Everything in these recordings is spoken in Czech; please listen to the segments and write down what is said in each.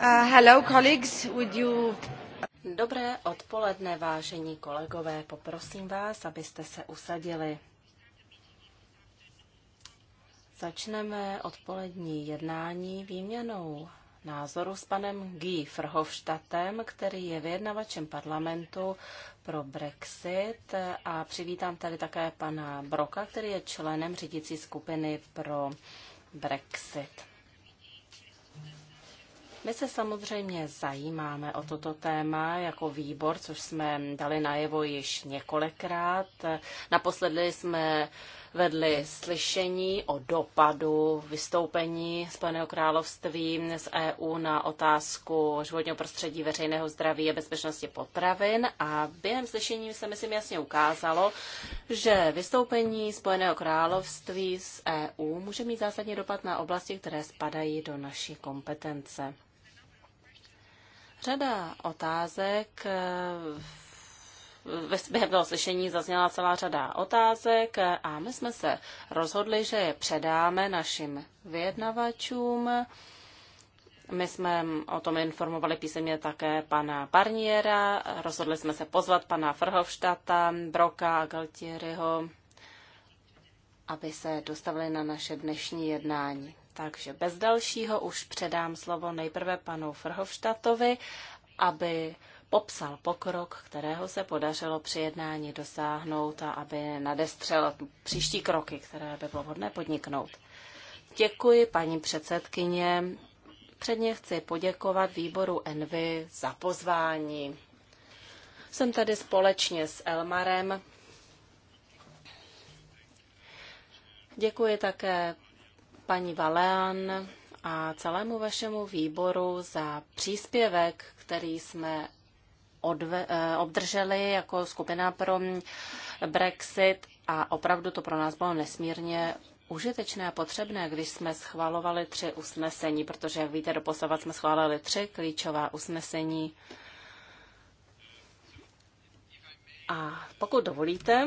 Uh, hello, colleagues, would you... Dobré odpoledne, vážení kolegové. Poprosím vás, abyste se usadili. Začneme odpolední jednání výměnou názoru s panem Guy Frhofstadtem, který je vyjednavačem parlamentu pro Brexit a přivítám tady také pana Broka, který je členem řídící skupiny pro Brexit. My se samozřejmě zajímáme o toto téma jako výbor, což jsme dali najevo již několikrát. Naposledy jsme vedli slyšení o dopadu vystoupení Spojeného království z EU na otázku životního prostředí, veřejného zdraví a bezpečnosti potravin. A během slyšení se myslím jasně ukázalo, že vystoupení Spojeného království z EU může mít zásadní dopad na oblasti, které spadají do naší kompetence. Řada otázek eh, během toho slyšení zazněla celá řada otázek a my jsme se rozhodli, že je předáme našim vyjednavačům. My jsme o tom informovali písemně také pana Parniera. rozhodli jsme se pozvat pana Frhovštata, Broka a Galtieriho, aby se dostavili na naše dnešní jednání. Takže bez dalšího už předám slovo nejprve panu Frhovštatovi, aby popsal pokrok, kterého se podařilo při jednání dosáhnout a aby nadestřel příští kroky, které by bylo vhodné podniknout. Děkuji, paní předsedkyně. Předně chci poděkovat výboru Envy za pozvání. Jsem tady společně s Elmarem. Děkuji také paní Valean a celému vašemu výboru za příspěvek, který jsme odve- eh, obdrželi jako skupina pro Brexit a opravdu to pro nás bylo nesmírně užitečné a potřebné, když jsme schvalovali tři usnesení, protože, jak víte, doposavat jsme schválili tři klíčová usnesení. A pokud dovolíte,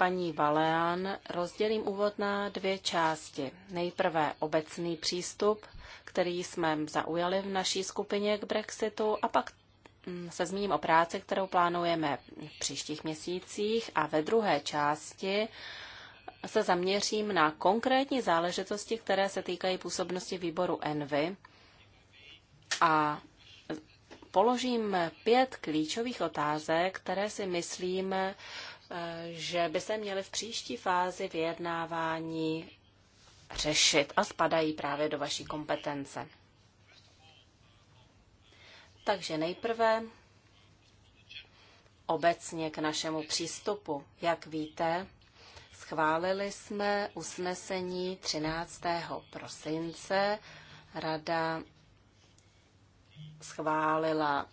paní Valean rozdělím úvod na dvě části. Nejprve obecný přístup, který jsme zaujali v naší skupině k Brexitu a pak mm, se zmíním o práci, kterou plánujeme v příštích měsících a ve druhé části se zaměřím na konkrétní záležitosti, které se týkají působnosti výboru Envy a položím pět klíčových otázek, které si myslím Eh, že by se měly v příští fázi vyjednávání řešit a spadají právě do vaší kompetence. Takže nejprve obecně k našemu přístupu. Jak víte, schválili jsme usnesení 13. prosince. Rada schválila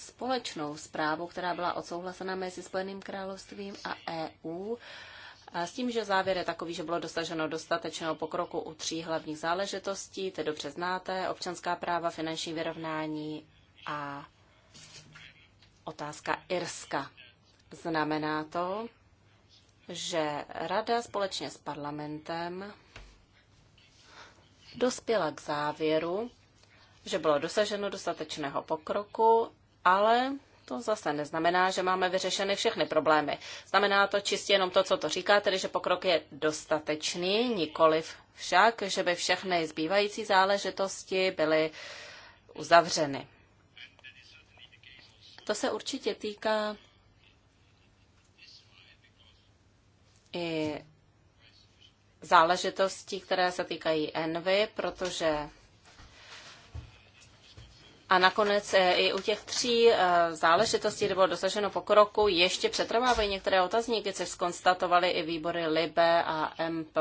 společnou zprávu, která byla odsouhlasena mezi Spojeným královstvím a EU, a s tím, že závěr je takový, že bylo dosaženo dostatečného pokroku u tří hlavních záležitostí, to dobře znáte, občanská práva, finanční vyrovnání a otázka Irska. Znamená to, že Rada společně s parlamentem dospěla k závěru, že bylo dosaženo dostatečného pokroku ale to zase neznamená, že máme vyřešeny všechny problémy. Znamená to čistě jenom to, co to říká, tedy že pokrok je dostatečný, nikoliv však, že by všechny zbývající záležitosti byly uzavřeny. To se určitě týká i záležitostí, které se týkají envy, protože a nakonec e, i u těch tří e, záležitostí, kde bylo dosaženo pokroku, ještě přetrvávají některé otazníky, což skonstatovaly i výbory LIBE a MP.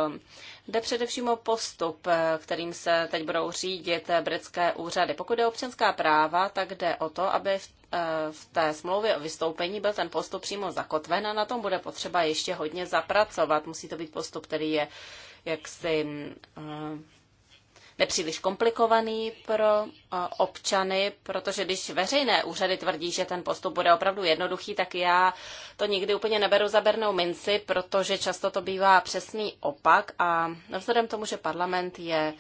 Jde především o postup, e, kterým se teď budou řídit britské úřady. Pokud je občanská práva, tak jde o to, aby v v té smlouvě o vystoupení byl ten postup přímo zakotven a na tom bude potřeba ještě hodně zapracovat. Musí to být postup, který je jaksi mm, nepříliš komplikovaný pro eh, občany, protože když veřejné úřady tvrdí, že ten postup bude opravdu jednoduchý, tak já to nikdy úplně neberu za bernou minci, protože často to bývá přesný opak a vzhledem tomu, že parlament je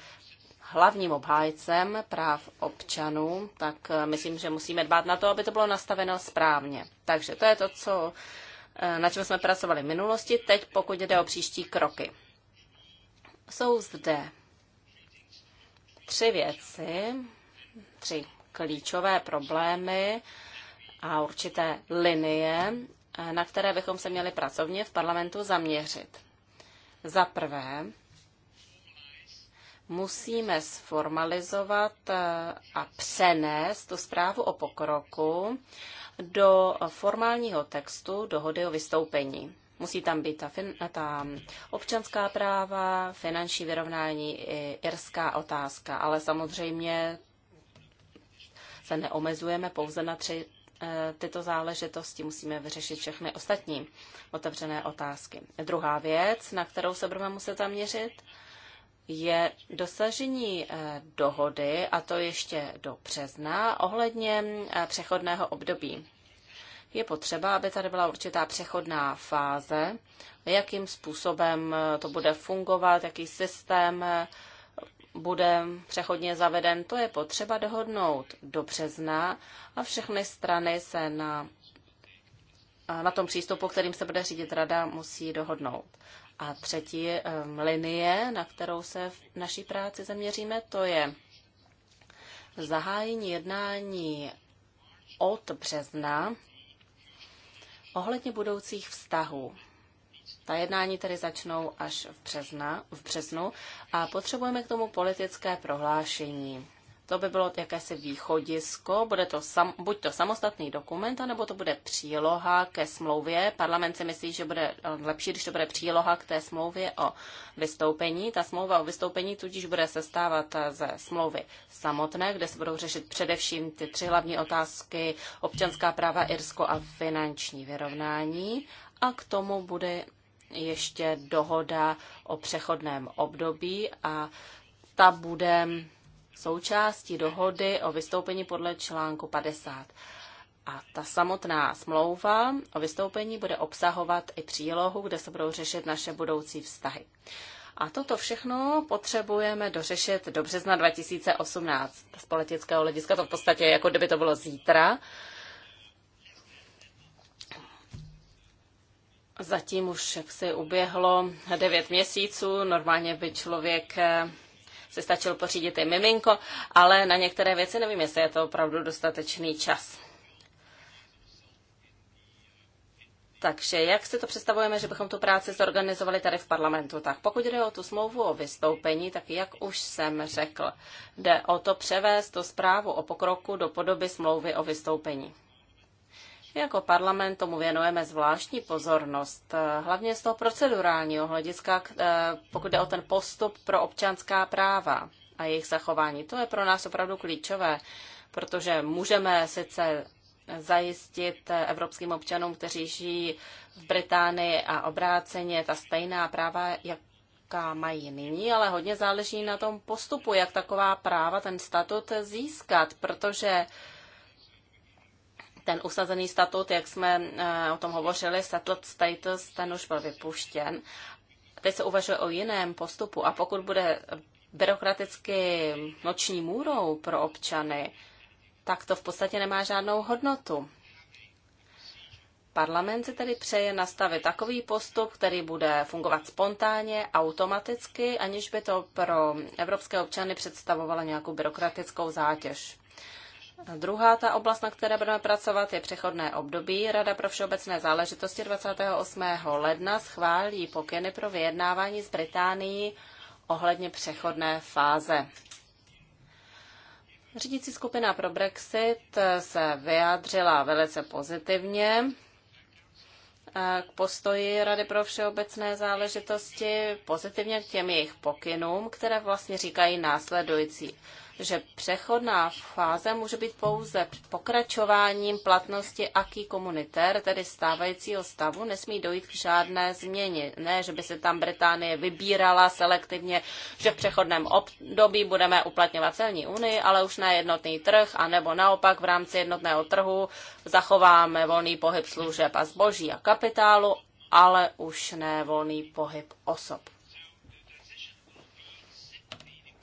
hlavním obhájcem práv občanů, tak eh, myslím, že musíme dbát na to, aby to bylo nastaveno správně. Takže to je to, co, eh, na čem jsme pracovali v minulosti, teď pokud jde o příští kroky. Jsou zde tři věci, tři klíčové problémy a určité linie, eh, na které bychom se měli pracovně v parlamentu zaměřit. Za prvé, musíme sformalizovat eh, a přenést tu zprávu o pokroku do formálního textu dohody o vystoupení. Musí tam být ta, fin, ta občanská práva, finanční vyrovnání, i irská otázka, ale samozřejmě se neomezujeme pouze na tři eh, tyto záležitosti musíme vyřešit všechny ostatní otevřené otázky. Druhá věc, na kterou se budeme muset zaměřit, je dosažení eh, dohody, a to ještě do března, ohledně eh, přechodného období je potřeba, aby tady byla určitá přechodná fáze, jakým způsobem to bude fungovat, jaký systém bude přechodně zaveden, to je potřeba dohodnout do března a všechny strany se na, na tom přístupu, kterým se bude řídit rada, musí dohodnout. A třetí linie, na kterou se v naší práci zaměříme, to je zahájení jednání od března Ohledně budoucích vztahů. Ta jednání tedy začnou až v, března, v březnu a potřebujeme k tomu politické prohlášení. To by bylo jakési východisko, bude to sam, buď to samostatný dokument, anebo to bude příloha ke smlouvě. Parlament si myslí, že bude eh, lepší, když to bude příloha k té smlouvě o vystoupení. Ta smlouva o vystoupení tudíž bude sestávat eh, ze smlouvy samotné, kde se budou řešit především ty tři hlavní otázky občanská práva Irsko a finanční vyrovnání. A k tomu bude ještě dohoda o přechodném období a ta bude součástí dohody o vystoupení podle článku 50. A ta samotná smlouva o vystoupení bude obsahovat i přílohu, kde se budou řešit naše budoucí vztahy. A toto všechno potřebujeme dořešit do března 2018. Z politického hlediska to v podstatě je, jako kdyby to bylo zítra. Zatím už jaksi uběhlo devět měsíců. Normálně by člověk eh, si stačil pořídit i miminko, ale na některé věci nevím, jestli je to opravdu dostatečný čas. Takže jak si to představujeme, že bychom tu práci zorganizovali tady v parlamentu? Tak pokud jde o tu smlouvu o vystoupení, tak jak už jsem řekl, jde o to převést tu zprávu o pokroku do podoby smlouvy o vystoupení. Jako parlament tomu věnujeme zvláštní pozornost, eh, hlavně z toho procedurálního hlediska, eh, pokud jde o ten postup pro občanská práva a jejich zachování. To je pro nás opravdu klíčové, protože můžeme sice zajistit eh, evropským občanům, kteří žijí v Británii a obráceně ta stejná práva, jaká mají nyní, ale hodně záleží na tom postupu, jak taková práva, ten statut získat, protože uh, ten usazený statut, jak jsme eh, o tom hovořili, settled status, ten už byl vypuštěn. Teď se uvažuje o jiném postupu a pokud bude byrokraticky noční můrou pro občany, tak to v podstatě nemá žádnou hodnotu. Parlament si tedy přeje nastavit takový postup, který bude fungovat spontánně, automaticky, aniž by to pro evropské občany představovalo nějakou byrokratickou zátěž druhá ta oblast, na které budeme pracovat, je přechodné období. Rada pro všeobecné záležitosti 28. ledna schválí pokyny pro vyjednávání s Británií ohledně přechodné fáze. Řídící skupina pro Brexit se vyjádřila velice pozitivně k postoji Rady pro všeobecné záležitosti, pozitivně k těm jejich pokynům, které vlastně říkají následující že přechodná fáze může být pouze pokračováním platnosti aký komunitér, tedy stávajícího stavu, nesmí dojít k žádné změně. Ne, že by se tam Británie vybírala selektivně, že v přechodném období budeme uplatňovat celní unii, ale už na jednotný trh, anebo naopak v rámci jednotného trhu zachováme volný pohyb služeb a zboží a kapitálu, ale už ne volný pohyb osob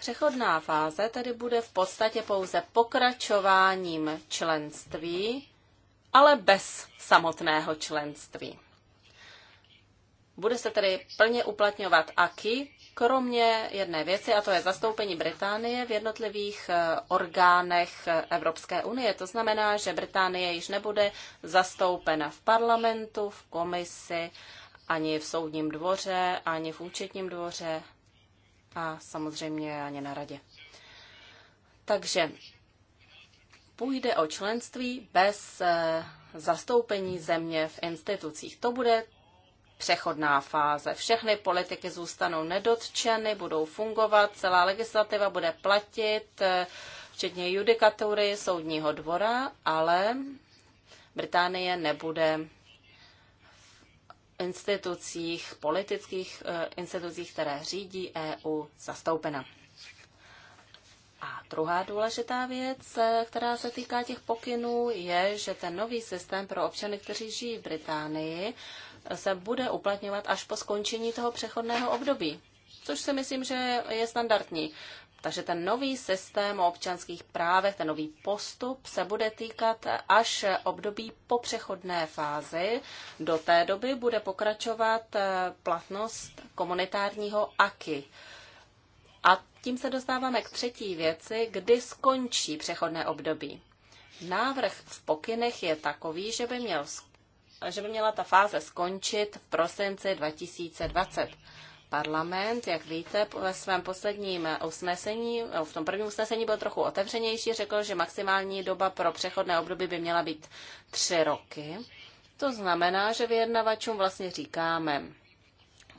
přechodná fáze tedy bude v podstatě pouze pokračováním členství, ale bez samotného členství. Bude se tedy plně uplatňovat AKI, kromě jedné věci, a to je zastoupení Británie v jednotlivých eh, orgánech eh, Evropské unie. To znamená, že Británie již nebude zastoupena v parlamentu, v komisi, ani v soudním dvoře, ani v účetním dvoře, a samozřejmě ani na radě. Takže půjde o členství bez eh, zastoupení země v institucích. To bude přechodná fáze. Všechny politiky zůstanou nedotčeny, budou fungovat, celá legislativa bude platit, eh, včetně judikatury soudního dvora, ale Británie nebude institucích, politických eh, institucích, které řídí EU, zastoupena. A druhá důležitá věc, eh, která se týká těch pokynů, je, že ten nový systém pro občany, kteří žijí v Británii, eh, se bude uplatňovat až po skončení toho přechodného období. Což si myslím, že je standardní. Takže ten nový systém o občanských právech, ten nový postup se bude týkat až období po přechodné fázi. Do té doby bude pokračovat eh, platnost komunitárního AKI. A tím se dostáváme k třetí věci, kdy skončí přechodné období. Návrh v pokynech je takový, že by, měl, že by měla ta fáze skončit v prosinci 2020 parlament, jak víte, ve svém posledním usnesení, no, v tom prvním usnesení byl trochu otevřenější, řekl, že maximální doba pro přechodné období by měla být tři roky. To znamená, že vyjednavačům vlastně říkáme,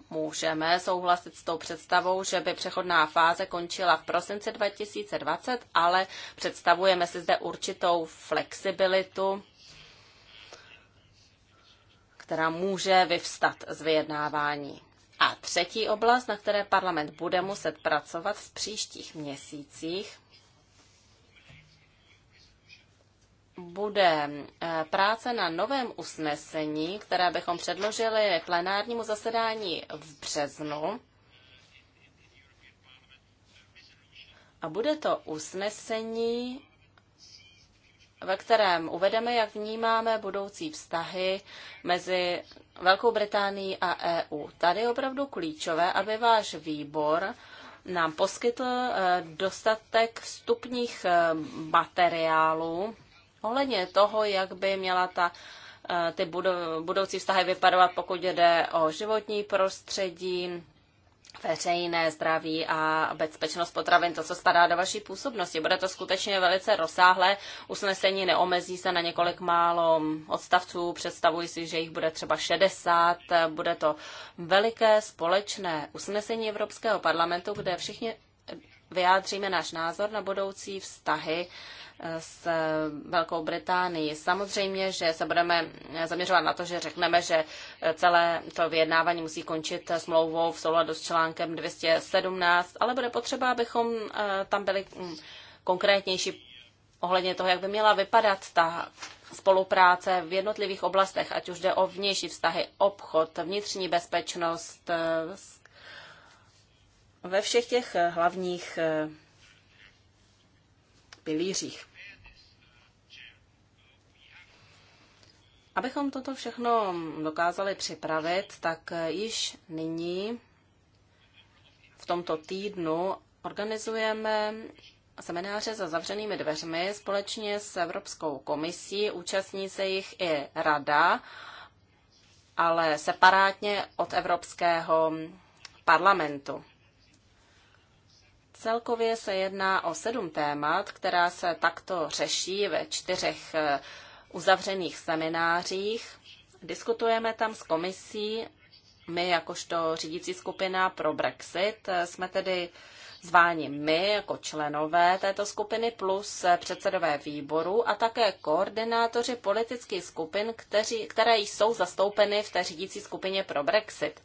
můžeme souhlasit s tou představou, že by přechodná fáze končila v prosinci 2020, ale představujeme si zde určitou flexibilitu, která může vyvstat z vyjednávání. A třetí oblast, na které parlament bude muset pracovat v příštích měsících, bude eh, práce na novém usnesení, které bychom předložili plenárnímu zasedání v březnu. A bude to usnesení ve kterém uvedeme, jak vnímáme budoucí vztahy mezi Velkou Británií a EU. Tady je opravdu klíčové, aby váš výbor nám poskytl eh, dostatek vstupních eh, materiálů ohledně toho, jak by měla ta eh, ty budoucí vztahy vypadat, pokud jde o životní prostředí, veřejné zdraví a bezpečnost potravin, to, co spadá do vaší působnosti. Bude to skutečně velice rozsáhlé, usnesení neomezí se na několik málo odstavců, představuji si, že jich bude třeba 60, bude to veliké společné usnesení Evropského parlamentu, kde všichni vyjádříme náš názor na budoucí vztahy eh, s eh, Velkou Británií. Samozřejmě, že se budeme eh, zaměřovat na to, že řekneme, že celé to vyjednávání musí končit smlouvou v souladu s článkem 217, ale bude potřeba, abychom tam byli mm, konkrétnější ohledně toho, jak by měla vypadat ta spolupráce v jednotlivých oblastech, ať už jde o vnější vztahy, obchod, vnitřní bezpečnost, ve všech těch eh, hlavních eh, pilířích. Abychom toto všechno dokázali připravit, tak eh, již nyní v tomto týdnu organizujeme semináře za zavřenými dveřmi společně s Evropskou komisí. Účastní se jich i rada, ale separátně od Evropského parlamentu. Celkově se jedná o sedm témat, která se takto řeší ve čtyřech eh, uzavřených seminářích. Diskutujeme tam s komisí. My, jakožto řídící skupina pro Brexit, eh, jsme tedy zváni my jako členové této skupiny plus eh, předsedové výboru a také koordinátoři politických skupin, kteří, které jsou zastoupeny v té řídící skupině pro Brexit.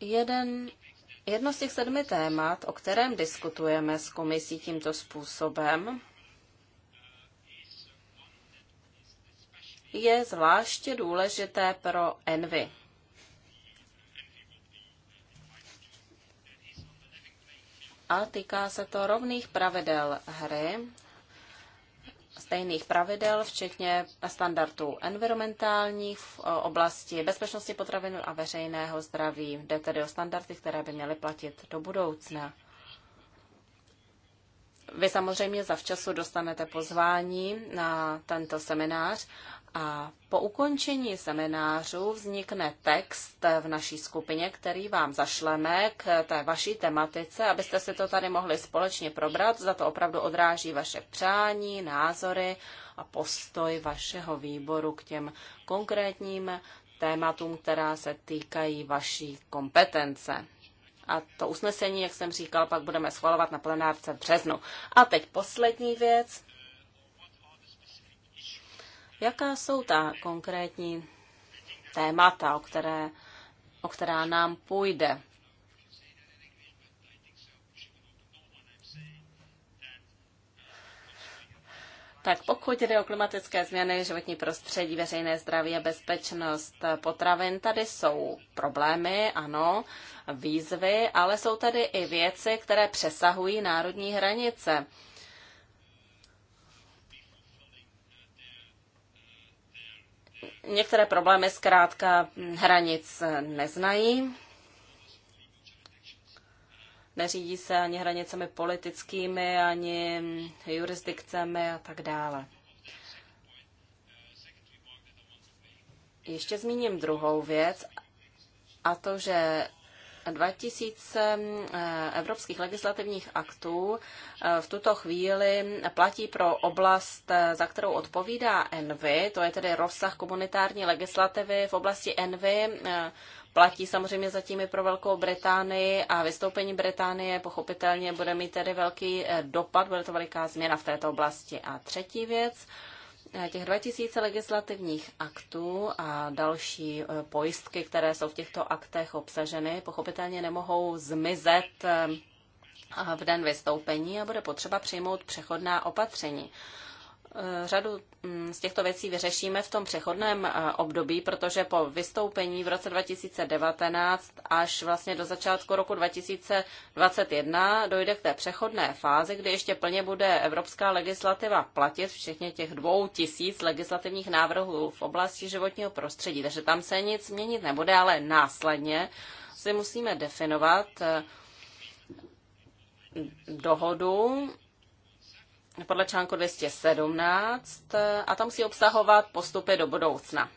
jeden, jedno z těch sedmi témat, o kterém diskutujeme s komisí tímto způsobem, je zvláště důležité pro Envy. A týká se to rovných pravidel hry, stejných pravidel, včetně standardů environmentálních v oblasti bezpečnosti potravin a veřejného zdraví. Jde tedy o standardy, které by měly platit do budoucna. Vy samozřejmě za včasu dostanete pozvání na tento seminář a po ukončení seminářů vznikne text v naší skupině, který vám zašleme k té vaší tematice, abyste si to tady mohli společně probrat. Za to opravdu odráží vaše přání, názory a postoj vašeho výboru k těm konkrétním tématům, která se týkají vaší kompetence. A to usnesení, jak jsem říkal, pak budeme schvalovat na plenárce v březnu. A teď poslední věc. Jaká jsou ta konkrétní témata, o, které, o která nám půjde? Tak pokud jde o klimatické změny, životní prostředí, veřejné zdraví a bezpečnost potravin, tady jsou problémy, ano, výzvy, ale jsou tady i věci, které přesahují národní hranice. některé problémy zkrátka hranic neznají. Neřídí se ani hranicemi politickými, ani jurisdikcemi a tak dále. Ještě zmíním druhou věc, a to, že 2000 eh, evropských legislativních aktů eh, v tuto chvíli platí pro oblast, eh, za kterou odpovídá ENVY, to je tedy rozsah komunitární legislativy v oblasti ENVY, platí samozřejmě zatím i pro Velkou Británii a vystoupení Británie pochopitelně bude mít tedy velký dopad, bude to veliká změna v této oblasti. A třetí věc, Eh, těch 2000 legislativních aktů a další eh, pojistky, které jsou v těchto aktech obsaženy, pochopitelně nemohou zmizet eh, v den vystoupení a bude potřeba přijmout přechodná opatření. Eh, řadu mm, z těchto věcí vyřešíme v tom přechodném eh, období, protože po vystoupení v roce 2019 až vlastně do začátku roku 2021 dojde k té přechodné fázi, kdy ještě plně bude evropská legislativa platit, všechně těch dvou tisíc legislativních návrhů v oblasti životního prostředí. Takže tam se nic měnit nebude, ale následně si musíme definovat eh, dohodu podle článku 217 a tam musí obsahovat postupy do budoucna.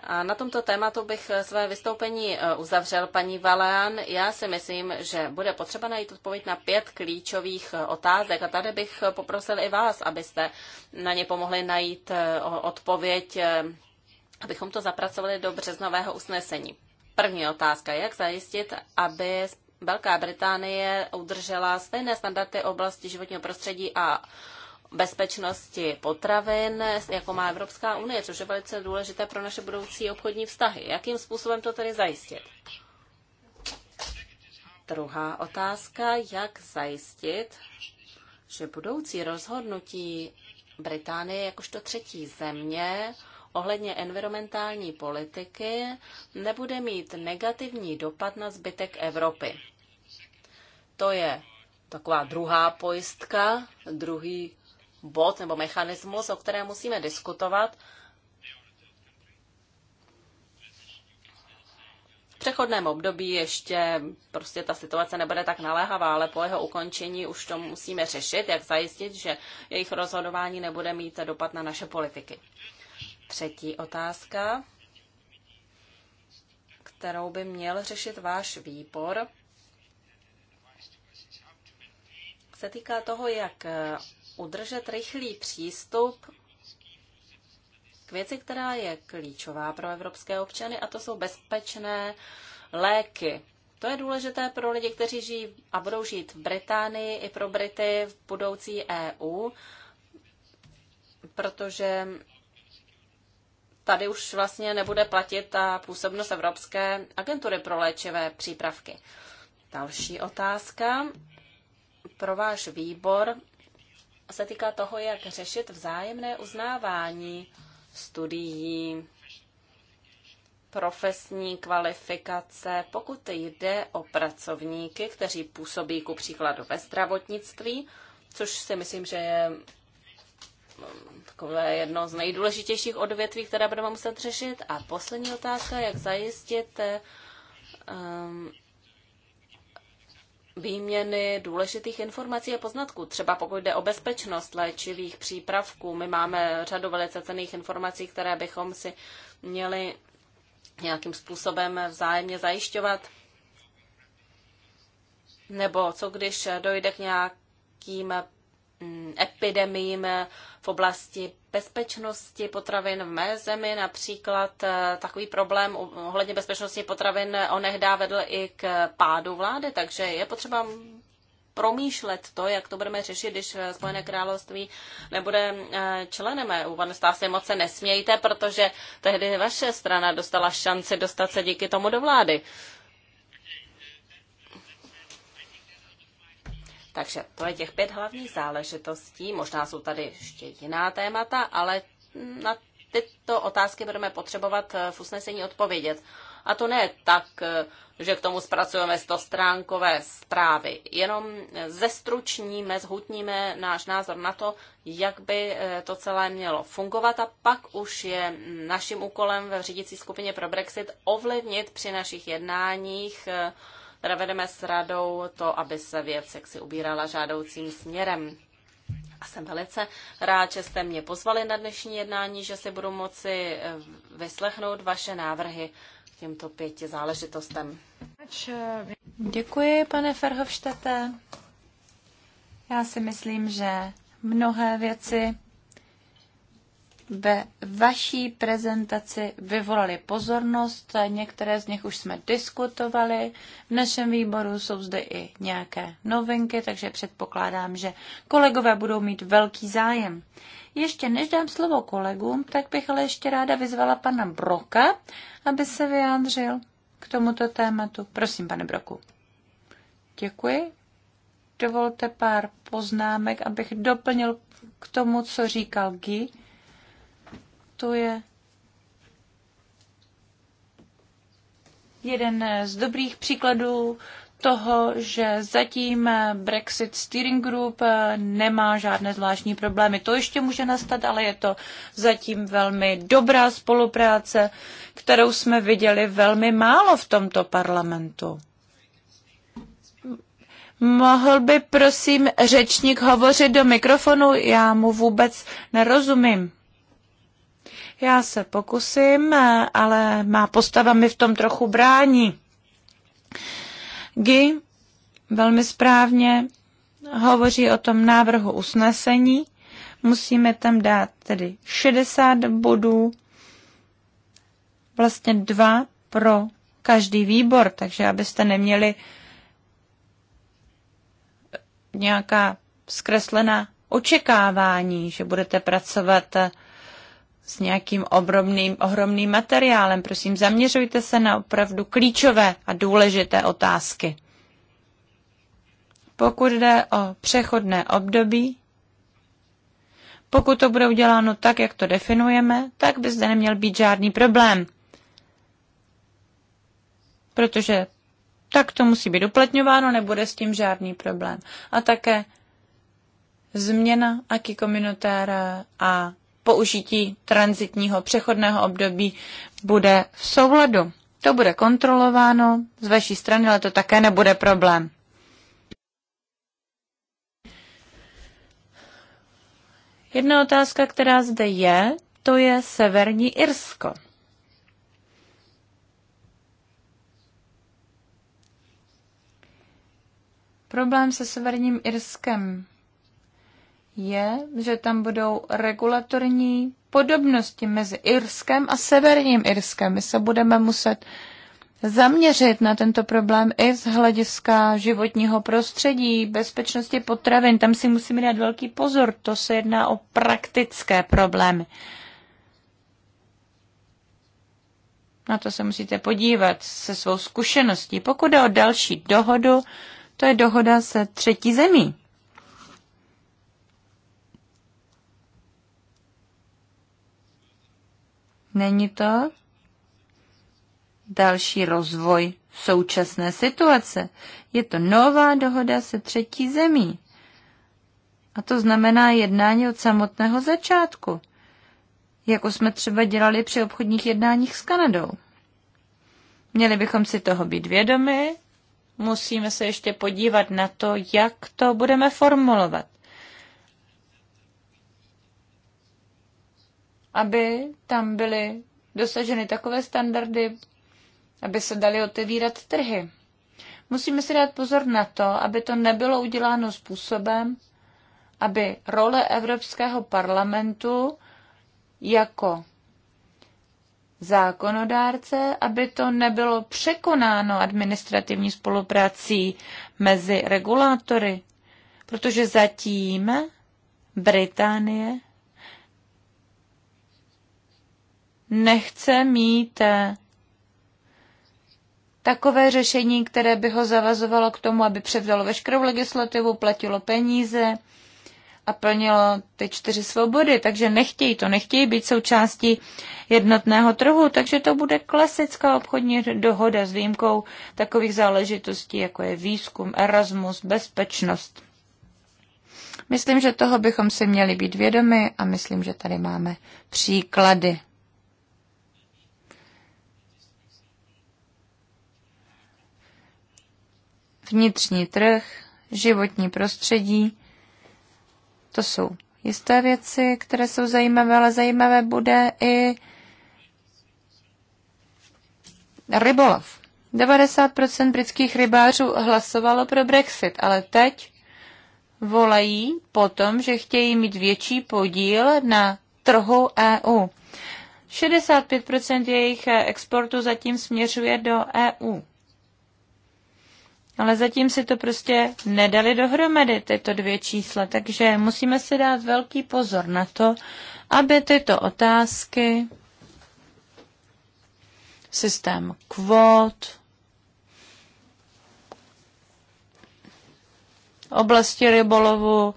A na tomto tématu bych své vystoupení e, uzavřel, paní Valán. Já si myslím, že bude potřeba najít odpověď na pět klíčových e, otázek a tady bych poprosil i vás, abyste na ně pomohli najít e, odpověď, abychom to zapracovali do březnového usnesení. První otázka, jak zajistit, aby Velká Británie udržela stejné standardy oblasti životního prostředí a bezpečnosti potravin, jako má Evropská unie, což je velice důležité pro naše budoucí obchodní vztahy. Jakým způsobem to tedy zajistit? Druhá otázka, jak zajistit, že budoucí rozhodnutí Británie jakožto třetí země ohledně environmentální politiky nebude mít negativní dopad na zbytek Evropy. To je taková druhá pojistka, druhý bod nebo mechanismus, o kterém musíme diskutovat. V přechodném období ještě prostě ta situace nebude tak naléhavá, ale po jeho ukončení už to musíme řešit, jak zajistit, že jejich rozhodování nebude mít dopad na naše politiky. Třetí otázka, kterou by měl řešit váš výbor, se týká toho, jak udržet rychlý přístup k věci, která je klíčová pro evropské občany, a to jsou bezpečné léky. To je důležité pro lidi, kteří žijí a budou žít v Británii i pro Brity v budoucí EU, protože tady už vlastně nebude platit ta působnost Evropské agentury pro léčivé přípravky. Další otázka pro váš výbor se týká toho, jak řešit vzájemné uznávání studií, profesní kvalifikace, pokud jde o pracovníky, kteří působí ku příkladu ve zdravotnictví, což si myslím, že je takové jedno z nejdůležitějších odvětví, které budeme muset řešit. A poslední otázka, jak zajistit um, výměny důležitých informací a poznatků. Třeba pokud jde o bezpečnost léčivých přípravků, my máme řadu velice cených informací, které bychom si měli nějakým způsobem vzájemně zajišťovat. Nebo co když dojde k nějakým Mm, epidemím eh, v oblasti bezpečnosti potravin v mé zemi. Například eh, takový problém ohledně bezpečnosti potravin onehdá vedl i k pádu vlády, takže je potřeba promýšlet to, jak to budeme řešit, když eh, Spojené království nebude členem EU. Pane Stásy, moc se nesmějte, protože tehdy vaše strana dostala šanci dostat se díky tomu do vlády. Takže to je těch pět hlavních záležitostí. Možná jsou tady ještě jiná témata, ale na tyto otázky budeme potřebovat eh, v usnesení odpovědět. A to ne tak, eh, že k tomu zpracujeme 100 stránkové zprávy. Jenom eh, zestručníme, zhutníme náš názor na to, jak by to celé mělo fungovat a pak už je naším úkolem v řídící skupině pro Brexit ovlivnit při našich jednáních teda vedeme s radou to, aby se věc jaksi ubírala žádoucím směrem. A jsem velice rád, že jste mě pozvali na dnešní jednání, že si budu moci eh, vyslechnout vaše návrhy k těmto pěti záležitostem. Děkuji, pane Ferhovštete. Já si myslím, že mnohé věci ve vaší prezentaci vyvolaly pozornost, některé z nich už jsme diskutovali. V našem výboru jsou zde i nějaké novinky, takže předpokládám, že kolegové budou mít velký zájem. Ještě než dám slovo kolegům, tak bych ale ještě ráda vyzvala pana Broka, aby se vyjádřil k tomuto tématu. Prosím, pane Broku. Děkuji. Dovolte pár poznámek, abych doplnil k tomu, co říkal Guy je jeden z dobrých příkladů toho, že zatím Brexit Steering Group nemá žádné zvláštní problémy. To ještě může nastat, ale je to zatím velmi dobrá spolupráce, kterou jsme viděli velmi málo v tomto parlamentu. Mohl by prosím řečník hovořit do mikrofonu? Já mu vůbec nerozumím. Já se pokusím, ale má postava mi v tom trochu brání. Gy velmi správně hovoří o tom návrhu usnesení. Musíme tam dát tedy 60 bodů, vlastně dva pro každý výbor, takže abyste neměli nějaká zkreslená očekávání, že budete pracovat s nějakým obrovným, ohromným materiálem. Prosím, zaměřujte se na opravdu klíčové a důležité otázky. Pokud jde o přechodné období, pokud to bude uděláno tak, jak to definujeme, tak by zde neměl být žádný problém. Protože tak to musí být uplatňováno, nebude s tím žádný problém. A také změna aký komunitéra a použití transitního přechodného období bude v souladu. To bude kontrolováno z vaší strany, ale to také nebude problém. Jedna otázka, která zde je, to je Severní Irsko. Problém se Severním Irskem je, že tam budou regulatorní podobnosti mezi Irskem a Severním Irskem. My se budeme muset zaměřit na tento problém i z hlediska životního prostředí, bezpečnosti potravin. Tam si musíme dát velký pozor, to se jedná o praktické problémy. Na to se musíte podívat se svou zkušeností. Pokud jde o další dohodu, to je dohoda se třetí zemí. Není to další rozvoj současné situace. Je to nová dohoda se třetí zemí. A to znamená jednání od samotného začátku, jako jsme třeba dělali při obchodních jednáních s Kanadou. Měli bychom si toho být vědomi, musíme se ještě podívat na to, jak to budeme formulovat. aby tam byly dosaženy takové standardy, aby se daly otevírat trhy. Musíme si dát pozor na to, aby to nebylo uděláno způsobem, aby role Evropského parlamentu jako zákonodárce, aby to nebylo překonáno administrativní spoluprací mezi regulátory, protože zatím Británie nechce mít eh, takové řešení, které by ho zavazovalo k tomu, aby převzalo veškerou legislativu, platilo peníze a plnilo ty čtyři svobody. Takže nechtějí to, nechtějí být součástí jednotného trhu, takže to bude klasická obchodní dohoda s výjimkou takových záležitostí, jako je výzkum, Erasmus, bezpečnost. Myslím, že toho bychom si měli být vědomi a myslím, že tady máme příklady. vnitřní trh, životní prostředí. To jsou jisté věci, které jsou zajímavé, ale zajímavé bude i rybolov. 90% britských rybářů hlasovalo pro Brexit, ale teď volají po tom, že chtějí mít větší podíl na trhu EU. 65% jejich exportu zatím směřuje do EU ale zatím si to prostě nedali dohromady, tyto dvě čísla, takže musíme si dát velký pozor na to, aby tyto otázky, systém kvót, oblasti rybolovu,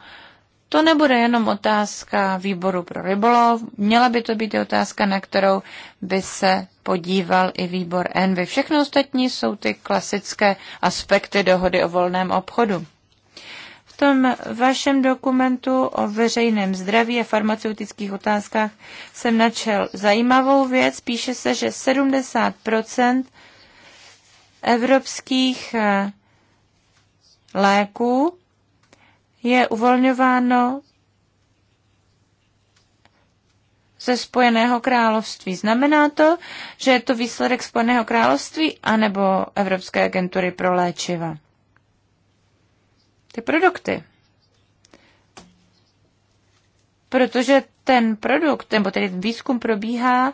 to nebude jenom otázka výboru pro rybolov, měla by to být i otázka, na kterou by se podíval i výbor NV. Všechno ostatní jsou ty klasické aspekty dohody o volném obchodu. V tom vašem dokumentu o veřejném zdraví a farmaceutických otázkách jsem načel zajímavou věc. Píše se, že 70 evropských eh, léků je uvolňováno ze Spojeného království. Znamená to, že je to výsledek Spojeného království anebo Evropské agentury pro léčiva? Ty produkty. Protože ten produkt, nebo tedy výzkum probíhá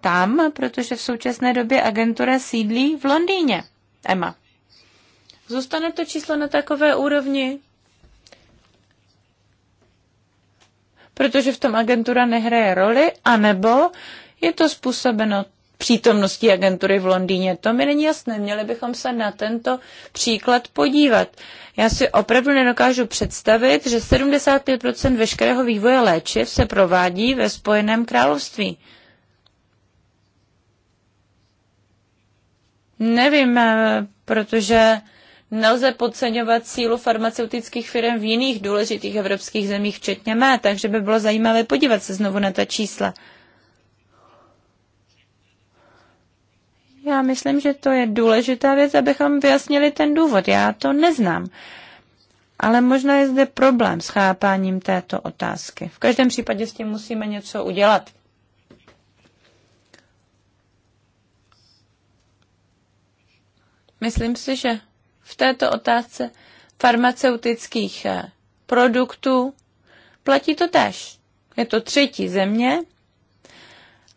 tam, protože v současné době agentura sídlí v Londýně. Emma. Zůstane to číslo na takové úrovni? protože v tom agentura nehraje roli, anebo je to způsobeno přítomností agentury v Londýně. To mi není jasné, měli bychom se na tento příklad podívat. Já si opravdu nedokážu představit, že 75% veškerého vývoje léčiv se provádí ve Spojeném království. Nevím, eh, protože Nelze podceňovat sílu farmaceutických firm v jiných důležitých evropských zemích, včetně mé, takže by bylo zajímavé podívat se znovu na ta čísla. Já myslím, že to je důležitá věc, abychom vyjasnili ten důvod. Já to neznám. Ale možná je zde problém s chápáním této otázky. V každém případě s tím musíme něco udělat. Myslím si, že v této otázce farmaceutických eh, produktů platí to tež. Je to třetí země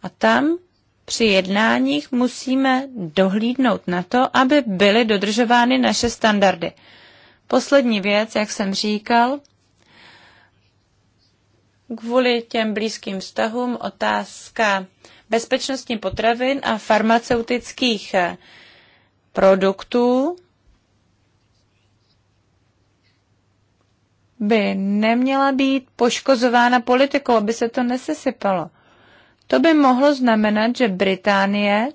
a tam při jednáních musíme dohlídnout na to, aby byly dodržovány naše standardy. Poslední věc, jak jsem říkal, kvůli těm blízkým vztahům otázka bezpečnosti potravin a farmaceutických eh, produktů by neměla být poškozována politikou, aby se to nesesypalo. To by mohlo znamenat, že Británie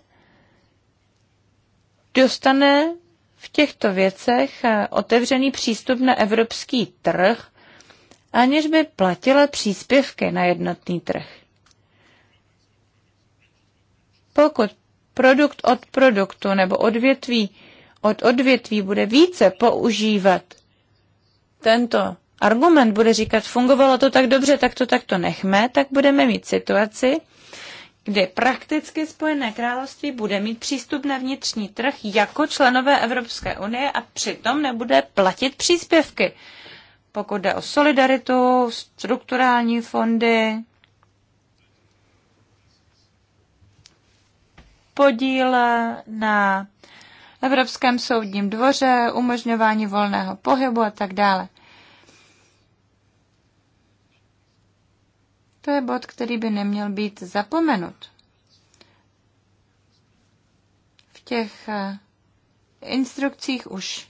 dostane v těchto věcech eh, otevřený přístup na evropský trh, aniž by platila příspěvky na jednotný trh. Pokud produkt od produktu nebo odvětví od odvětví bude více používat tento argument bude říkat, fungovalo to tak dobře, tak to takto nechme, tak budeme mít situaci, kdy prakticky Spojené království bude mít přístup na vnitřní trh jako členové Evropské unie a přitom nebude platit příspěvky. Pokud jde o solidaritu, strukturální fondy, podíl na Evropském soudním dvoře, umožňování volného pohybu a tak dále. To je bod, který by neměl být zapomenut. V těch eh, instrukcích už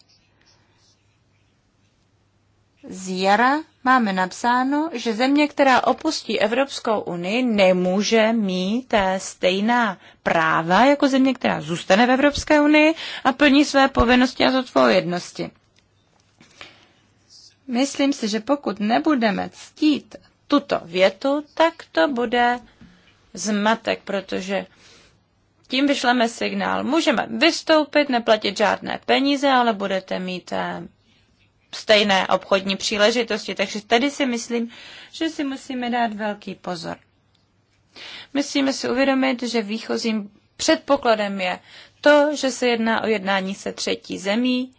z jara máme napsáno, že země, která opustí Evropskou unii, nemůže mít eh, stejná práva jako země, která zůstane v Evropské unii a plní své povinnosti a zodpovědnosti. Myslím si, že pokud nebudeme ctít tuto větu, tak to bude zmatek, protože tím vyšleme signál. Můžeme vystoupit, neplatit žádné peníze, ale budete mít eh, stejné obchodní příležitosti. Takže tady si myslím, že si musíme dát velký pozor. Musíme si uvědomit, že výchozím předpokladem je to, že se jedná o jednání se třetí zemí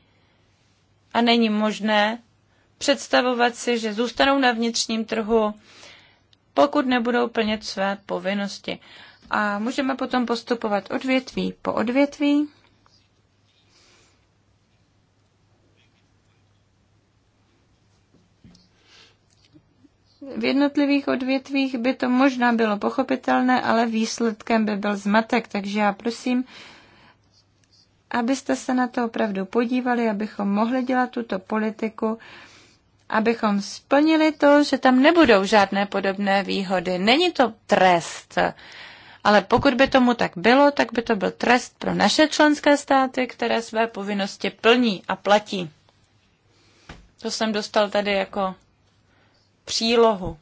a není možné představovat si, že zůstanou na vnitřním trhu, pokud nebudou plnit své povinnosti. A můžeme potom postupovat odvětví po odvětví. V jednotlivých odvětvích by to možná bylo pochopitelné, ale výsledkem by byl zmatek. Takže já prosím, abyste se na to opravdu podívali, abychom mohli dělat tuto politiku abychom splnili to, že tam nebudou žádné podobné výhody. Není to trest, ale pokud by tomu tak bylo, tak by to byl trest pro naše členské státy, které své povinnosti plní a platí. To jsem dostal tady jako přílohu,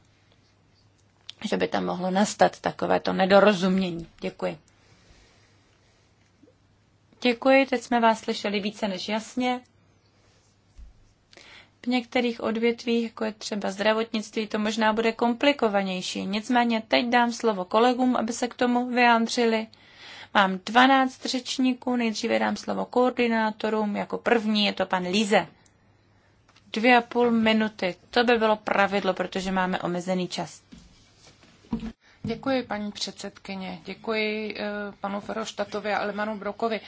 že by tam mohlo nastat takovéto nedorozumění. Děkuji. Děkuji, teď jsme vás slyšeli více než jasně. V některých odvětvích, jako je třeba zdravotnictví, to možná bude komplikovanější. Nicméně teď dám slovo kolegům, aby se k tomu vyjádřili. Mám 12 řečníků, nejdříve dám slovo koordinátorům, jako první je to pan Lize. Dvě a půl minuty, to by bylo pravidlo, protože máme omezený čas. Děkuji, paní předsedkyně. Děkuji eh, panu Feroštatovi a Elmanu Brokovi.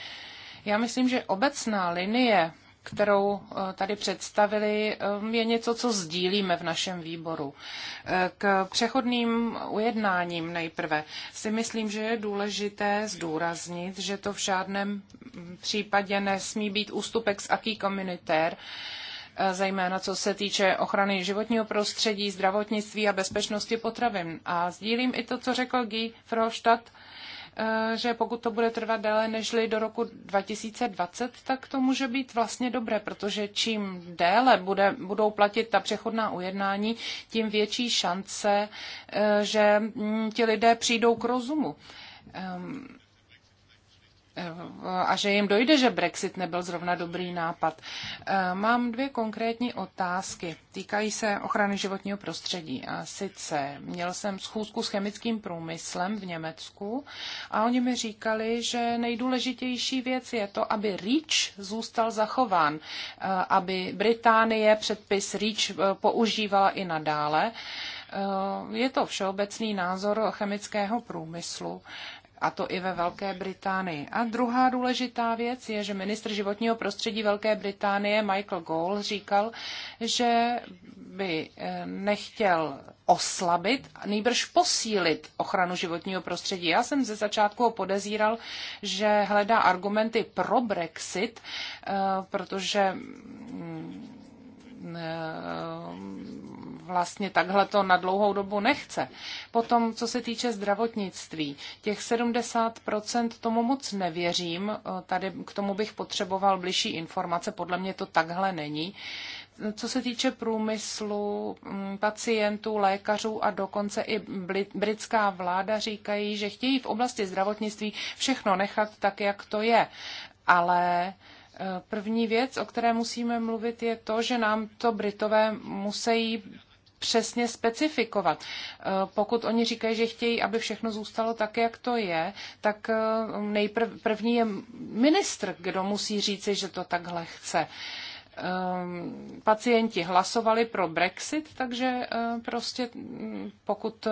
Já myslím, že obecná linie kterou eh, tady představili, eh, je něco, co sdílíme v našem výboru. Eh, k přechodným ujednáním nejprve si myslím, že je důležité zdůraznit, že to v žádném případě nesmí být ústupek z aký komunitér, zejména co se týče ochrany životního prostředí, zdravotnictví a bezpečnosti potravin. A sdílím i to, co řekl Guy Frostadt Eh, že pokud to bude trvat déle nežli do roku 2020, tak to může být vlastně dobré, protože čím déle bude, budou platit ta přechodná ujednání, tím větší šance, eh, že mm, ti lidé přijdou k rozumu. Ehm, a že jim dojde, že Brexit nebyl zrovna dobrý nápad. Eh, mám dvě konkrétní otázky. Týkají se ochrany životního prostředí. A sice měl jsem schůzku s chemickým průmyslem v Německu a oni mi říkali, že nejdůležitější věc je to, aby REACH zůstal zachován, eh, aby Británie předpis REACH eh, používala i nadále. Je to všeobecný názor chemického průmyslu a to i ve Velké Británii. A druhá důležitá věc je, že ministr životního prostředí Velké Británie Michael Gould říkal, že by eh, nechtěl oslabit, nejbrž posílit ochranu životního prostředí. Já jsem ze začátku ho podezíral, že hledá argumenty pro Brexit, eh, protože mm, eh, vlastně takhle to na dlouhou dobu nechce. Potom, co se týče zdravotnictví, těch 70% tomu moc nevěřím, eh, tady k tomu bych potřeboval bližší informace, podle mě to takhle není. Co se týče průmyslu, mm, pacientů, lékařů a dokonce i britská vláda říkají, že chtějí v oblasti zdravotnictví všechno nechat tak, jak to je. Ale eh, První věc, o které musíme mluvit, je to, že nám to Britové musí přesně specifikovat. Eh, pokud oni říkají, že chtějí, aby všechno zůstalo tak, jak to je, tak eh, nejprv, první je ministr, kdo musí říci, že to takhle chce eh, pacienti hlasovali pro Brexit, takže prostě hm, pokud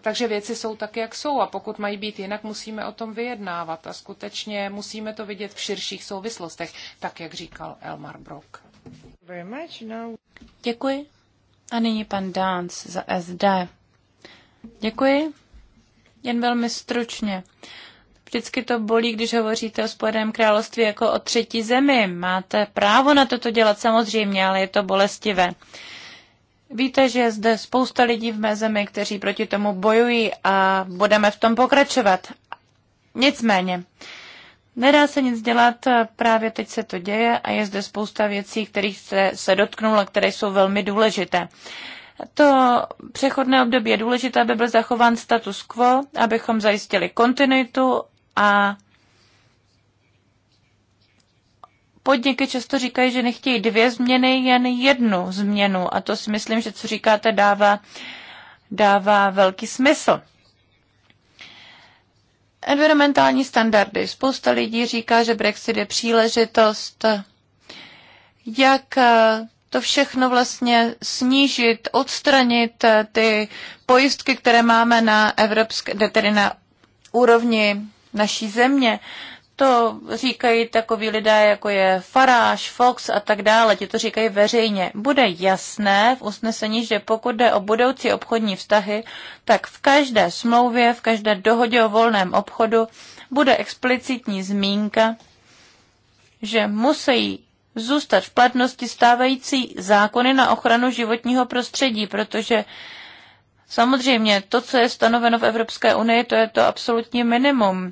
takže věci jsou tak, jak jsou a pokud mají být jinak, musíme o tom vyjednávat a skutečně musíme to vidět v širších souvislostech, tak jak říkal Elmar Brock. Děkuji. A nyní pan Dánc za SD. Děkuji. Jen velmi stručně. Vždycky to bolí, když hovoříte o Spojeném království jako o třetí zemi. Máte právo na toto dělat samozřejmě, ale je to bolestivé. Víte, že je zde spousta lidí v mé zemi, kteří proti tomu bojují a budeme v tom pokračovat. Nicméně, Nedá se nic dělat, právě teď se to děje a je zde spousta věcí, kterých se, se dotknul a které jsou velmi důležité. To přechodné období je důležité, aby byl zachován status quo, abychom zajistili kontinuitu a podniky často říkají, že nechtějí dvě změny, jen jednu změnu. A to si myslím, že co říkáte, dává, dává velký smysl. Environmentální standardy. Spousta lidí říká, že Brexit je příležitost, jak eh, to všechno vlastně snížit, odstranit eh, ty pojistky, které máme na evropské, tedy na úrovni naší země. Uh, to říkají takoví lidé, jako je Farage, Fox a tak dále, ti to říkají veřejně. Bude jasné v usnesení, že pokud jde o budoucí obchodní vztahy, tak v každé smlouvě, v každé dohodě o volném obchodu bude explicitní zmínka, že musí zůstat v platnosti stávající zákony na ochranu životního prostředí, protože samozřejmě to, co je stanoveno v Evropské unii, to je to absolutní minimum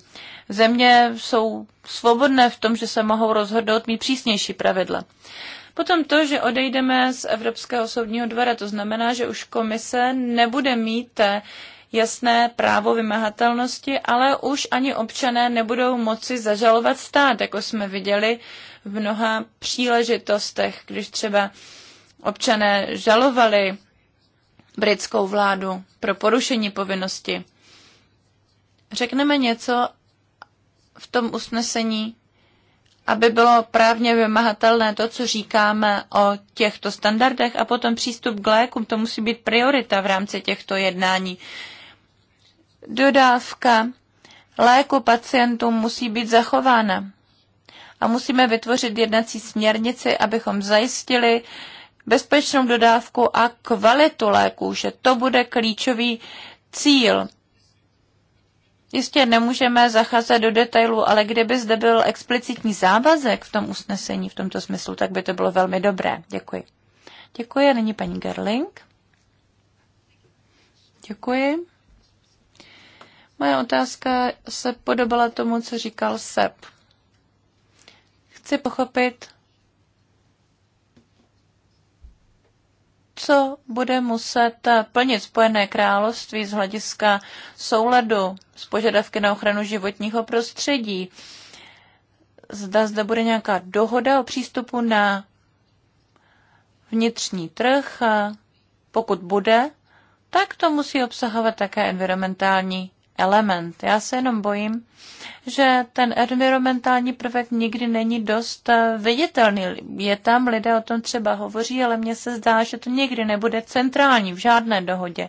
země jsou svobodné v tom, že se mohou rozhodnout mít přísnější pravidla. Potom to, že odejdeme z Evropského soudního dvora, to znamená, že už komise nebude mít jasné právo vymahatelnosti, ale už ani občané nebudou moci zažalovat stát, jako jsme viděli v mnoha příležitostech, když třeba občané žalovali britskou vládu pro porušení povinnosti. Řekneme něco, v tom usnesení, aby bylo právně vymahatelné to, co říkáme o těchto standardech a potom přístup k lékům, to musí být priorita v rámci těchto jednání. Dodávka léku pacientům musí být zachována a musíme vytvořit jednací směrnici, abychom zajistili bezpečnou dodávku a kvalitu léků, že to bude klíčový cíl Jistě nemůžeme zacházet do detailu, ale kdyby zde byl explicitní závazek v tom usnesení v tomto smyslu, tak by to bylo velmi dobré. Děkuji. Děkuji a nyní paní Gerling. Děkuji. Moje otázka se podobala tomu, co říkal Seb. Chci pochopit, co bude muset eh, plnit Spojené království z hlediska souladu s požadavky na ochranu životního prostředí. Zda zde bude nějaká dohoda o přístupu na vnitřní trh, eh, pokud bude, tak to musí obsahovat také environmentální element. Já se jenom bojím, že ten environmentální prvek nikdy není dost eh, viditelný. Je tam, lidé o tom třeba hovoří, ale mně se zdá, že to nikdy nebude centrální v žádné dohodě.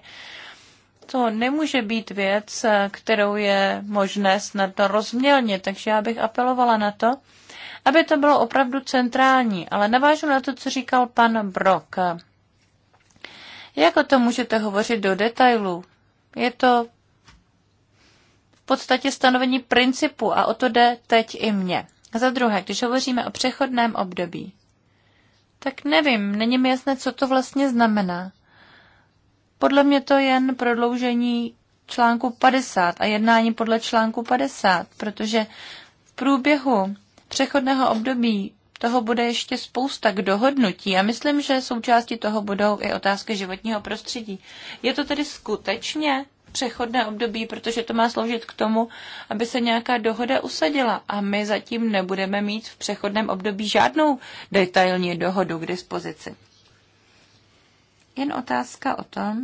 To nemůže být věc, eh, kterou je možné snadno rozmělnit, takže já bych apelovala na to, aby to bylo opravdu centrální. Ale navážu na to, co říkal pan Brok. Jak o tom můžete hovořit do detailu? Je to podstatě stanovení principu a o to jde teď i mně. Za druhé, když hovoříme o přechodném období, tak nevím, není mi jasné, co to vlastně znamená. Podle mě to jen prodloužení článku 50 a jednání podle článku 50, protože v průběhu přechodného období toho bude ještě spousta k dohodnutí a myslím, že součástí toho budou i otázky životního prostředí. Je to tedy skutečně přechodné období, protože to má sloužit k tomu, aby se nějaká dohoda usadila. A my zatím nebudeme mít v přechodném období žádnou detailní dohodu k dispozici. Jen otázka o tom,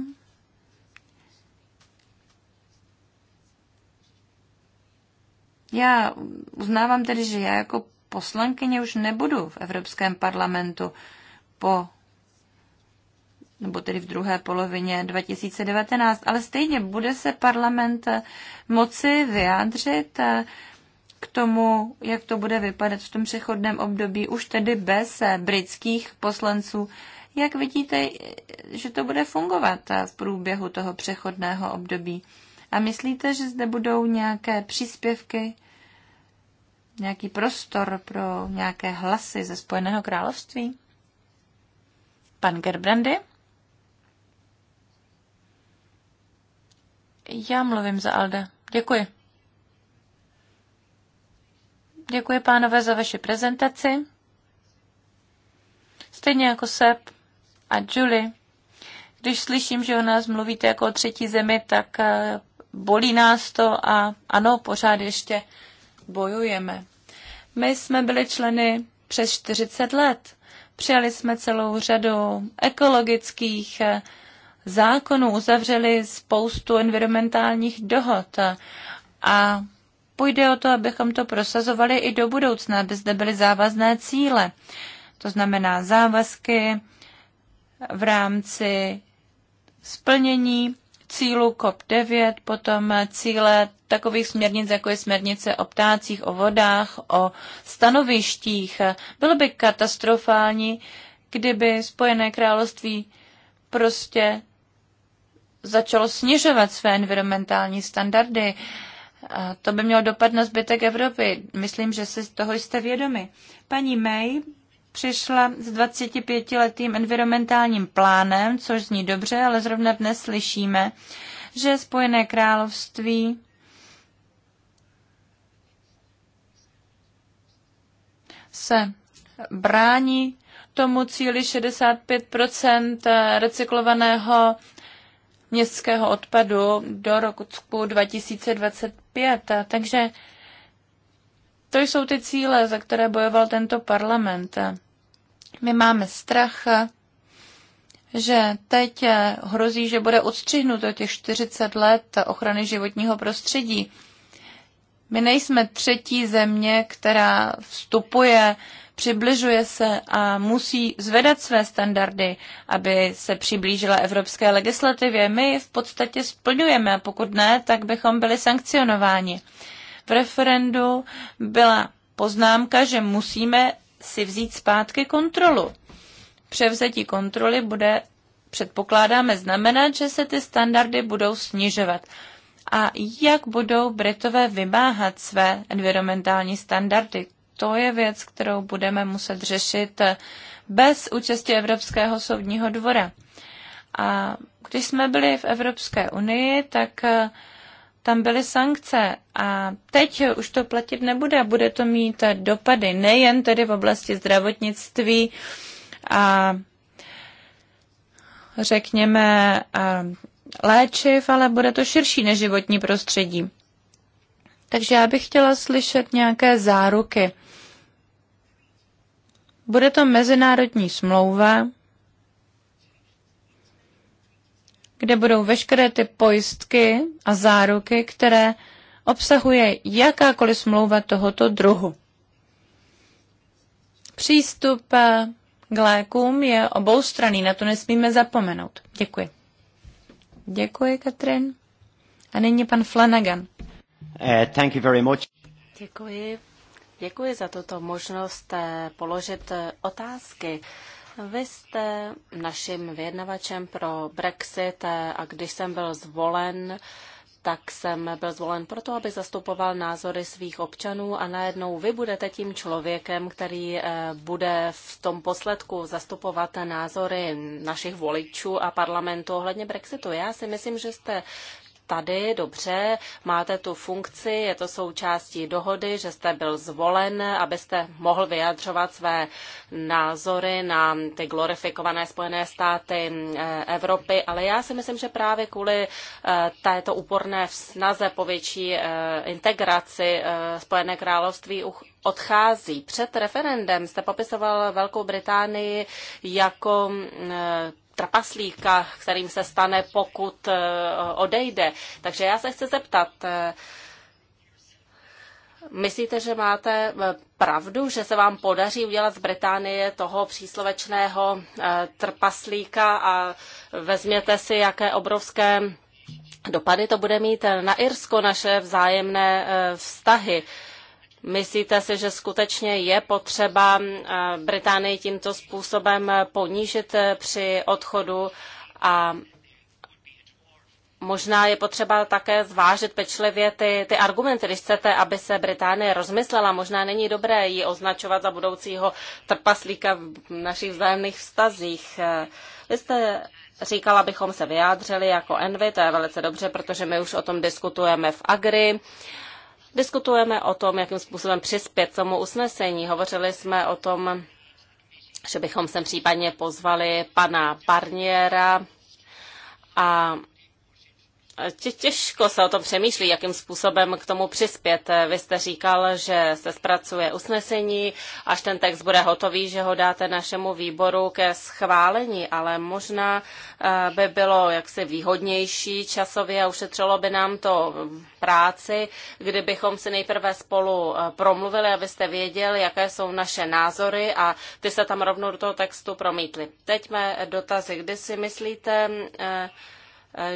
Já uznávám tedy, že já jako poslankyně už nebudu v Evropském parlamentu po nebo tedy v druhé polovině 2019, ale stejně bude se parlament moci vyjádřit eh, k tomu, jak to bude vypadat v tom přechodném období, už tedy bez eh, britských poslanců. Jak vidíte, že to bude fungovat eh, v průběhu toho přechodného období? A myslíte, že zde budou nějaké příspěvky, nějaký prostor pro nějaké hlasy ze Spojeného království? Pan Gerbrandy? Já mluvím za Alde. Děkuji. Děkuji, pánové, za vaši prezentaci. Stejně jako Seb a Julie. Když slyším, že o nás mluvíte jako o třetí zemi, tak eh, bolí nás to a ano, pořád ještě bojujeme. My jsme byli členy přes 40 let. Přijali jsme celou řadu ekologických eh, zákonů, uzavřeli spoustu environmentálních dohod a půjde o to, abychom to prosazovali i do budoucna, aby zde byly závazné cíle. To znamená závazky v rámci splnění cílu COP9, potom cíle takových směrnic, jako je směrnice o ptácích, o vodách, o stanovištích. Bylo by katastrofální, kdyby Spojené království prostě začalo snižovat své environmentální standardy. A to by mělo dopad na zbytek Evropy. Myslím, že si toho jste vědomi. Paní May přišla s 25-letým environmentálním plánem, což zní dobře, ale zrovna dnes slyšíme, že Spojené království se brání tomu cíli 65 recyklovaného městského odpadu do roku 2025. Takže to jsou ty cíle, za které bojoval tento parlament. My máme strach, že teď hrozí, že bude odstřihnuto těch 40 let ochrany životního prostředí. My nejsme třetí země, která vstupuje přibližuje se a musí zvedat své standardy, aby se přiblížila evropské legislativě. My v podstatě splňujeme, pokud ne, tak bychom byli sankcionováni. V referendu byla poznámka, že musíme si vzít zpátky kontrolu. Převzetí kontroly bude, předpokládáme, znamenat, že se ty standardy budou snižovat. A jak budou Britové vymáhat své environmentální standardy? to je věc, kterou budeme muset řešit eh, bez účasti Evropského soudního dvora. A když jsme byli v Evropské unii, tak eh, tam byly sankce a teď už to platit nebude. Bude to mít dopady nejen tedy v oblasti zdravotnictví a řekněme léčiv, ale bude to širší než životní prostředí. Takže já bych chtěla slyšet nějaké záruky bude to mezinárodní smlouva, kde budou veškeré ty pojistky a záruky, které obsahuje jakákoliv smlouva tohoto druhu. Přístup eh, k lékům je oboustraný, na to nesmíme zapomenout. Děkuji. Děkuji, Katrin. A nyní pan Flanagan. Uh, thank you very much. Děkuji, Děkuji za tuto možnost eh, položit eh, otázky. Vy jste naším vyjednavačem pro Brexit eh, a když jsem byl zvolen, tak jsem byl zvolen proto, aby zastupoval názory svých občanů a najednou vy budete tím člověkem, který bude v tom posledku zastupovat názory našich voličů a parlamentu ohledně Brexitu. Já si myslím, že jste tady, dobře, máte tu funkci, je to součástí dohody, že jste byl zvolen, abyste mohl vyjadřovat své názory na ty glorifikované Spojené státy eh, Evropy, ale já si myslím, že právě kvůli eh, této úporné snaze po větší eh, integraci Spojené království odchází. Před referendem jste popisoval Velkou Británii jako mm, trpaslíka, kterým se stane, pokud eh, odejde. Takže já se chci zeptat, eh, Myslíte, že máte eh, pravdu, že se vám podaří udělat z Británie toho příslovečného trpaslíka a vezměte si, jaké obrovské dopady to bude mít na Irsko, naše vzájemné vztahy? Myslíte si, že skutečně je potřeba eh, Británii tímto způsobem ponížit eh, při odchodu a možná je potřeba také zvážit pečlivě ty, ty argumenty, když chcete, aby se Británie rozmyslela. Možná není dobré ji označovat za budoucího trpaslíka v našich vzájemných vztazích. Vy jste říkala, abychom se vyjádřili jako Envy, to je velice dobře, protože my už o tom diskutujeme v Agri. Uh, Diskutujeme o tom, jakým způsobem přispět tomu usnesení. Hovořili jsme o tom, že bychom sem případně pozvali pana Barniera a těžko se o tom přemýšlí, jakým způsobem k tomu přispět. Vy jste říkal, že se zpracuje usnesení, až ten text bude hotový, že ho dáte našemu výboru ke schválení, ale možná eh, by bylo jaksi výhodnější časově a ušetřilo by nám to práci, kdybychom si nejprve spolu eh, promluvili, abyste věděl, jaké jsou naše názory a ty se tam rovnou do toho textu promítly. Teď mé dotazy. Kdy si myslíte, eh,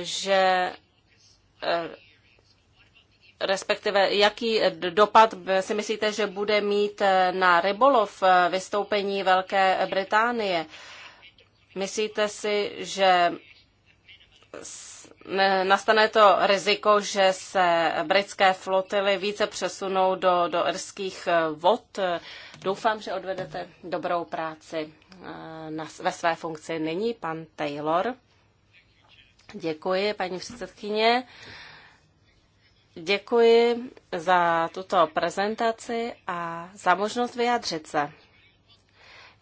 že Eh, respektive jaký dopad si myslíte, že bude mít eh, na rybolov eh, vystoupení Velké Británie? Myslíte si, že nastane to riziko, že se britské flotily více přesunou do, do irských vod? Doufám, že odvedete dobrou práci na, ve své funkci. Nyní pan Taylor. Děkuji, paní předsedkyně. Děkuji za tuto prezentaci a za možnost vyjádřit se.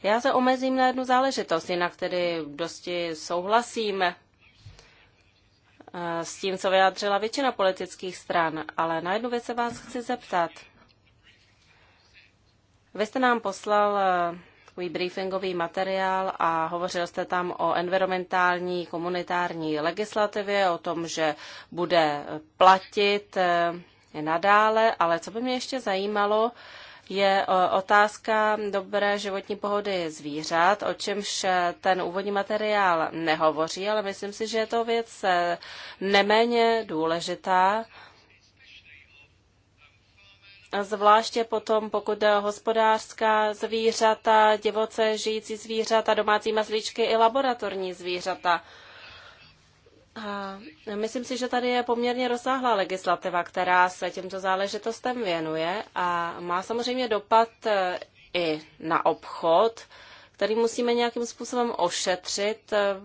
Já se omezím na jednu záležitost, jinak tedy dosti souhlasím eh, s tím, co vyjádřila většina politických stran, ale na jednu věc se vás chci zeptat. Vy jste nám poslal eh, takový briefingový materiál a hovořil jste tam o environmentální komunitární legislativě, o tom, že bude platit eh, nadále, ale co by mě ještě zajímalo, je eh, otázka dobré životní pohody zvířat, o čemž eh, ten úvodní materiál nehovoří, ale myslím si, že je to věc neméně důležitá zvláště potom, pokud jde o hospodářská zvířata, divoce žijící zvířata, domácí mazlíčky i laboratorní zvířata. A myslím si, že tady je poměrně rozsáhlá legislativa, která se těmto záležitostem věnuje a má samozřejmě dopad e, i na obchod, který musíme nějakým způsobem ošetřit e,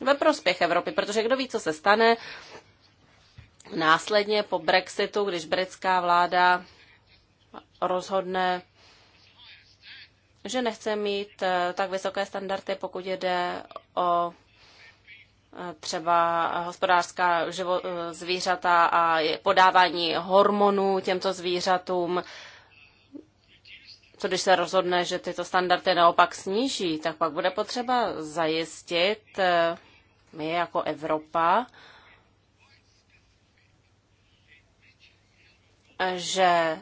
ve prospěch Evropy, protože kdo ví, co se stane, Následně po Brexitu, když britská vláda rozhodne, že nechce mít eh, tak vysoké standardy, pokud jde o eh, třeba hospodářská živo, eh, zvířata a podávání hormonů těmto zvířatům. Co když se rozhodne, že tyto standardy naopak sníží, tak pak bude potřeba zajistit my jako Evropa, že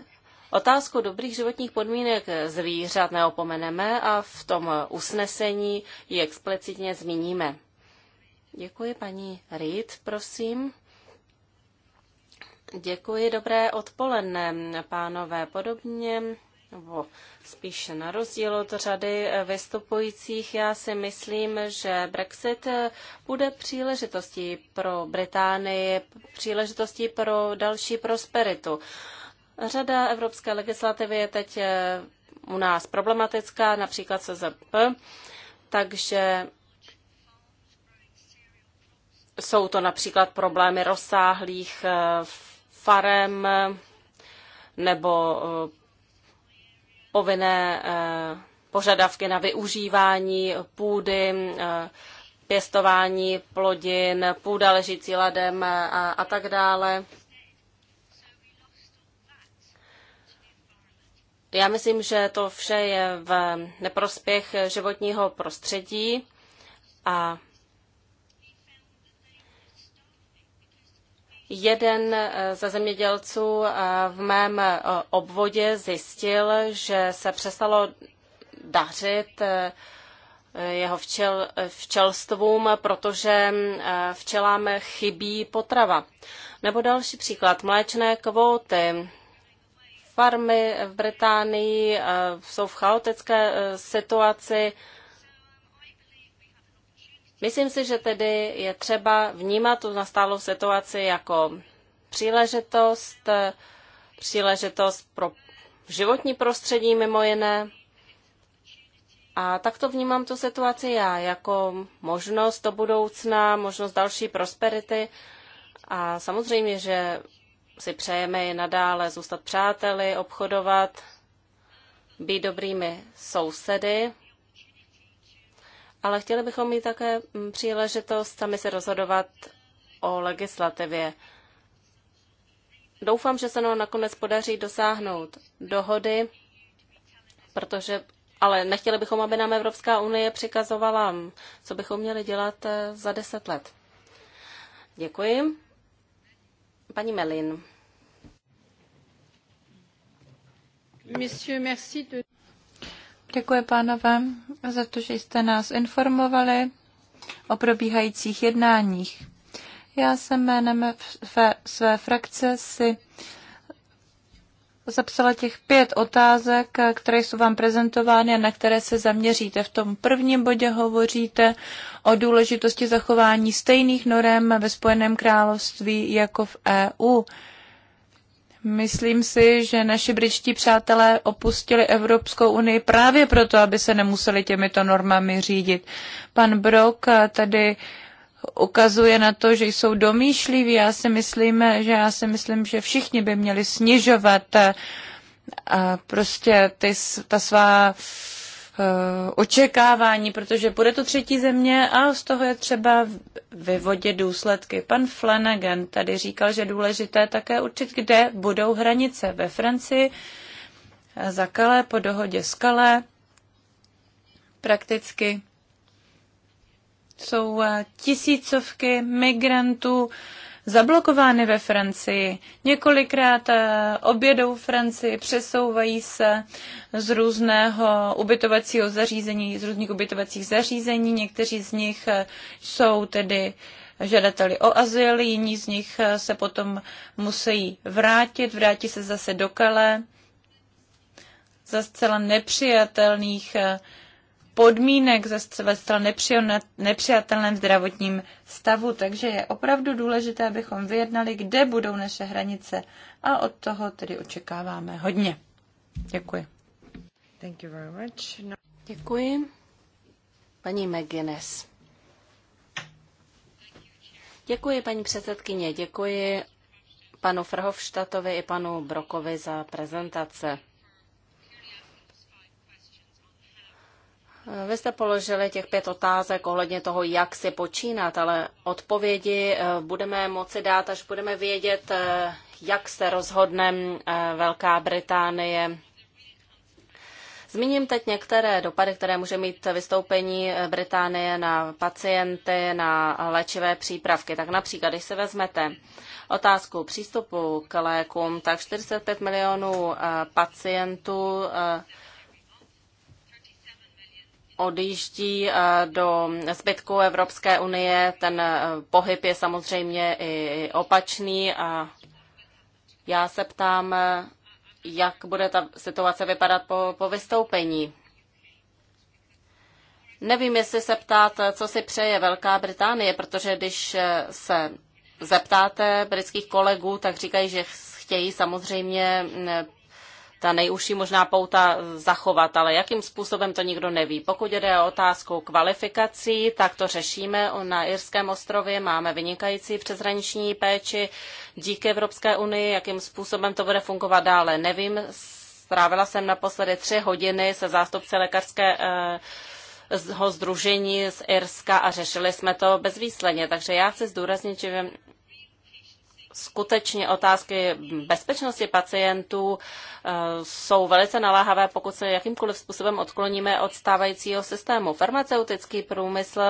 otázku dobrých životních podmínek zvířat neopomeneme a v tom usnesení ji explicitně zmíníme. Děkuji paní Reid, prosím. Děkuji, dobré odpoledne, pánové. Podobně nebo spíše na rozdíl od řady eh, vystupujících, já si myslím, že Brexit eh, bude příležitostí pro Británii, příležitostí pro další prosperitu. Řada evropské legislativy je teď eh, u nás problematická, například CZP, takže jsou to například problémy rozsáhlých farem nebo povinné eh, požadavky na využívání půdy, eh, pěstování plodin, půda ležící ladem eh, a, a tak dále. Já myslím, že to vše je v neprospěch životního prostředí a Jeden eh, ze zemědělců eh, v mém eh, obvodě zjistil, že se přestalo dařit jeho včel, včelstvům, protože včelám chybí potrava. Nebo další příklad, mléčné kvóty. Farmy v Británii jsou v chaotické situaci, Myslím si, že tedy je třeba vnímat tu nastálou situaci jako příležitost, příležitost pro životní prostředí mimo jiné. A tak to vnímám tu situaci já jako možnost do budoucna, možnost další prosperity. A samozřejmě, že si přejeme i nadále zůstat přáteli, obchodovat, být dobrými sousedy, ale chtěli bychom mít také mm, příležitost sami se rozhodovat o legislativě. Doufám, že se nám nakonec podaří dosáhnout dohody, protože ale nechtěli bychom, aby nám Evropská unie přikazovala, mm, co bychom měli dělat eh, za deset let. Děkuji. Paní Melin. Monsieur, merci de... Děkuji, pánové, za to, že jste nás informovali o probíhajících jednáních. Já jsem jménem své, frakce si zapsala těch pět otázek, které jsou vám prezentovány a na které se zaměříte. V tom prvním bodě hovoříte o důležitosti zachování stejných norem ve Spojeném království jako v EU. Myslím si, že naši britští přátelé opustili Evropskou unii právě proto, aby se nemuseli těmito normami řídit. Pan Brok tady ukazuje na to, že jsou domýšliví. Já si myslím, že já si myslím, že všichni by měli snižovat eh, a prostě ty, ta svá Eh, očekávání, protože bude to třetí země a z toho je třeba vyvodit důsledky. Pan Flanagan tady říkal, že důležité také určit, kde budou hranice. Ve Francii za Kale, po dohodě s Kale, prakticky jsou eh, tisícovky migrantů, zablokovány ve Francii. Několikrát eh, obědou Francii, přesouvají se z různého ubytovacího zařízení, z různých ubytovacích zařízení. Někteří z nich eh, jsou tedy žadateli o azyl, jiní z nich eh, se potom musí vrátit, vrátí se zase do Kale za zcela nepřijatelných podmínek ze své nepřijatelném zdravotním stavu, takže je opravdu důležité, abychom vyjednali, kde budou naše hranice a od toho tedy očekáváme hodně. Děkuji. Thank you very much. No... Děkuji. Paní McGuinness. Děkuji, paní předsedkyně. Děkuji panu Frhovštatovi i panu Brokovi za prezentace. Vy jste položili těch pět otázek ohledně toho, jak si počínat, ale odpovědi eh, budeme moci dát, až budeme vědět, eh, jak se rozhodne eh, Velká Británie. Zmíním teď některé dopady, které může mít vystoupení Británie na pacienty, na léčivé přípravky. Tak například, když se vezmete otázku přístupu k lékům, tak 45 milionů pacientů odjíždí eh, do zbytku Evropské unie. Ten eh, pohyb je samozřejmě i opačný a já se ptám, eh, jak bude ta situace vypadat po, po vystoupení. Nevím, jestli se ptát, co si přeje Velká Británie, protože když se zeptáte britských kolegů, tak říkají, že chtějí samozřejmě ta nejužší možná pouta zachovat, ale jakým způsobem to nikdo neví. Pokud jde o otázku kvalifikací, tak to řešíme. Na Irském ostrově máme vynikající přeshraniční péči díky Evropské unii. Jakým způsobem to bude fungovat dále, nevím. Strávila jsem naposledy tři hodiny se zástupci lékařské eh, ho združení z Irska a řešili jsme to bezvýsledně. Takže já chci zdůraznit, že skutečně otázky bezpečnosti pacientů eh, jsou velice naláhavé. pokud se jakýmkoliv způsobem odkloníme od stávajícího systému. Farmaceutický průmysl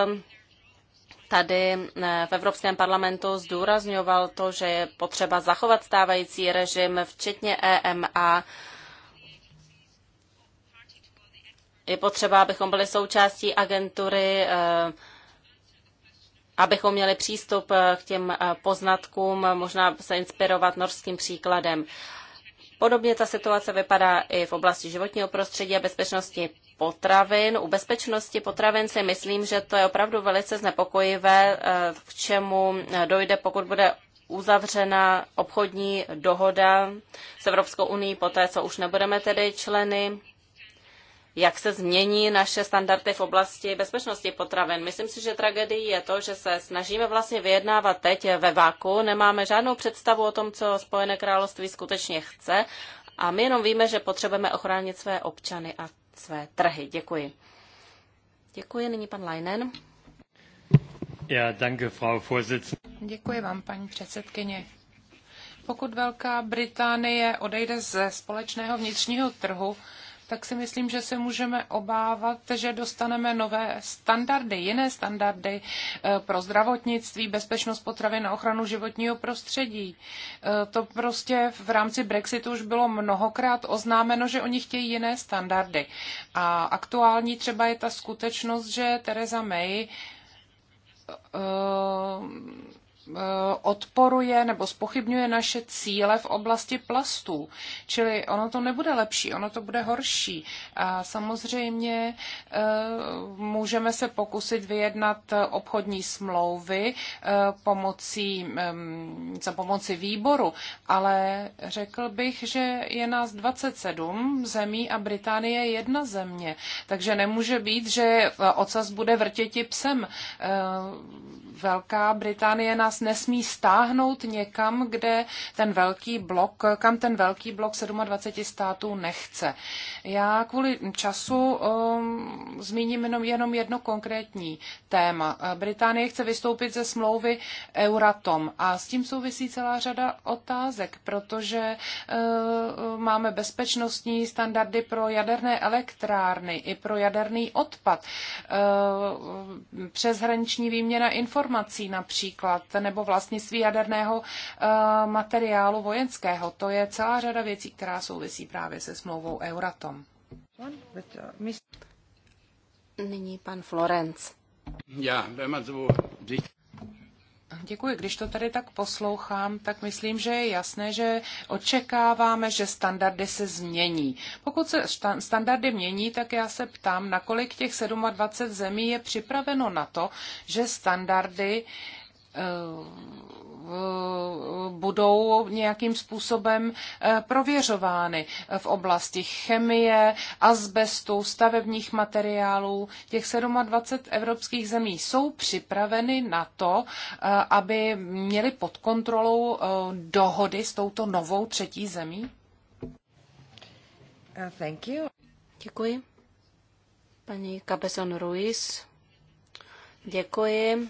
tady eh, v Evropském parlamentu zdůrazňoval to, že je potřeba zachovat stávající režim, včetně EMA. Je potřeba, abychom byli součástí agentury eh, abychom měli přístup eh, k těm eh, poznatkům, možná se inspirovat norským příkladem. Podobně ta situace vypadá i v oblasti životního prostředí a bezpečnosti potravin. U bezpečnosti potravin si myslím, že to je opravdu velice znepokojivé, eh, k čemu dojde, pokud bude uzavřena obchodní dohoda s Evropskou unii, poté co už nebudeme tedy členy jak se změní naše standardy v oblasti bezpečnosti potravin. Myslím si, že tragédií je to, že se snažíme vlastně vyjednávat teď ve váku, nemáme žádnou představu o tom, co Spojené království skutečně chce a my jenom víme, že potřebujeme ochránit své občany a své trhy. Děkuji. Děkuji, nyní pan Leinen. Ja, danke, Frau Děkuji vám, paní předsedkyně. Pokud Velká Británie odejde ze společného vnitřního trhu, tak si myslím, že se můžeme obávat, že dostaneme nové standardy, jiné standardy eh, pro zdravotnictví, bezpečnost potravin a ochranu životního prostředí. Eh, to prostě v rámci Brexitu už bylo mnohokrát oznámeno, že oni chtějí jiné standardy. A aktuální třeba je ta skutečnost, že Tereza May eh, Eh, odporuje nebo spochybňuje naše cíle v oblasti plastů. Čili ono to nebude lepší, ono to bude horší. A samozřejmě eh, můžeme se pokusit vyjednat obchodní smlouvy eh, pomocí, mm, za pomoci výboru, ale řekl bych, že je nás 27 zemí a Británie je jedna země. Takže nemůže být, že ocas bude vrtěti psem Velká Británie nás nesmí stáhnout někam, kde ten velký blok, kam ten velký blok 27 států nechce. Já kvůli času um, zmíním jenom, jenom jedno konkrétní téma. Británie chce vystoupit ze smlouvy Euratom a s tím souvisí celá řada otázek, protože uh, máme bezpečnostní standardy pro jaderné elektrárny i pro jaderný odpad, uh, přeshraniční výměna informací, informací například, nebo vlastnictví jaderného eh, materiálu vojenského. To je celá řada věcí, která souvisí právě se smlouvou Euratom. Nyní pan Florenc. Já, Děkuji. Když to tady tak poslouchám, tak myslím, že je jasné, že očekáváme, že standardy se změní. Pokud se standardy mění, tak já se ptám, nakolik těch 27 zemí je připraveno na to, že standardy eh, budou nějakým způsobem eh, prověřovány v oblasti chemie, azbestu, stavebních materiálů. Těch 27 evropských zemí jsou připraveny na to, eh, aby měli pod kontrolou eh, dohody s touto novou třetí zemí? Uh, thank you. Děkuji. Paní Cabezon Ruiz. Děkuji.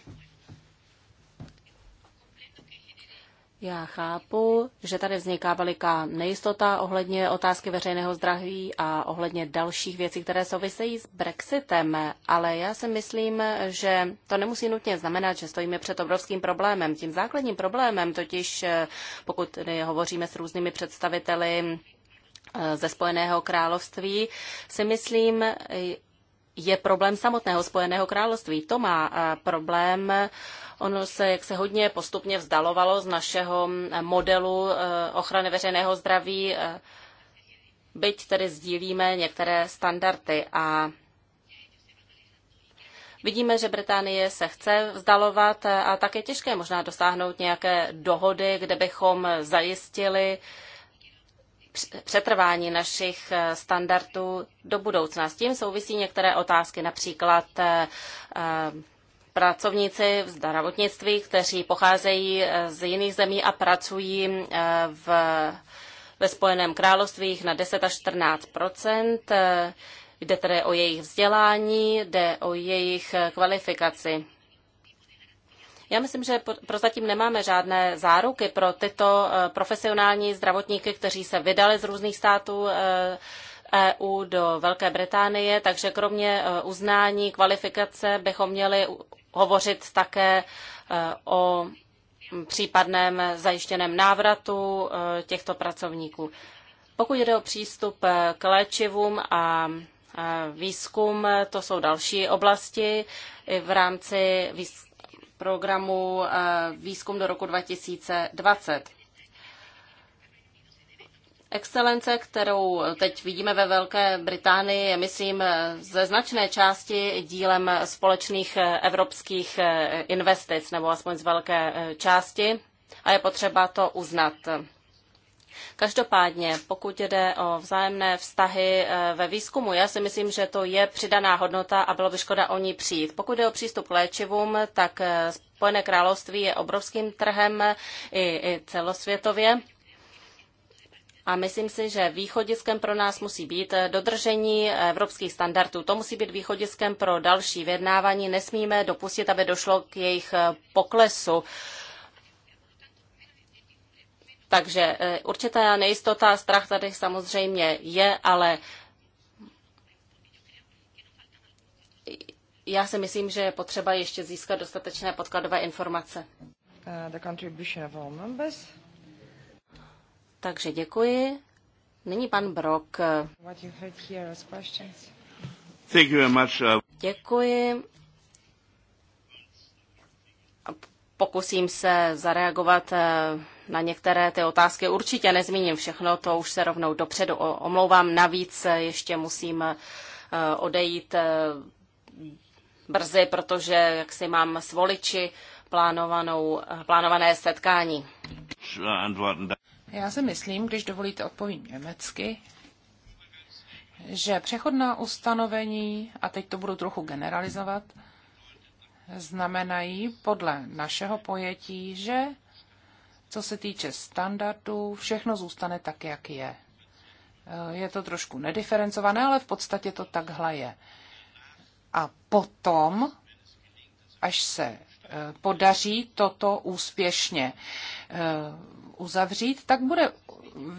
Já chápu, že tady vzniká veliká nejistota ohledně otázky veřejného zdraví a ohledně dalších věcí, které souvisejí s Brexitem, ale já si myslím, že to nemusí nutně znamenat, že stojíme před obrovským problémem. Tím základním problémem, totiž eh, pokud hovoříme s různými představiteli eh, ze Spojeného království, si myslím, je problém samotného Spojeného království. To má eh, problém Ono se jak se hodně postupně vzdalovalo z našeho eh, modelu eh, ochrany veřejného zdraví, eh, byť tedy sdílíme některé standardy a Vidíme, že Británie se chce vzdalovat a tak je těžké možná dosáhnout nějaké dohody, kde bychom zajistili přetrvání našich standardů do budoucna. S tím souvisí některé otázky, například pracovníci v zdravotnictví, kteří pocházejí eh, z jiných zemí a pracují eh, v, ve Spojeném království na 10 až 14 eh, Jde tedy o jejich vzdělání, jde o jejich kvalifikaci. Já myslím, že prozatím nemáme žádné záruky pro tyto profesionální zdravotníky, kteří se vydali z různých států EU e do Velké Británie, takže kromě uznání kvalifikace bychom měli hovořit také eh, o případném zajištěném návratu eh, těchto pracovníků. Pokud jde o přístup eh, k léčivům a výzkum, to jsou další oblasti v rámci programu výzkum do roku 2020. Excelence, kterou teď vidíme ve Velké Británii, je, myslím, ze značné části dílem společných evropských investic, nebo aspoň z velké části, a je potřeba to uznat. Každopádně, pokud jde o vzájemné vztahy eh, ve výzkumu, já si myslím, že to je přidaná hodnota a bylo by škoda o ní přijít. Pokud jde o přístup k léčivům, tak eh, Spojené království je obrovským trhem eh, i, i celosvětově. A myslím si, že východiskem pro nás musí být eh, dodržení eh, evropských standardů. To musí být východiskem pro další vyjednávání. Nesmíme dopustit, aby došlo k jejich eh, poklesu. Takže určitá nejistota a strach tady samozřejmě je, ale já si myslím, že je potřeba ještě získat dostatečné podkladové informace. Uh, the contribution of all members. Takže děkuji. Nyní pan Brok. Uh, děkuji. Pokusím se zareagovat uh, na některé ty otázky. Určitě nezmíním všechno, to už se rovnou dopředu omlouvám. Navíc uh, ještě musím odejít brzy, protože jak si mám s voliči plánovanou, plánované setkání. Já si myslím, když dovolíte, odpovím německy, že přechodná ustanovení, a teď to budu trochu generalizovat, znamenají podle našeho pojetí, že co se týče standardů, všechno zůstane tak, jak je. Je to trošku nediferencované, ale v podstatě to takhle je. A potom, až se podaří toto úspěšně eh, uzavřít, tak bude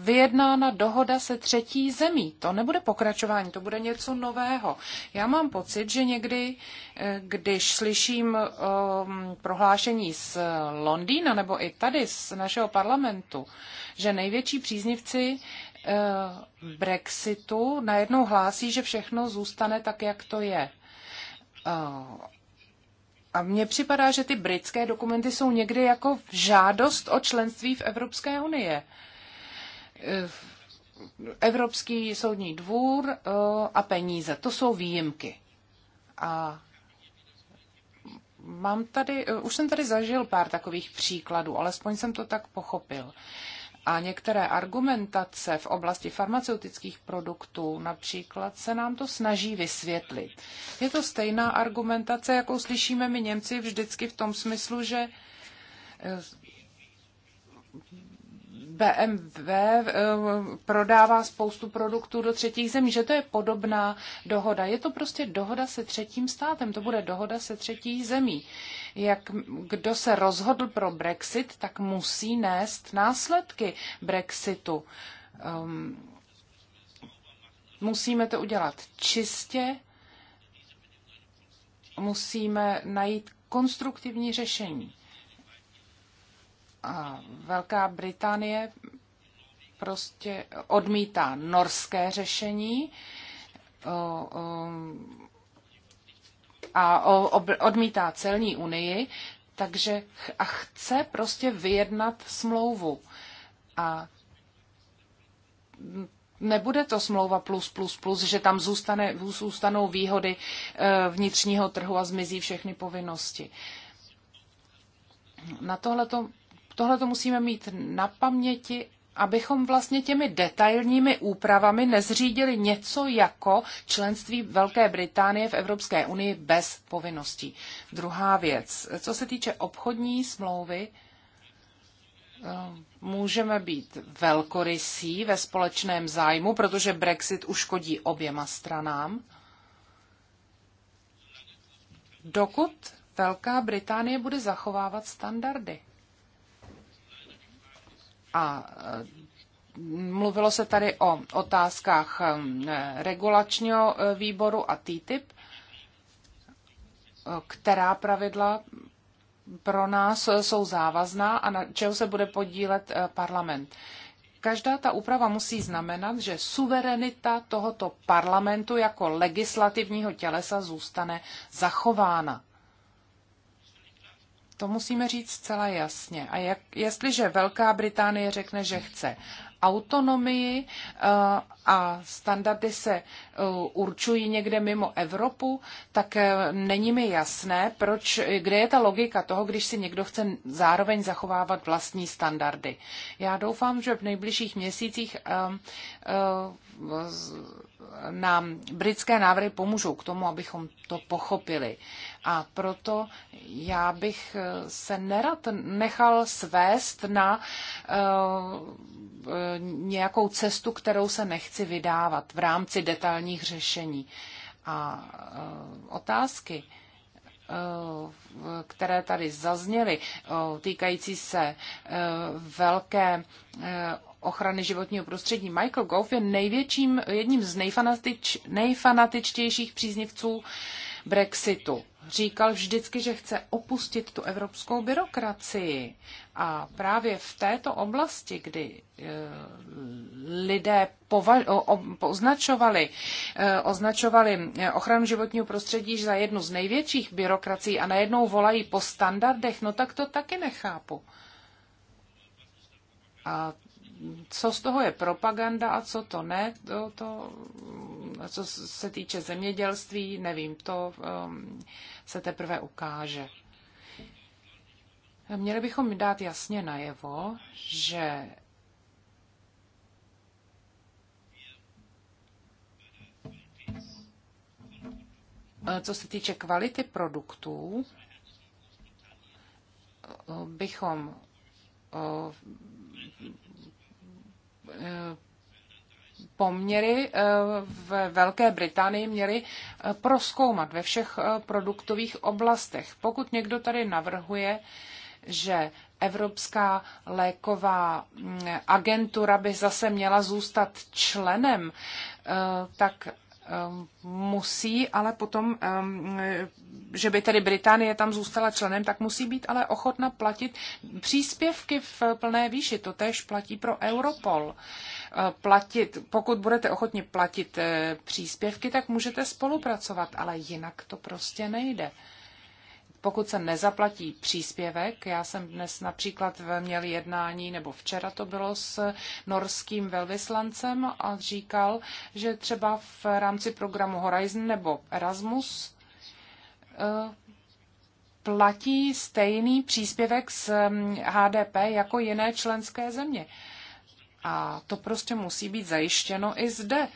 vyjednána dohoda se třetí zemí. To nebude pokračování, to bude něco nového. Já mám pocit, že někdy, eh, když slyším ehm, prohlášení z Londýna nebo i tady z našeho parlamentu, že největší příznivci eh, Brexitu najednou hlásí, že všechno zůstane tak, jak to je a mně připadá, že ty britské dokumenty jsou někdy jako žádost o členství v Evropské unie. Evropský soudní dvůr eh, a peníze, to jsou výjimky. A mám tady, eh, už jsem tady zažil pár takových příkladů, alespoň jsem to tak pochopil. A některé argumentace v oblasti farmaceutických produktů například se nám to snaží vysvětlit. Je to stejná argumentace, jakou slyšíme my Němci vždycky v tom smyslu, že eh, BMW eh, prodává spoustu produktů do třetích zemí, že to je podobná dohoda. Je to prostě dohoda se třetím státem, to bude dohoda se třetí zemí. Jak kdo se rozhodl pro Brexit, tak musí nést následky Brexitu. Um, musíme to udělat čistě, musíme najít konstruktivní řešení. A Velká Británie prostě odmítá norské řešení a odmítá celní unii, takže a chce prostě vyjednat smlouvu. A nebude to smlouva plus, plus, plus, že tam zůstane, zůstanou výhody e, vnitřního trhu a zmizí všechny povinnosti. Na tohle to tohle to musíme mít na paměti, abychom vlastně těmi detailními úpravami nezřídili něco jako členství Velké Británie v Evropské unii bez povinností. Druhá věc, co se týče obchodní smlouvy, eh, můžeme být velkorysí ve společném zájmu, protože Brexit uškodí oběma stranám. Dokud Velká Británie bude zachovávat standardy. A e, mluvilo se tady o otázkách e, regulačního e, výboru a TTIP, která pravidla pro nás jsou závazná a na čeho se bude podílet parlament. Každá ta úprava musí znamenat, že suverenita tohoto parlamentu jako legislativního tělesa zůstane zachována. To musíme říct zcela jasně. A jak, jestliže Velká Británie řekne, že chce autonomii eh, a standardy se eh, určují někde mimo Evropu, tak eh, není mi jasné, proč, kde je ta logika toho, když si někdo chce zároveň zachovávat vlastní standardy. Já doufám, že v nejbližších měsících nám britské návrhy pomůžou k tomu, abychom to pochopili. A proto já bych eh, se nerad nechal svést na eh, eh, nějakou cestu, kterou se nechci vydávat v rámci detailních řešení. A otázky, které tady zazněly, týkající se velké ochrany životního prostředí. Michael Gove je největším, jedním z nejfanatič, nejfanatičtějších příznivců uh, Brexitu. Říkal vždycky, že chce opustit tu evropskou byrokracii. A právě v této oblasti, kdy eh, lidé označovali, eh, označovali eh, ochranu životního prostředí za jednu z největších byrokracií a najednou volají po standardech, no tak to taky nechápu. A co z toho je propaganda a co to ne, to, to co se týče zemědělství, nevím, to um, se teprve ukáže. Měli bychom dát jasně najevo, že co se týče kvality produktů, bychom Eh, poměry eh, v Velké Británii měly eh, proskoumat ve všech produktových oblastech. Pokud někdo tady navrhuje, že Evropská léková mm, agentura by zase měla zůstat členem, tak Ehm, musí, ale potom, ehm, že by tedy Británie tam zůstala členem, tak musí být ale ochotna platit příspěvky v plné výši. To tež platí pro Europol. Ehm, platit, pokud budete ochotni platit eh, příspěvky, tak můžete spolupracovat, ale jinak to prostě nejde pokud se nezaplatí příspěvek, já jsem dnes například měl jednání, nebo včera to bylo s norským velvyslancem a říkal, že třeba v rámci programu Horizon nebo Erasmus eh, platí stejný příspěvek z mm, HDP jako jiné členské země. A to prostě musí být zajištěno i zde.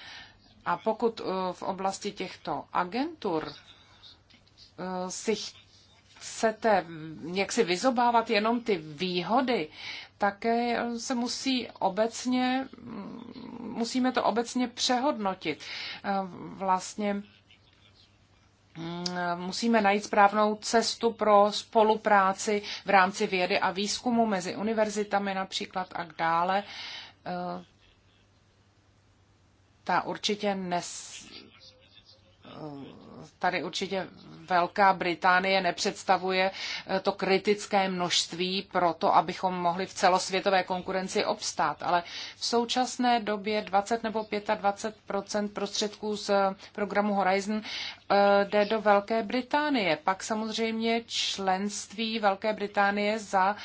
A pokud eh, v oblasti těchto agentur eh, si chcete jaksi vyzobávat jenom ty výhody, také se musí obecně, musíme to obecně přehodnotit. Eh, vlastně mm, musíme najít správnou cestu pro spolupráci v rámci vědy a výzkumu mezi univerzitami například a dále. Eh, ta určitě nes, tady určitě Velká Británie nepředstavuje eh, to kritické množství pro to, abychom mohli v celosvětové konkurenci obstát. Ale v současné době 20 nebo 25 prostředků z eh, programu Horizon eh, jde do Velké Británie. Pak samozřejmě členství Velké Británie za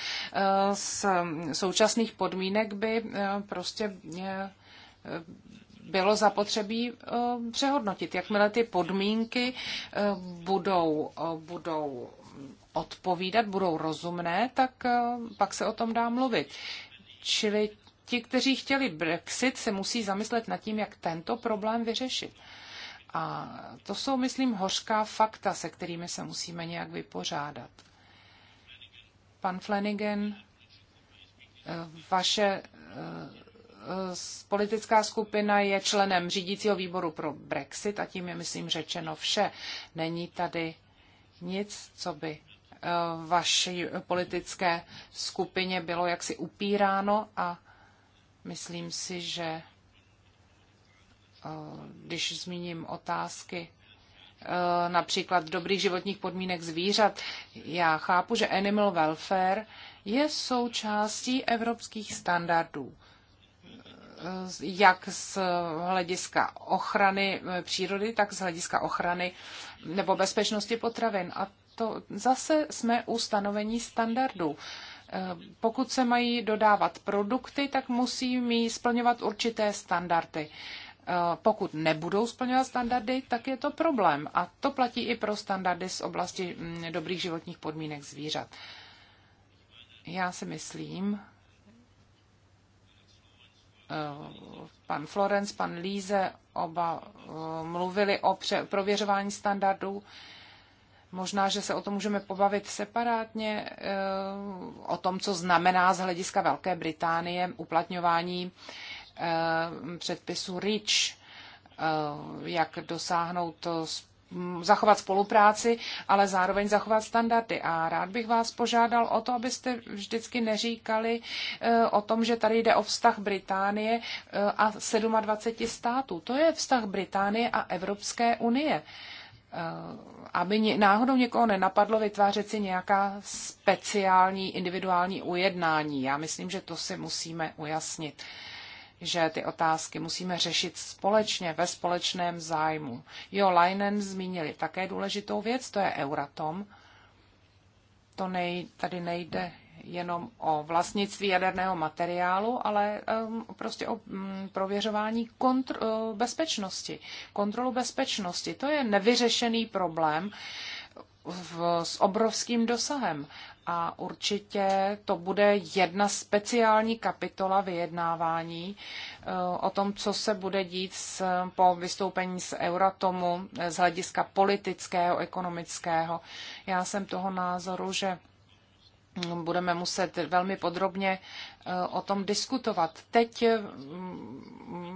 mm, současných podmínek by prostě bylo zapotřebí eh, přehodnotit. Jakmile ty podmínky eh, budou, eh, budou odpovídat, budou rozumné, tak pak se o tom dá mluvit. Čili ti, kteří chtěli Brexit, se musí zamyslet nad tím, jak tento problém vyřešit. A to jsou, myslím, hořká fakta, se kterými se musíme nějak vypořádat. Pan Flanagan, vaše Eh, politická skupina je členem řídícího výboru pro Brexit a tím je, myslím, řečeno vše. Není tady nic, co by eh, vaší politické skupině bylo jaksi upíráno a myslím si, že eh, když zmíním otázky například dobrých životních podmínek zvířat, já chápu, že animal welfare je součástí evropských standardů jak z hlediska ochrany eh, přírody, tak z hlediska ochrany nebo bezpečnosti potravin. A to zase jsme u stanovení standardů. Eh, pokud se mají dodávat produkty, tak musí mít splňovat určité standardy. Eh, pokud nebudou splňovat standardy, tak je to problém. A to platí i pro standardy z oblasti mm, dobrých životních podmínek zvířat. Já si myslím, pan Florenc, pan Líze, oba eh, mluvili o prověřování standardů. Možná, že se o tom můžeme pobavit separátně, eh, o tom, co znamená z hlediska Velké Británie uplatňování eh, předpisu REACH, jak dosáhnout zachovat spolupráci, ale zároveň zachovat standardy. A rád bych vás požádal o to, abyste vždycky neříkali eh, o tom, že tady jde o vztah Británie eh, a 27 států. To je vztah Británie a Evropské unie eh, aby náhodou někoho nenapadlo vytvářet si nějaká speciální individuální ujednání. Já myslím, že to si musíme ujasnit že ty otázky musíme řešit společně, ve společném zájmu. Jo, Leinen zmínili také důležitou věc, to je Euratom. To nej, tady nejde jenom o vlastnictví jaderného materiálu, ale um, prostě o um, prověřování kontr- uh, bezpečnosti, kontrolu bezpečnosti. To je nevyřešený problém v, s obrovským dosahem. A určitě to bude jedna speciální kapitola vyjednávání eh, o tom, co se bude dít s, po vystoupení z Euratomu eh, z hlediska politického, ekonomického. Já jsem toho názoru, že budeme muset velmi podrobně eh, o tom diskutovat. Teď eh,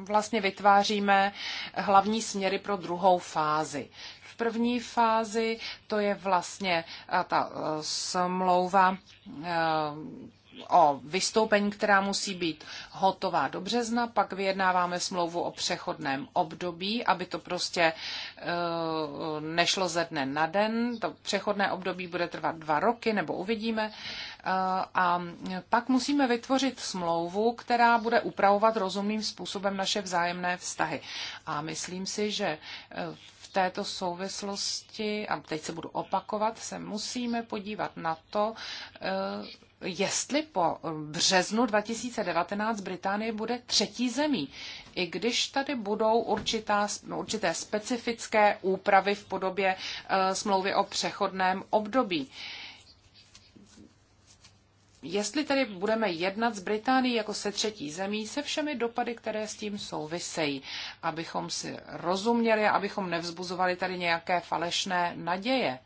vlastně vytváříme hlavní směry pro druhou fázi. V první fázi to je vlastně eh, ta smlouva o vystoupení, která musí být hotová do března, pak vyjednáváme smlouvu o přechodném období, aby to prostě e, nešlo ze dne na den. To přechodné období bude trvat dva roky, nebo uvidíme. Eh, a pak musíme vytvořit smlouvu, která bude upravovat rozumným způsobem naše vzájemné vztahy. A myslím si, že eh, v této souvislosti, a teď se budu opakovat, se musíme podívat na to, eh, jestli po březnu 2019 Británie bude třetí zemí, i když tady budou určitá, no, určité specifické úpravy v podobě smlouvy o přechodném období. Uh, jestli tedy budeme jednat s Británií jako se třetí zemí, se všemi dopady, které s tím souvisejí, abychom si rozuměli, abychom nevzbuzovali tady nějaké falešné naděje.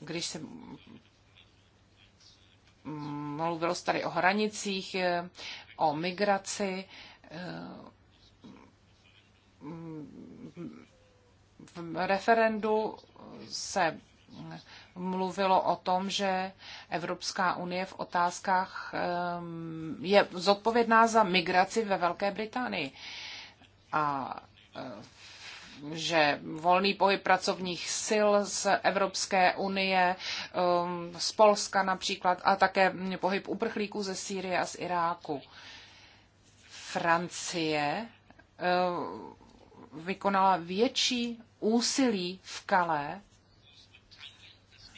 Když se mluvilo tady o hranicích, eh, o migraci, eh, v referendu se mluvilo o tom, že Evropská unie v otázkách je zodpovědná za migraci ve Velké Británii. A že volný pohyb pracovních sil z Evropské unie, z Polska například, a také pohyb uprchlíků ze Sýrie a z Iráku. Francie vykonala větší úsilí v Calais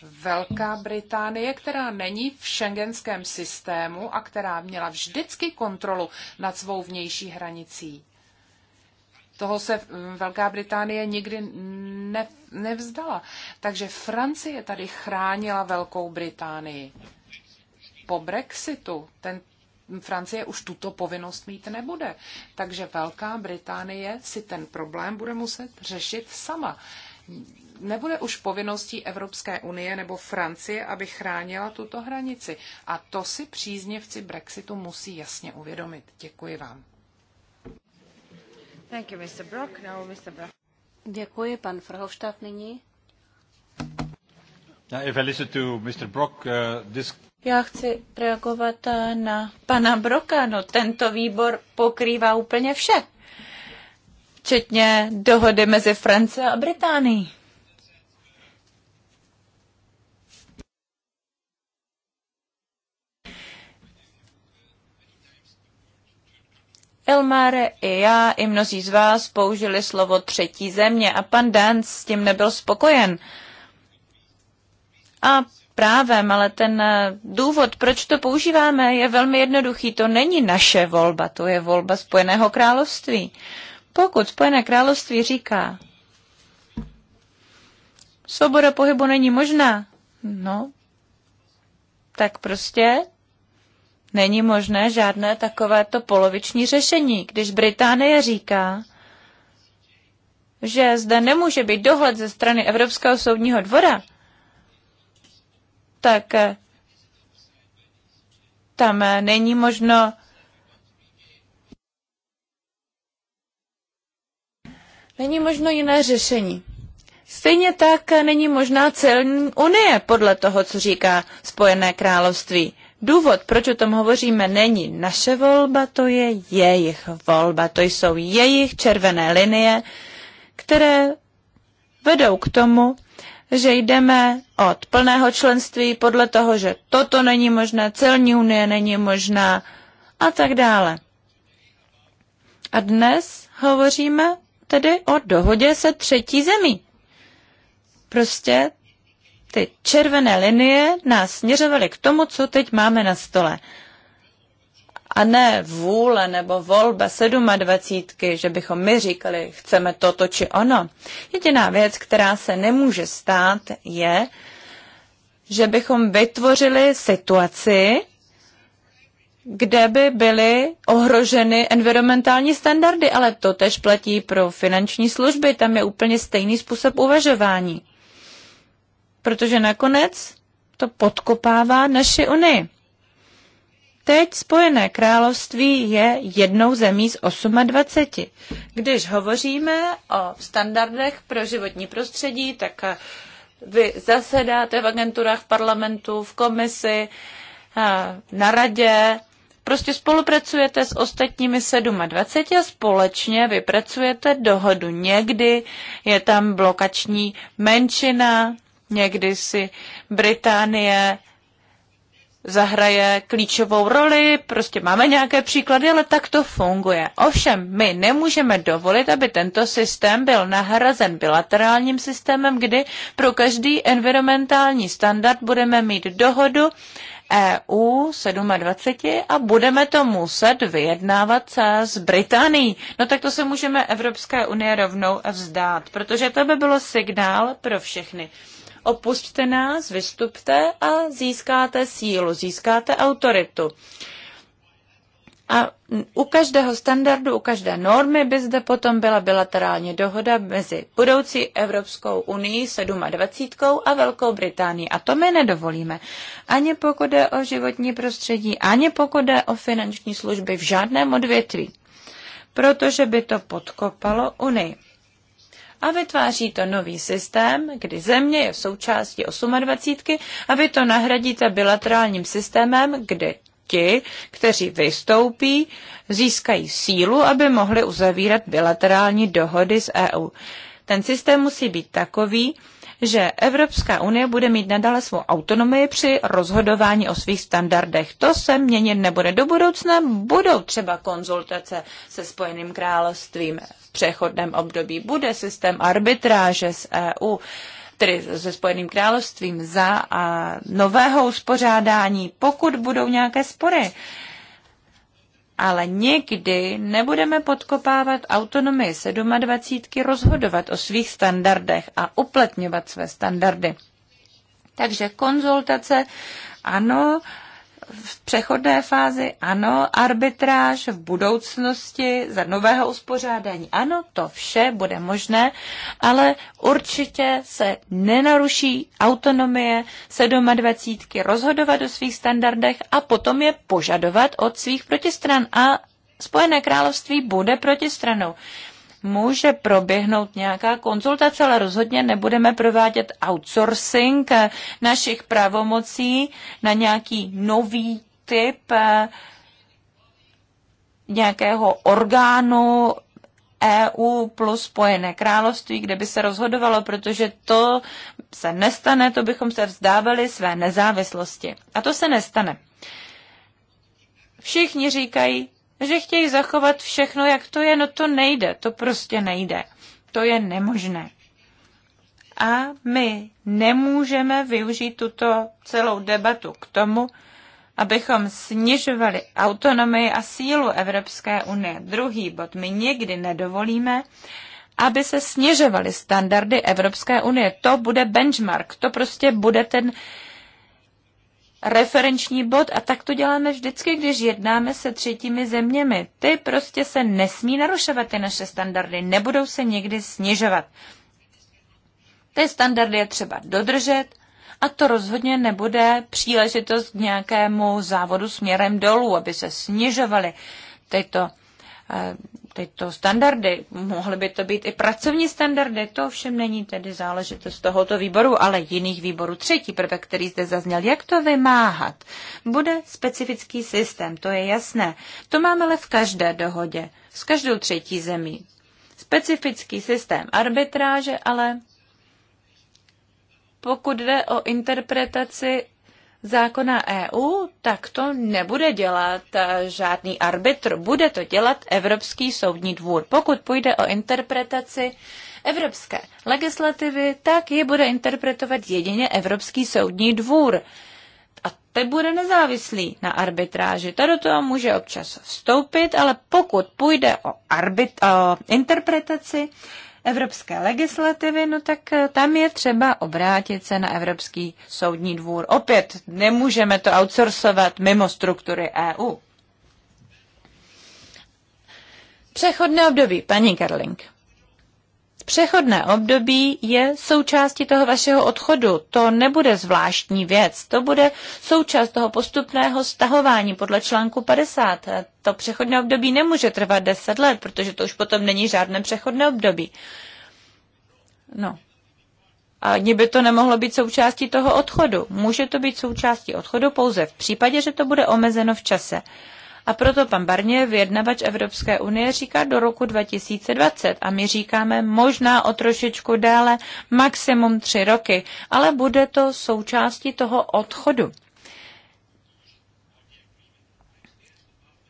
Velká Británie, která není v šengenském systému a která měla vždycky kontrolu nad svou vnější hranicí. Toho se mm, Velká Británie nikdy ne, nevzdala. Takže Francie tady chránila Velkou Británii. Po Brexitu ten Francie už tuto povinnost mít nebude. Takže Velká Británie si ten problém bude muset řešit sama nebude už povinností Evropské unie nebo Francie, aby chránila tuto hranici. A to si příznivci Brexitu musí jasně uvědomit. Děkuji vám. Thank you, Mr. Brock. Mr. Brock. Děkuji, pan Frhofstadt nyní. Já eh, chci reagovat eh, na pana Broka. No, tento výbor pokrývá úplně vše, včetně dohody mezi Francie a Británií. Elmar, i já, i mnozí z vás použili slovo třetí země a pan Danc s tím nebyl spokojen. A právem, ale ten eh, důvod, proč to používáme, je velmi jednoduchý. To není naše volba, to je volba Spojeného království. Pokud Spojené království říká, svoboda pohybu není možná, no, tak prostě není možné žádné takovéto poloviční řešení, když Británie říká, že zde nemůže být dohled ze strany Evropského soudního dvora, tak eh, tam eh, není možno Není možno jiné řešení. Stejně tak eh, není možná celní unie podle toho, co říká Spojené království. Důvod, proč o tom hovoříme, není naše volba, to je jejich volba. To jsou jejich červené linie, které vedou k tomu, že jdeme od plného členství podle toho, že toto není možné, celní unie není možná a tak dále. A dnes hovoříme tedy o dohodě se třetí zemí. Prostě ty červené linie nás směřovaly k tomu, co teď máme na stole. A ne vůle nebo volba sedmadvacítky, že bychom my říkali, chceme toto či ono. Jediná věc, která se nemůže stát, je, že bychom vytvořili situaci, kde by byly ohroženy environmentální standardy, ale to tež platí pro finanční služby, tam je úplně stejný způsob uvažování protože nakonec to podkopává naši Unii. Teď Spojené království je jednou zemí z 28. Když hovoříme o standardech pro životní prostředí, tak eh, vy zasedáte v agenturách, v parlamentu, v komisi, eh, na radě, Prostě spolupracujete s ostatními 27 a společně vypracujete dohodu. Někdy je tam blokační menšina, Někdy si Británie zahraje klíčovou roli, prostě máme nějaké příklady, ale tak to funguje. Ovšem, my nemůžeme dovolit, aby tento systém byl nahrazen bilaterálním systémem, kdy pro každý environmentální standard budeme mít dohodu EU 27 a budeme to muset vyjednávat se s Británií. No tak to se můžeme Evropské unie rovnou vzdát, protože to by bylo signál pro všechny opustte nás, vystupte a získáte sílu, získáte autoritu. A u každého standardu, u každé normy by zde potom byla bilaterální dohoda mezi budoucí Evropskou unii 27 a Velkou Británií. A to my nedovolíme. Ani pokud jde o životní prostředí, ani pokud jde o finanční služby v žádném odvětví. Protože by to podkopalo Unii a vytváří to nový systém, kdy země je v součástí 28 a vy to nahradíte bilaterálním systémem, kdy ti, kteří vystoupí, získají sílu, aby mohli uzavírat bilaterální dohody s EU. Ten systém musí být takový, že Evropská unie bude mít nadále svou autonomii při rozhodování o svých standardech. To se měnit nebude do budoucna, budou třeba konzultace se Spojeným královstvím přechodném období bude systém arbitráže z EU, tedy se Spojeným královstvím, za a nového uspořádání, pokud budou nějaké spory. Ale nikdy nebudeme podkopávat autonomii 27. rozhodovat o svých standardech a uplatňovat své standardy. Takže konzultace, ano, v přechodné fázi ano, arbitráž v budoucnosti za nového uspořádání ano, to vše bude možné, ale určitě se nenaruší autonomie 27 rozhodovat o svých standardech a potom je požadovat od svých protistran a Spojené království bude protistranou může proběhnout nějaká konzultace, ale rozhodně nebudeme provádět outsourcing eh, našich pravomocí na nějaký nový typ eh, nějakého orgánu EU plus Spojené království, kde by se rozhodovalo, protože to se nestane, to bychom se vzdávali své nezávislosti. A to se nestane. Všichni říkají, že chtějí zachovat všechno, jak to je, no to nejde, to prostě nejde. To je nemožné. A my nemůžeme využít tuto celou debatu k tomu, abychom snižovali autonomii a sílu Evropské unie. Druhý bod, my nikdy nedovolíme, aby se snižovaly standardy Evropské unie. To bude benchmark, to prostě bude ten referenční bod a tak to děláme vždycky, když jednáme se třetími zeměmi. Ty prostě se nesmí narušovat ty naše standardy, nebudou se nikdy snižovat. Ty standardy je třeba dodržet a to rozhodně nebude příležitost k nějakému závodu směrem dolů, aby se snižovaly tyto tyto standardy. Mohly by to být i pracovní standardy, to ovšem není tedy záležitost tohoto výboru, ale jiných výborů. Třetí prvek, který zde zazněl, jak to vymáhat. Bude specifický systém, to je jasné. To máme ale v každé dohodě, s každou třetí zemí. Specifický systém arbitráže, ale pokud jde o interpretaci zákona EU, tak to nebude dělat eh, žádný arbitr, bude to dělat Evropský soudní dvůr. Pokud půjde o interpretaci evropské legislativy, tak ji bude interpretovat jedině Evropský soudní dvůr. A ten bude nezávislý na arbitráži. Tady do toho může občas vstoupit, ale pokud půjde o, arbit, o interpretaci evropské legislativy, no tak eh, tam je třeba obrátit se na Evropský soudní dvůr. Opět nemůžeme to outsourcovat mimo struktury EU. Přechodné období, paní Kerling. Přechodné období je součástí toho vašeho odchodu. To nebude zvláštní věc, to bude součást toho postupného stahování podle článku 50. To přechodné období nemůže trvat 10 let, protože to už potom není žádné přechodné období. No. A ani by to nemohlo být součástí toho odchodu. Může to být součástí odchodu pouze v případě, že to bude omezeno v čase. A proto pan Barnier, vyjednavač Evropské unie, říká do roku 2020 a my říkáme možná o trošičku déle, maximum tři roky, ale bude to součástí toho odchodu.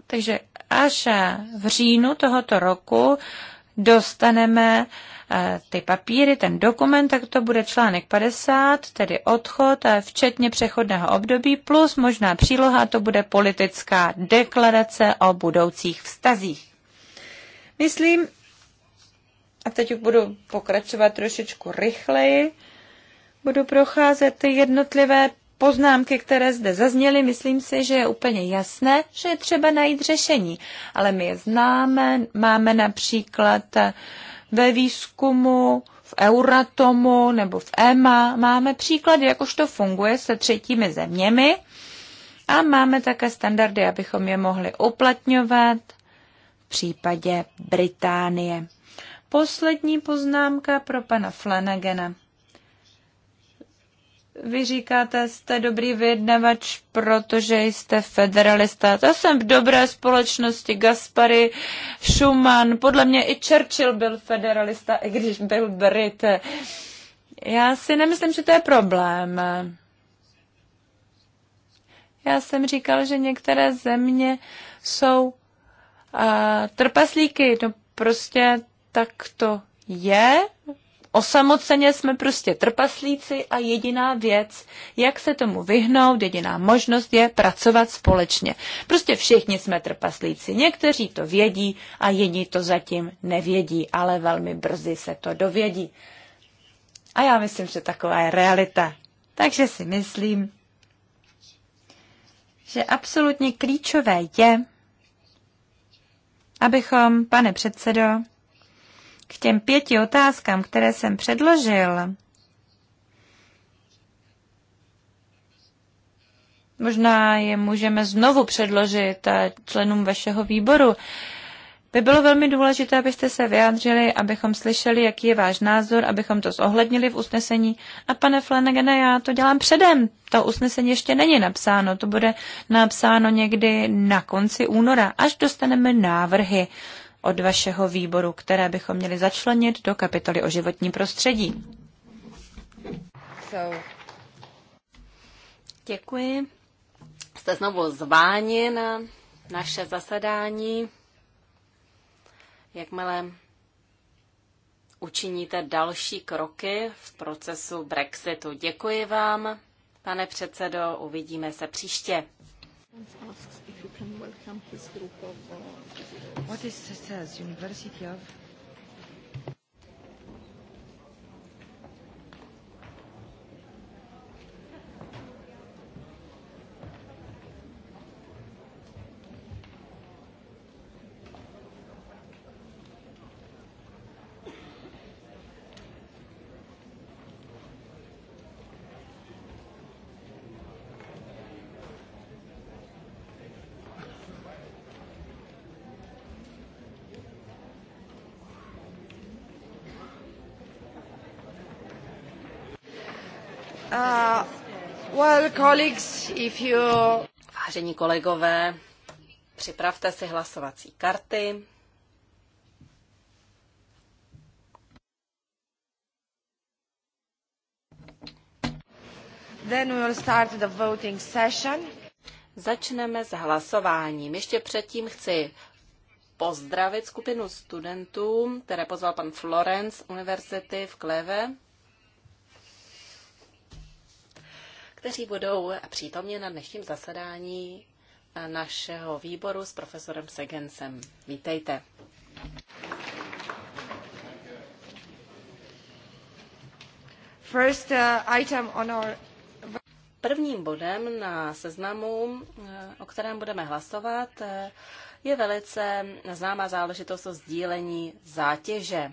Takže až v říjnu tohoto roku dostaneme uh, Eh, ty papíry, ten dokument, tak to bude článek 50, tedy odchod, eh, včetně přechodného období, plus možná příloha, to bude politická deklarace o budoucích vztazích. Myslím, a teď budu pokračovat trošičku rychleji, budu procházet ty jednotlivé poznámky, které zde zazněly, myslím si, že je úplně jasné, že je třeba najít řešení. Ale my je známe, máme například eh, ve výzkumu, v Euratomu nebo v EMA. Máme příklady, jak už to funguje se třetími zeměmi a máme také standardy, abychom je mohli uplatňovat v případě Británie. Poslední poznámka pro pana Flanagena. Vy říkáte, jste dobrý vyjednavač, protože jste federalista. Já jsem v dobré společnosti, Gaspary, Schumann, podle mě i Churchill byl federalista, i když byl Brit. Já si nemyslím, že to je problém. Já jsem říkal, že některé země jsou uh, trpaslíky. No prostě tak to je osamoceně, jsme prostě trpaslíci a jediná věc, jak se tomu vyhnout, jediná možnost je pracovat společně. Prostě všichni jsme trpaslíci. Někteří to vědí a jiní to zatím nevědí, ale velmi brzy se to dovědí. A já myslím, že taková je realita. Takže si myslím, že absolutně klíčové je, abychom, pane předsedo, k těm pěti otázkám, které jsem předložil, možná je můžeme znovu předložit členům vašeho výboru, by bylo velmi důležité, abyste se vyjádřili, abychom slyšeli, jaký je váš názor, abychom to zohlednili v usnesení. A pane Flanagane, já to dělám předem. To usnesení ještě není napsáno. To bude napsáno někdy na konci února, až dostaneme návrhy od vašeho výboru, které bychom měli začlenit do kapitoly o životním prostředí. So. Děkuji. Jste znovu zváni na naše zasedání. Jakmile učiníte další kroky v procesu Brexitu. Děkuji vám, pane předsedo, uvidíme se příště can welcome his group of. Uh, what is it says? Uh, University of. Well, colleagues, if you... Vážení kolegové, připravte si hlasovací karty. Then we will start the voting session. Začneme s hlasováním. Ještě předtím chci pozdravit skupinu studentů, které pozval pan Florence Univerzity v Kleve. kteří budou přítomně na dnešním zasedání našeho výboru s profesorem Segensem. Vítejte. First, uh, item on our... Prvním bodem na seznamu, eh, o kterém budeme hlasovat, eh, je velice známá záležitost o sdílení zátěže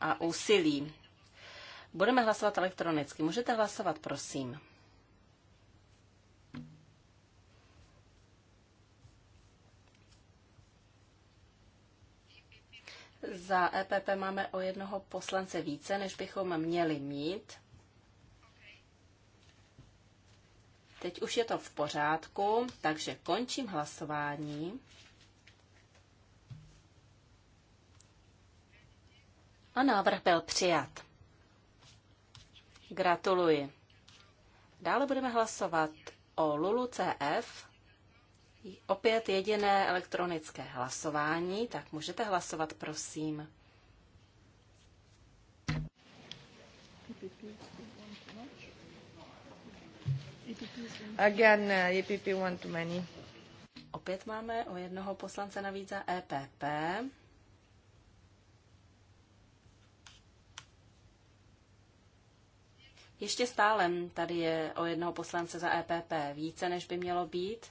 a úsilí. Budeme hlasovat elektronicky. Můžete hlasovat, prosím. Za EPP máme o jednoho poslance více, než bychom měli mít. Teď už je to v pořádku, takže končím hlasování. A návrh byl přijat. Gratuluji. Dále budeme hlasovat o Lulu CF. Opět jediné elektronické hlasování, tak můžete hlasovat, prosím. Again, uh, EPP one too many. Opět máme o jednoho poslance navíc za EPP. Ještě stále tady je o jednoho poslance za EPP více, než by mělo být.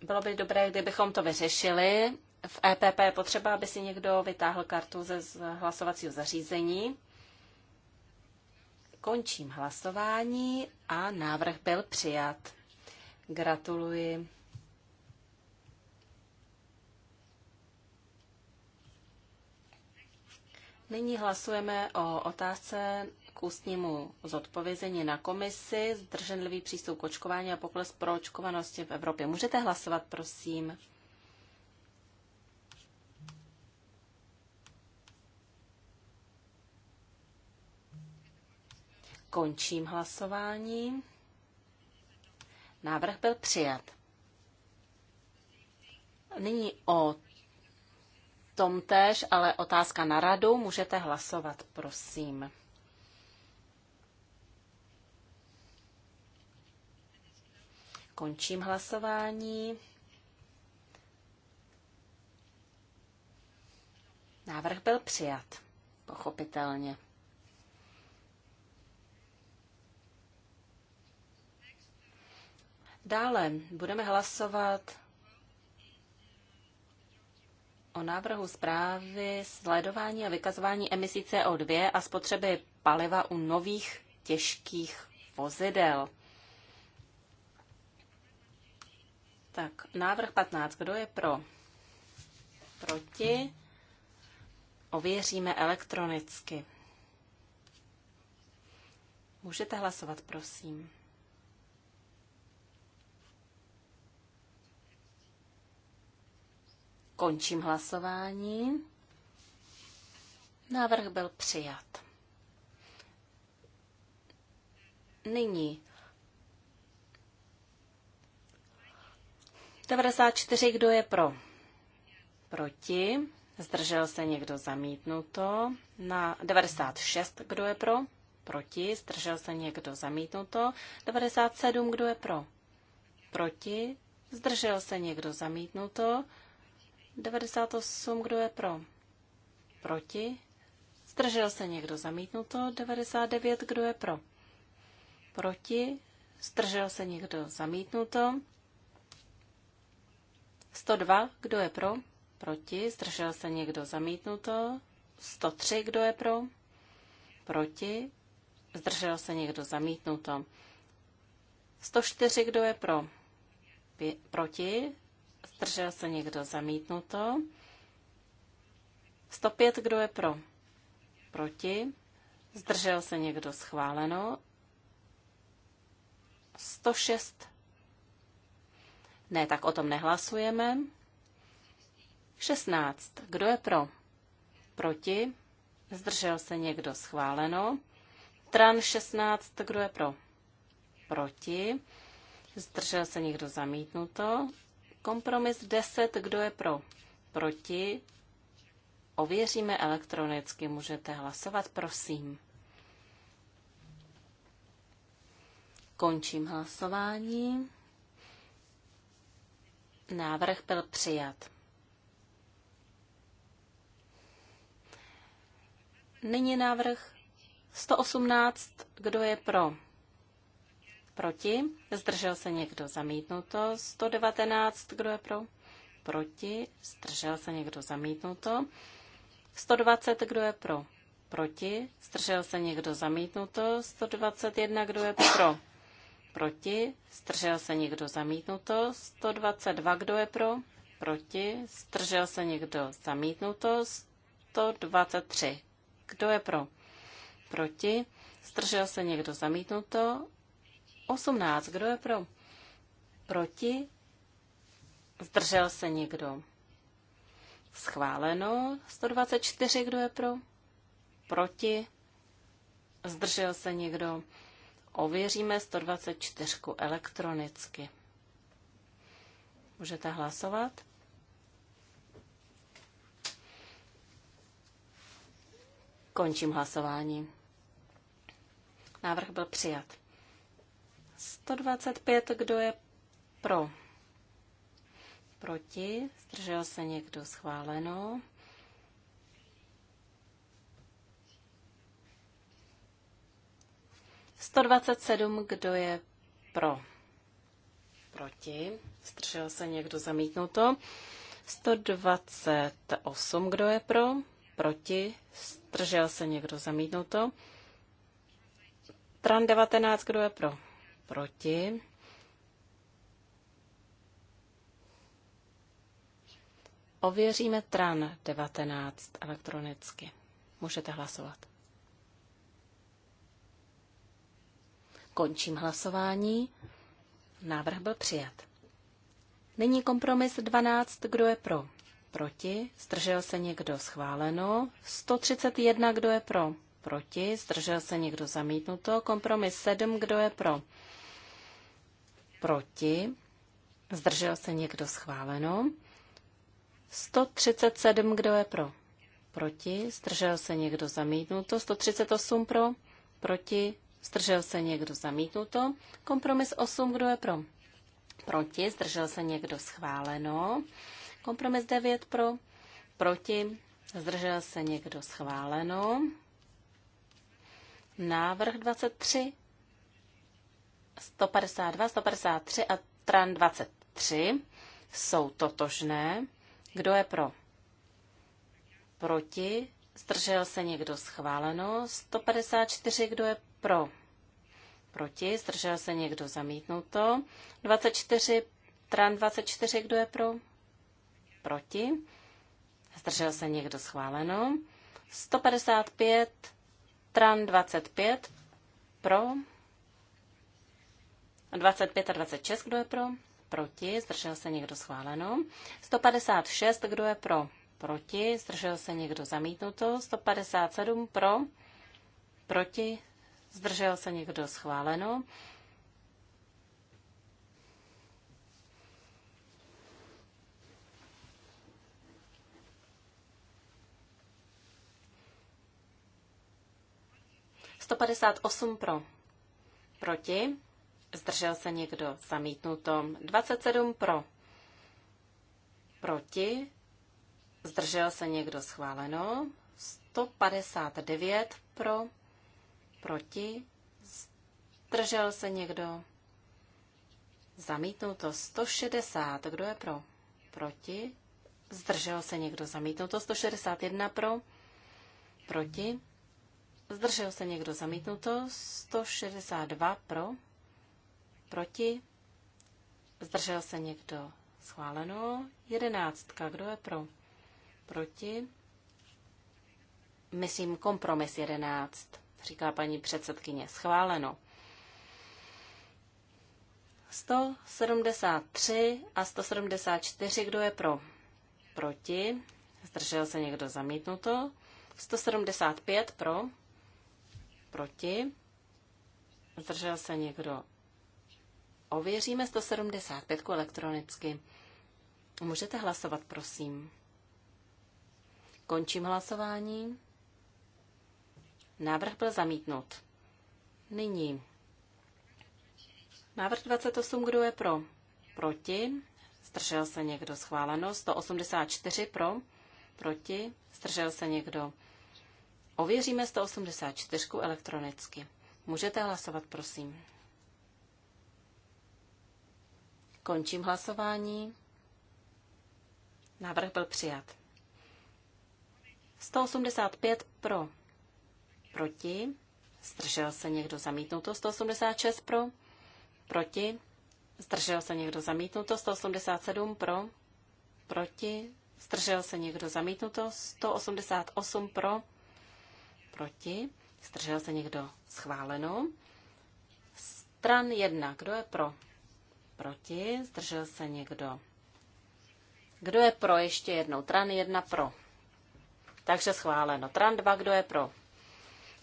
Bylo by dobré, kdybychom to vyřešili. V EPP je potřeba, aby si někdo vytáhl kartu ze hlasovacího zařízení. Končím hlasování a návrh byl přijat. Gratuluji Nyní hlasujeme o otázce k ústnímu zodpovězení na komisi, zdrženlivý přístup k očkování a pokles pro očkovanosti v Evropě. Můžete hlasovat, prosím. Končím hlasování. Návrh byl přijat. Nyní o tom též, ale otázka na radu. Můžete hlasovat, prosím. Končím hlasování. Návrh byl přijat, pochopitelně. Dále budeme hlasovat o návrhu zprávy sledování a vykazování emisí CO2 a spotřeby paliva u nových těžkých vozidel. Tak, návrh 15. Kdo je pro? Proti? Ověříme elektronicky. Můžete hlasovat, prosím. Končím hlasování. Návrh byl přijat. Nyní 94, kdo je pro? Proti. Zdržel se někdo zamítnuto. Na 96, kdo je pro? Proti. Zdržel se někdo zamítnuto. 97, kdo je pro? Proti. Zdržel se někdo zamítnuto. 98, kdo je pro? Proti? Zdržel se někdo zamítnuto? 99, kdo je pro? Proti? Zdržel se někdo zamítnuto? 102, kdo je pro? Proti? Zdržel se někdo zamítnuto? 103, kdo je pro? Proti? Zdržel se někdo zamítnuto? 104, kdo je pro? Proti? Zdržel se někdo zamítnuto. 105, kdo je pro? Proti. Zdržel se někdo schváleno. 106. Ne, tak o tom nehlasujeme. 16. Kdo je pro? Proti. Zdržel se někdo schváleno. Tran 16. Kdo je pro? Proti. Zdržel se někdo zamítnuto. Kompromis 10, kdo je pro? Proti? Ověříme elektronicky, můžete hlasovat, prosím. Končím hlasování. Návrh byl přijat. Nyní návrh 118. Kdo je pro? Proti? Zdržel se někdo? Zamítnuto. 119. Kdo je pro? Proti? Zdržel se někdo? Zamítnuto. 120. Kdo je pro? Proti? Zdržel se někdo? Zamítnuto. 121. Kdo je pro? Proti? Zdržel se někdo? Zamítnuto. 122. Kdo je pro? Proti? Zdržel se někdo? Zamítnuto. 123. Kdo je pro? Proti? Zdržel se někdo? Zamítnuto. 18. Kdo je pro? Proti? Zdržel se někdo? Schváleno. 124. Kdo je pro? Proti? Zdržel se někdo? Ověříme 124 elektronicky. Můžete hlasovat? Končím hlasování. Návrh byl přijat. 125, kdo je pro? Proti? Zdržel se někdo schváleno? Sto dvacet sedm, kdo je pro? Proti? Zdržel se někdo zamítnuto? Sto dvacet osm, kdo je pro? Proti? Zdržel se někdo zamítnuto? Tran devatenáct, kdo je pro? proti. Ověříme TRAN 19 elektronicky. Můžete hlasovat. Končím hlasování. Návrh byl přijat. Nyní kompromis 12. Kdo je pro? Proti. Zdržel se někdo? Schváleno. 131. Kdo je pro? Proti. Zdržel se někdo? Zamítnuto. Kompromis 7. Kdo je pro? proti, zdržel se někdo schváleno. 137, kdo je pro, proti, zdržel se někdo zamítnuto. 138 pro, proti, zdržel se někdo zamítnuto. Kompromis 8, kdo je pro, proti, zdržel se někdo schváleno. Kompromis 9 pro, proti, zdržel se někdo schváleno. Návrh 23 152, 153 a tran 23 jsou totožné. Kdo je pro? Proti? Zdržel se někdo schváleno? 154, kdo je pro? Proti? Zdržel se někdo zamítnuto? 24, tran 24, kdo je pro? Proti? Zdržel se někdo schváleno? 155, tran 25, pro? 25 a 26, kdo je pro? Proti, zdržel se někdo schváleno. 156, kdo je pro? Proti, zdržel se někdo zamítnuto. 157 pro, proti, zdržel se někdo schváleno. Sto padesát osm pro. Proti zdržel se někdo, zamítnuto. 27 pro, proti, zdržel se někdo, schváleno. 159 pro, proti, zdržel se někdo, zamítnuto. 160, kdo je pro, proti, zdržel se někdo, zamítnuto. 161 pro, proti, zdržel se někdo, zamítnuto. 162 pro, Proti? Zdržel se někdo? Schváleno. Jedenáctka. Kdo je pro? Proti? Myslím kompromis jedenáct, říká paní předsedkyně. Schváleno. 173 a 174. Kdo je pro? Proti? Zdržel se někdo? Zamítnuto. 175 pro? Proti? Zdržel se někdo? Ověříme 175 elektronicky. Můžete hlasovat, prosím. Končím hlasování. Návrh byl zamítnut. Nyní. Návrh 28, kdo je pro? Proti. Stržel se někdo schváleno. 184 pro. Proti. Stržel se někdo. Ověříme 184 elektronicky. Můžete hlasovat, prosím. Končím hlasování. Návrh byl přijat. 185 pro, proti, zdržel se někdo zamítnuto, 186 pro, proti, zdržel se někdo zamítnuto, 187 pro, proti, zdržel se někdo zamítnuto, 188 pro, proti, zdržel se někdo schváleno. Stran 1, kdo je pro? Proti? Zdržel se někdo? Kdo je pro ještě jednou? Tran jedna pro. Takže schváleno. Tran dva kdo je pro?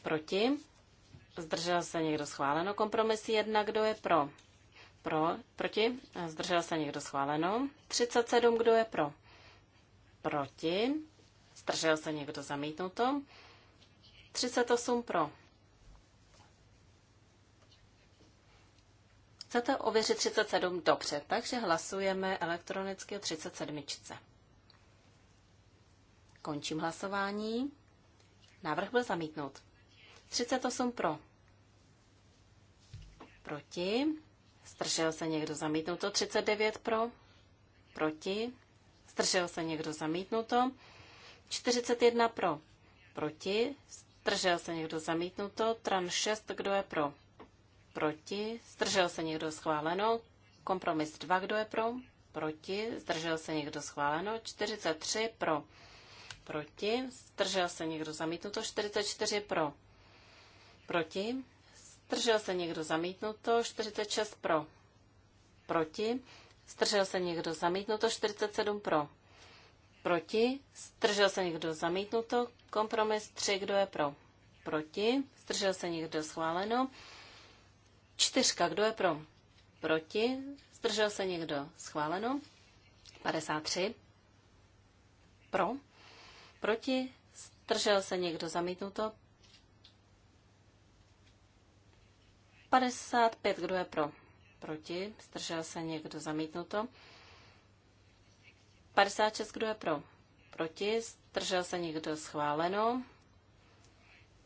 Proti? Zdržel se někdo schváleno. Kompromis jedna kdo je pro? Pro, proti? Zdržel se někdo schváleno. 37, kdo je pro? Proti? Zdržel se někdo zamítnuto? 38 pro. Chcete ověřit 37? Dobře, takže hlasujeme elektronicky o 37. Končím hlasování. Návrh byl zamítnut. 38 pro. Proti. Stržel se někdo zamítnuto. 39 pro. Proti. Stržel se někdo zamítnuto. 41 pro. Proti. Stržel se někdo zamítnuto. Tran 6. Kdo je pro? proti, zdržel se někdo schváleno, kompromis 2, kdo je pro, proti, zdržel se někdo schváleno, 43 pro, proti, zdržel se někdo zamítnuto, 44 pro, proti, zdržel se někdo zamítnuto, 46 pro, proti, zdržel se někdo zamítnuto, 47 pro, proti, zdržel se někdo zamítnuto, kompromis 3, kdo je pro, proti, zdržel se někdo schváleno, Čtyřka, kdo je pro? Proti. Zdržel se někdo? Schváleno. 53. Pro. Proti. Zdržel se někdo? Zamítnuto. 55. Kdo je pro? Proti. Zdržel se někdo? Zamítnuto. 56. Kdo je pro? Proti. Zdržel se někdo? Schváleno.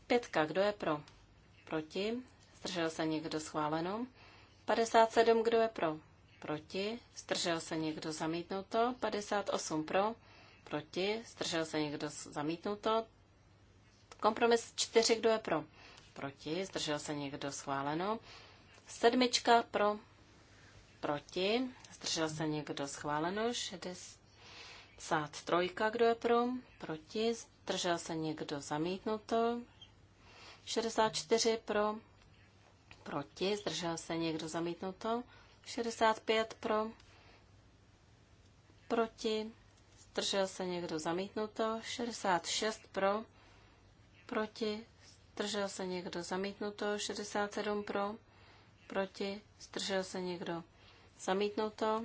Pětka. Kdo je pro? Proti. Zdržel se někdo schváleno? 57. Kdo je pro? Proti. Zdržel se někdo zamítnuto? 58 pro. Proti. Zdržel se někdo zamítnuto? Kompromis 4. Kdo je pro? Proti. Zdržel se někdo schváleno? Sedmička pro. Proti. Zdržel se někdo schváleno? 63. Kdo je pro? Proti. Zdržel se někdo zamítnuto? 64 pro proti, zdržel se někdo zamítnuto, 65 pro, proti, zdržel se někdo zamítnuto, 66 pro, proti, zdržel se někdo zamítnuto, 67 pro, proti, zdržel se někdo zamítnuto,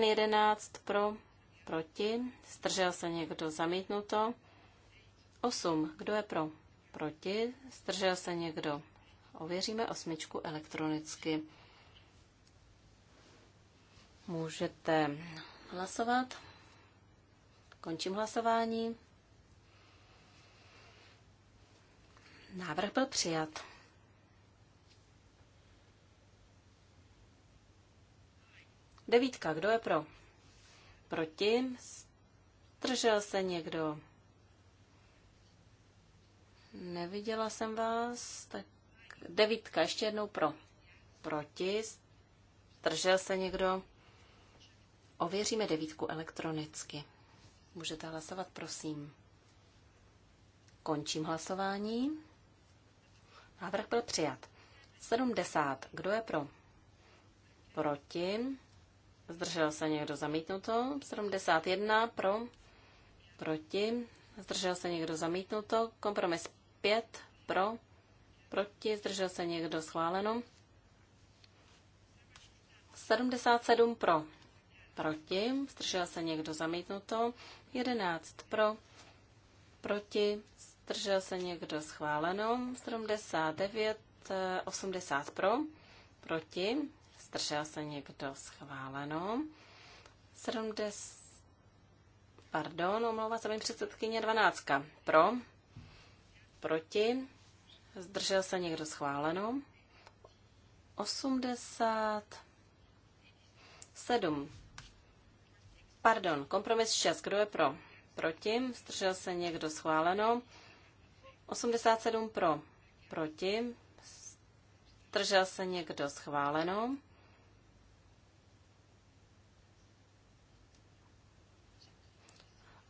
11 pro, proti, zdržel se někdo zamítnuto, 8. Kdo je pro? Proti? Zdržel se někdo? Ověříme osmičku elektronicky. Můžete hlasovat. Končím hlasování. Návrh byl přijat. Devítka, kdo je pro? Proti? Držel se někdo? Neviděla jsem vás, tak devítka, ještě jednou pro. Proti, držel se někdo. Ověříme devítku elektronicky. Můžete hlasovat, prosím. Končím hlasování. Návrh byl přijat. 70. Kdo je pro? Proti. Zdržel se někdo zamítnuto. 71. Pro. Proti. Zdržel se někdo zamítnuto. Kompromis 5 pro, proti, zdržel se někdo schváleno. 77 pro, proti, zdržel se někdo zamítnuto. 11 pro, proti, zdržel se někdo schváleno. 79, 80 pro, proti, zdržel se někdo schváleno. 70, pardon, omlouvá se mi předsedkyně 12 pro, Proti? Zdržel se někdo schváleno? 87. Pardon, kompromis 6. Kdo je pro? Proti? Zdržel se někdo schváleno? 87 pro. Proti? Zdržel se někdo schváleno?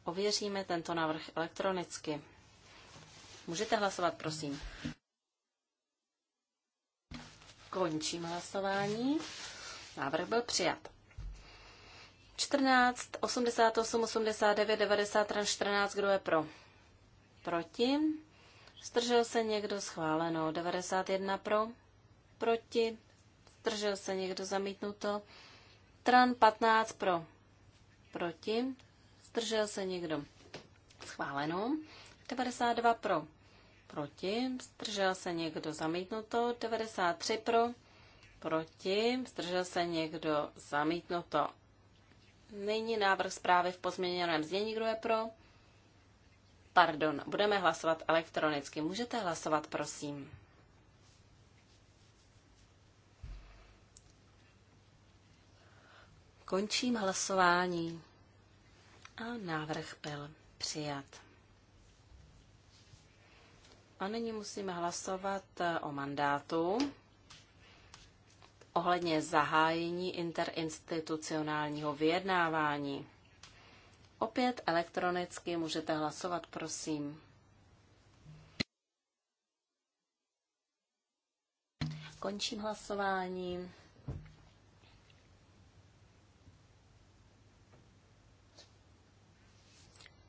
Ověříme tento návrh elektronicky. Můžete hlasovat, prosím. Končím hlasování. Návrh byl přijat. 14, 88, 89, 90, 14, kdo je pro? Proti. Zdržel se někdo schváleno? 91 pro? Proti. Zdržel se někdo zamítnuto? Tran 15 pro? Proti. Zdržel se někdo schváleno? 92 pro? proti, zdržel se někdo zamítnuto, 93 pro, proti, zdržel se někdo zamítnuto. Nyní návrh zprávy v pozměněném znění, kdo je pro? Pardon, budeme hlasovat elektronicky. Můžete hlasovat, prosím. Končím hlasování. A návrh byl přijat. A nyní musíme hlasovat eh, o mandátu ohledně zahájení interinstitucionálního vyjednávání. Opět elektronicky můžete hlasovat, prosím. Končím hlasování.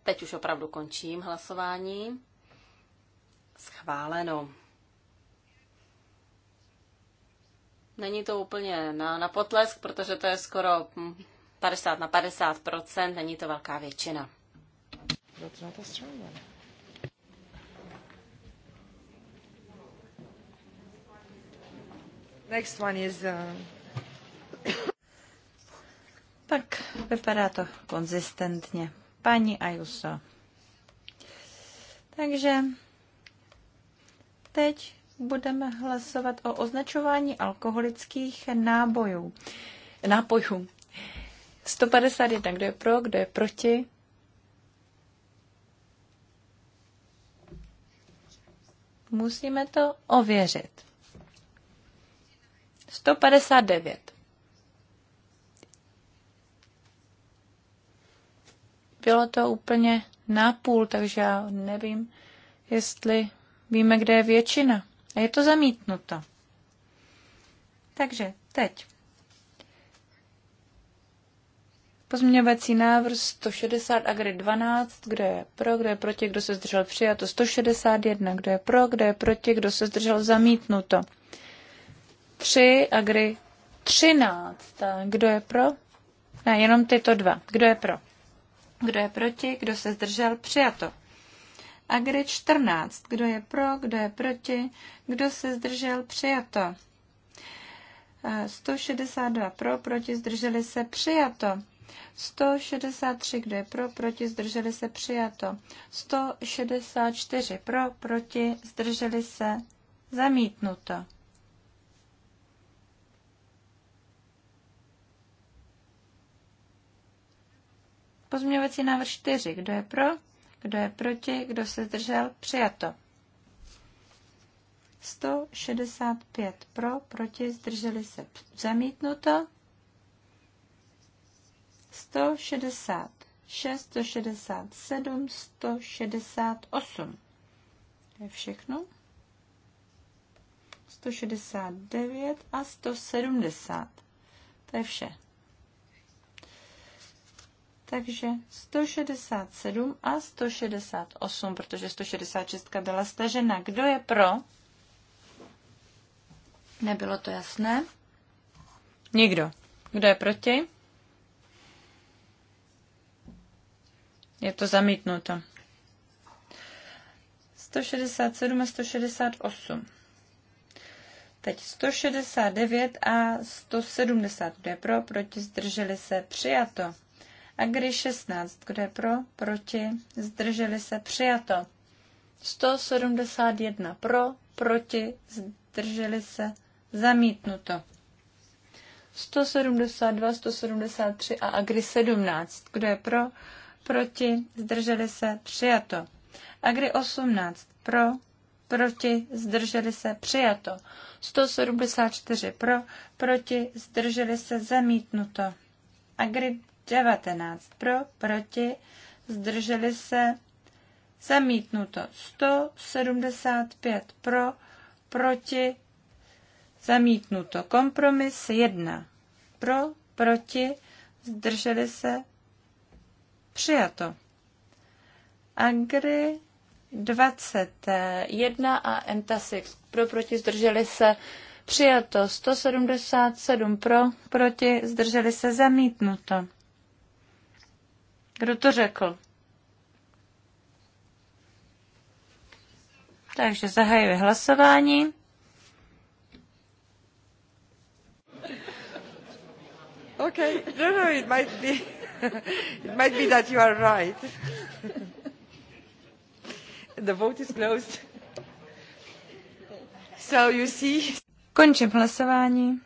Teď už opravdu končím hlasování. Schváleno. Není to úplně na, na potlesk, protože to je skoro 50 na 50 není to velká většina. Next one is, uh... tak vypadá to konzistentně. Paní Ayuso Takže teď budeme hlasovat o označování alkoholických nábojů. Nápojů. 151. Kdo je pro, kdo je proti? Musíme to ověřit. 159. Bylo to úplně napůl, takže já nevím, jestli Víme, kde je většina. A je to zamítnuto. Takže teď. Pozměňovací návrh 160 a kde 12, kdo je pro, kdo je proti, kdo se zdržel přijato. 161, kdo je pro, kdo je proti, kdo se zdržel zamítnuto. 3 a kdy 13, kdo je pro? Ne, jenom tyto dva. Kdo je pro? Kdo je proti, kdo se zdržel přijato. A kde 14. Kdo je pro, kdo je proti, kdo se zdržel, přijato. 162 pro, proti, zdrželi se, přijato. 163, kdo je pro, proti, zdrželi se, přijato. 164 pro, proti, zdrželi se, zamítnuto. Pozměňovací návrh 4. Kdo je pro? Kdo je proti? Kdo se zdržel? Přijato. 165 pro, proti, zdrželi se zamítnuto. 166, 167, 168. To je všechno. 169 a 170. To je vše. Takže 167 a 168, protože 166 byla stažena. Kdo je pro? Nebylo to jasné. Nikdo. Kdo je proti? Je to zamítnuto. 167 a 168. Teď 169 a 170. Kdo je pro? Proti zdrželi se. Přijato. Agri 16, kdo je pro, proti, zdrželi se, přijato. 171 pro, proti, zdrželi se, zamítnuto. 172, 173 a Agri 17, kdo je pro, proti, zdrželi se, přijato. Agri 18, pro, proti, zdrželi se, přijato. 174 pro, proti, zdrželi se, zamítnuto. Agri 19 pro, proti, zdrželi se, zamítnuto 175 pro, proti, zamítnuto kompromis 1 pro, proti, zdrželi se, přijato. Agri 21 eh, a Entasix pro, proti, zdrželi se, přijato 177 pro, proti, zdrželi se, zamítnuto. Kdo to řekl? Takže zahajuje hlasování. Okay, no, no, it might be, it might be that you are right. The vote is closed. So you see. Končím hlasování.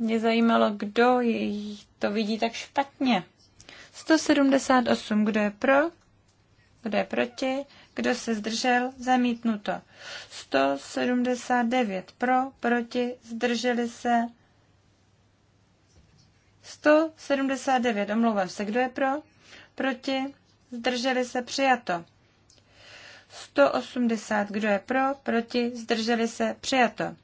Mě zajímalo, kdo to vidí tak špatně. 178, kdo je pro, kdo je proti, kdo se zdržel, zamítnuto. 179 pro, proti, zdrželi se. 179, omlouvám se, kdo je pro, proti, zdrželi se, přijato. 180, kdo je pro, proti, zdrželi se, přijato.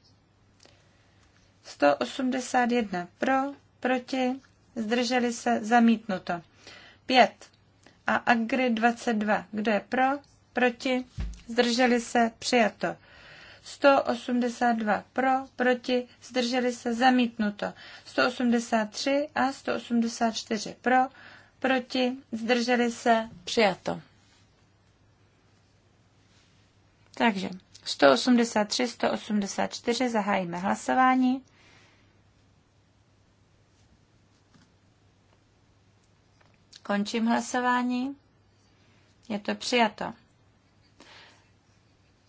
181 pro, proti, zdrželi se, zamítnuto. 5. A Agri 22. Kdo je pro, proti, zdrželi se, přijato. 182 pro, proti, zdrželi se, zamítnuto. 183 a 184 pro, proti, zdrželi se, přijato. Takže 183, 184 zahájíme hlasování. Končím hlasování. Je to přijato.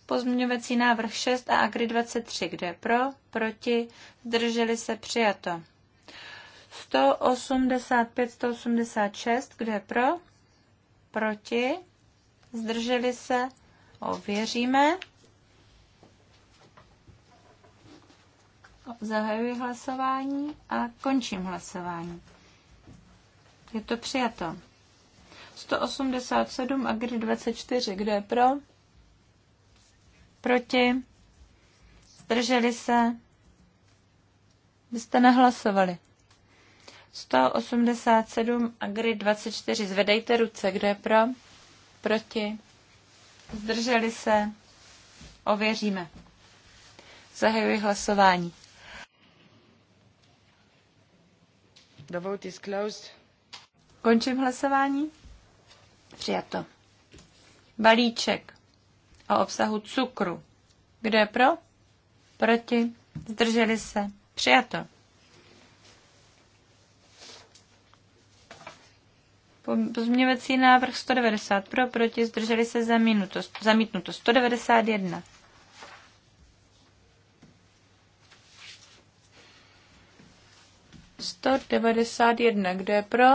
Pozměňovací návrh 6 a Agri 23. Kdo je pro? Proti? Zdrželi se? Přijato. 185, 186. Kdo je pro? Proti? Zdrželi se? Ověříme. Zahajuji hlasování a končím hlasování. Je to přijato. 187 a kdy 24. Kdo je pro? Proti? Zdrželi se? Vy jste nehlasovali. 187 a kdy 24. Zvedejte ruce. Kdo je pro? Proti? Zdrželi se? Ověříme. Zahajuji hlasování. The vote is closed. Končím hlasování. Přijato. Balíček o obsahu cukru. Kdo je pro? Proti? Zdrželi se? Přijato. Pozměňovací návrh 190 pro, proti, zdrželi se minuto, zamítnuto 191. Sto devadesát jedna. Kdo je pro?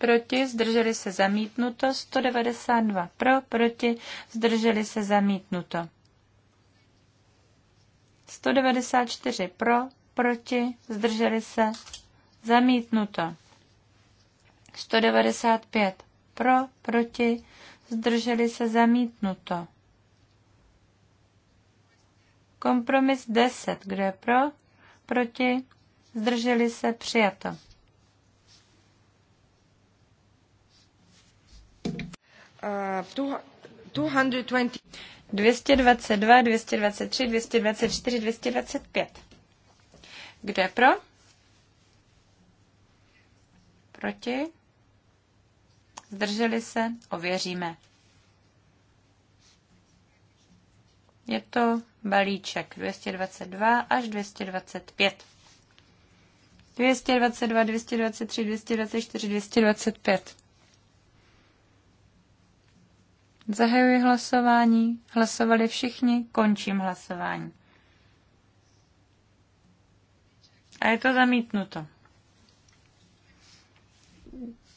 proti, zdrželi se zamítnuto, 192 pro, proti, zdrželi se zamítnuto. 194 pro, proti, zdrželi se zamítnuto. 195 pro, proti, zdrželi se zamítnuto. Kompromis 10, kdo je pro, proti, zdrželi se přijato. 222, 223, 224, 225. Kdo je pro? Proti? Zdrželi se? Ověříme. Je to balíček 222 až 225. 222, 223, 224, 225. Zahajuji hlasování. Hlasovali všichni. Končím hlasování. A je to zamítnuto.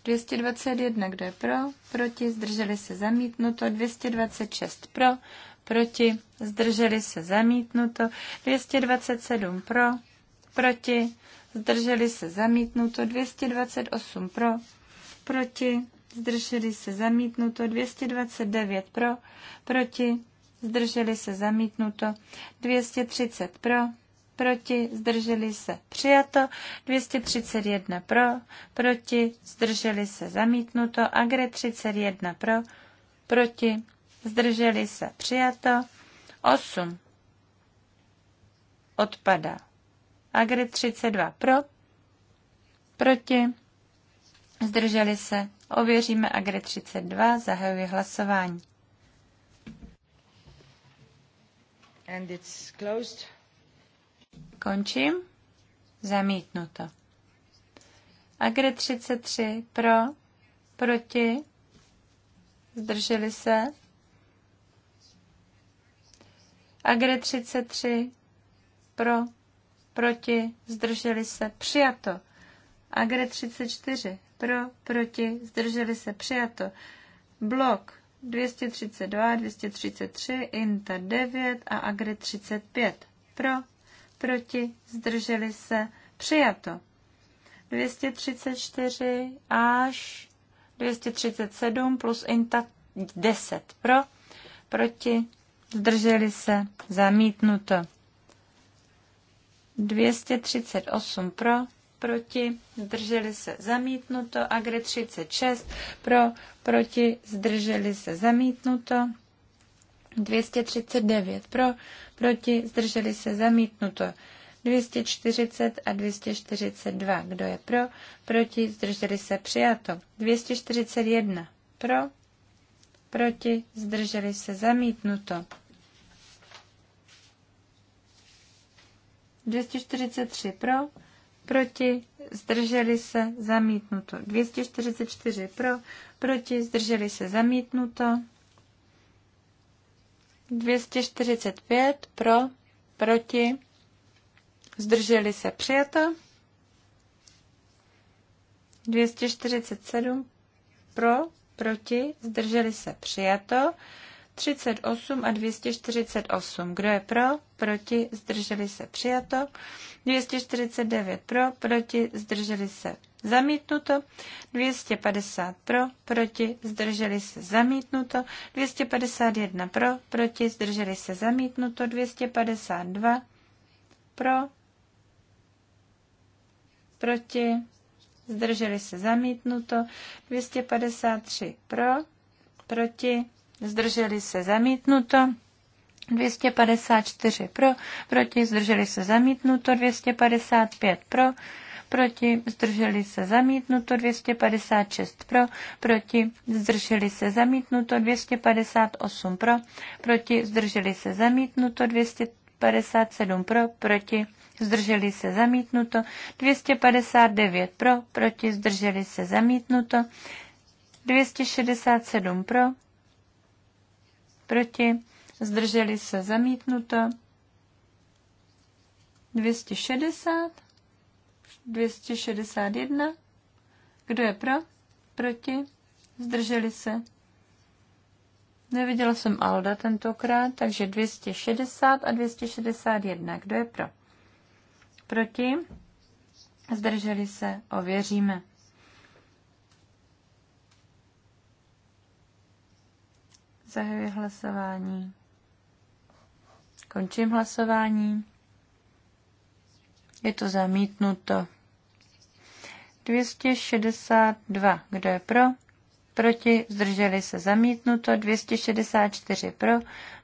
221, kdo je pro, proti, zdrželi se zamítnuto, 226 pro, proti, zdrželi se zamítnuto, 227 pro, proti, zdrželi se zamítnuto, 228 pro, proti, zdrželi se zamítnuto, 229 pro, proti, zdrželi se zamítnuto, 230 pro, proti, zdrželi se přijato, 231 pro, proti, zdrželi se zamítnuto, agre 31 pro, proti, zdrželi se přijato, 8 odpada, agre 32 pro, proti, Zdrželi se. Ověříme Agri 32. Zahajuji hlasování. And it's closed. Končím. Zamítnuto. Agri 33. Pro. Proti. Zdrželi se. Agri 33. Pro. Proti. Zdrželi se. Přijato. Agre 34 pro, proti, zdrželi se přijato. Blok 232, 233, Inta 9 a agre 35. Pro, proti, zdrželi se, přijato. 234 až 237 plus Inta 10. Pro, proti, zdrželi se, zamítnuto. 238 pro, proti, zdrželi se zamítnuto. Agri 36 pro, proti, zdrželi se zamítnuto. 239 pro, proti, zdrželi se zamítnuto. 240 a 242. Kdo je pro? Proti? Zdrželi se přijato. 241. Pro? Proti? Zdrželi se zamítnuto. 243 pro, proti, zdrželi se, zamítnuto. 244 pro, proti, zdrželi se, zamítnuto. 245 pro, proti, zdrželi se, přijato. 247 pro, proti, zdrželi se, přijato. 38 a 248. Kdo je pro? Proti? Zdrželi se? Přijato. 249 pro? Proti? Zdrželi se? Zamítnuto. 250 pro? Proti? Zdrželi se? Zamítnuto. 251 pro? Proti? Zdrželi se? Zamítnuto. 252 pro? Proti? Zdrželi se? Zamítnuto. 253 pro? Proti? zdrželi se zamítnuto. 254 pro, proti, zdrželi se zamítnuto, 255 pro, proti, zdrželi se zamítnuto, 256 pro, proti, zdrželi se zamítnuto, 258 pro, proti, zdrželi se zamítnuto, 257 pro, proti, zdrželi se zamítnuto, 259 pro, proti, zdrželi se zamítnuto, 267 pro, proti, zdrželi se zamítnuto. 260, 261, kdo je pro, proti, zdrželi se. Neviděla jsem Alda tentokrát, takže 260 a 261, kdo je pro. Proti, zdrželi se, ověříme. Zahajuji hlasování. Končím hlasování. Je to zamítnuto. 262. Kdo je pro? Proti. Zdrželi se zamítnuto. 264 pro.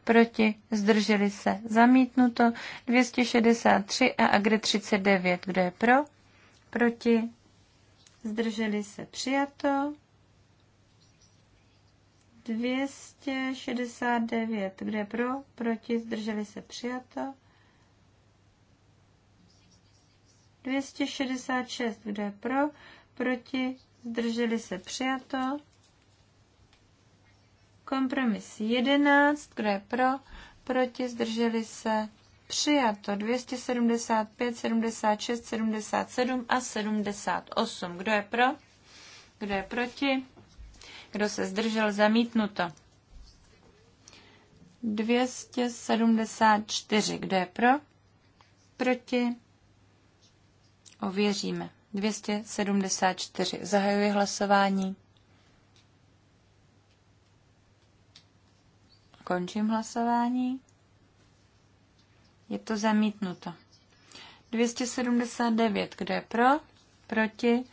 Proti. Zdrželi se zamítnuto. 263 a agre 39. Kdo je pro? Proti. Zdrželi se přijato. 269. Kde pro? Proti? Zdrželi se přijato. 266. Kde pro? Proti? Zdrželi se přijato. Kompromis 11. Kde pro? Proti? Zdrželi se přijato. 275, 76, 77 a 78. Kdo je pro? Kdo je proti? Kdo se zdržel? Zamítnuto. 274. Kdo je pro? Proti? Ověříme. 274. Zahajuji hlasování. Končím hlasování. Je to zamítnuto. 279. Kdo je pro? Proti?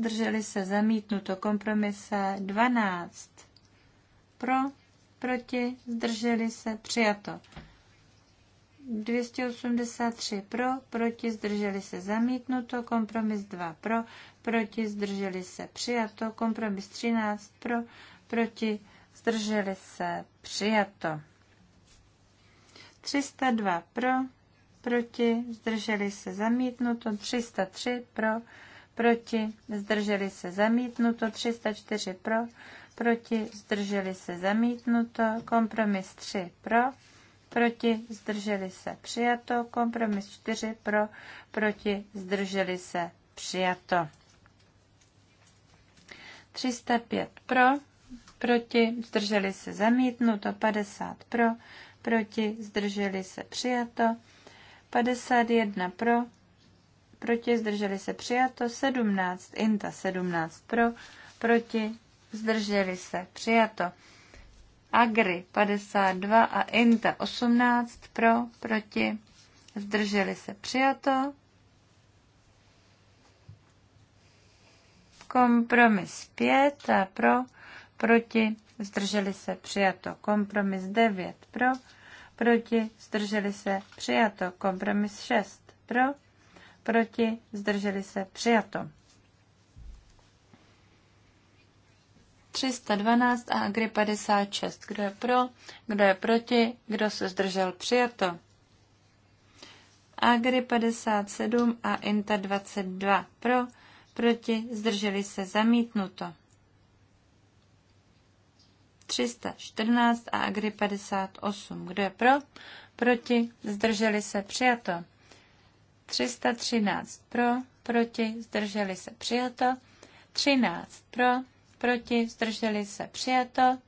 zdrželi se zamítnuto kompromise 12 pro, proti, zdrželi se přijato. 283 pro, proti, zdrželi se zamítnuto, kompromis 2 pro, proti, zdrželi se přijato, kompromis 13 pro, proti, zdrželi se přijato. 302 pro, proti, zdrželi se zamítnuto, 303 pro, proti, zdrželi se zamítnuto, 304 pro, proti, zdrželi se zamítnuto, kompromis 3 pro, proti, zdrželi se přijato, kompromis 4 pro, proti, zdrželi se přijato. 305 pro, proti, zdrželi se zamítnuto, 50 pro, proti, zdrželi se přijato, 51 pro, proti, zdrželi se přijato, 17, INTA 17 pro, proti, zdrželi se přijato. Agri 52 a INTA 18 pro, proti, zdrželi se přijato. Kompromis 5 a pro, proti, zdrželi se přijato. Kompromis 9 pro, proti, zdrželi se přijato. Kompromis 6 pro, proti, zdrželi se, přijato. 312 a Agri 56. Kdo je pro, kdo je proti, kdo se zdržel, přijato. Agri 57 a Inta 22 pro, proti, zdrželi se, zamítnuto. 314 a Agri 58. Kdo je pro? Proti? Zdrželi se? Přijato. 313 pro, proti, zdrželi se přijato. 13 pro, proti, zdrželi se přijato.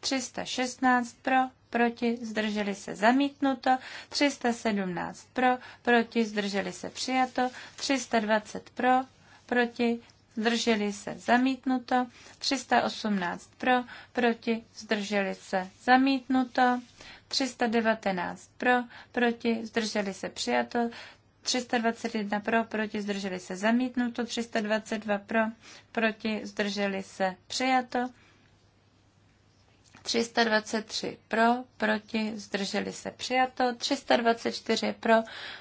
316 pro, proti, zdrželi se zamítnuto, 317 pro, proti, zdrželi se přijato, 320 pro, proti, zdrželi se zamítnuto, 318 pro, proti, zdrželi se zamítnuto, 319 pro, proti, zdrželi se přijato, 321 pro, proti, zdrželi se zamítnuto, 322 pro, proti, zdrželi se přijato, 323 pro, proti, zdrželi se přijato, 324 pro,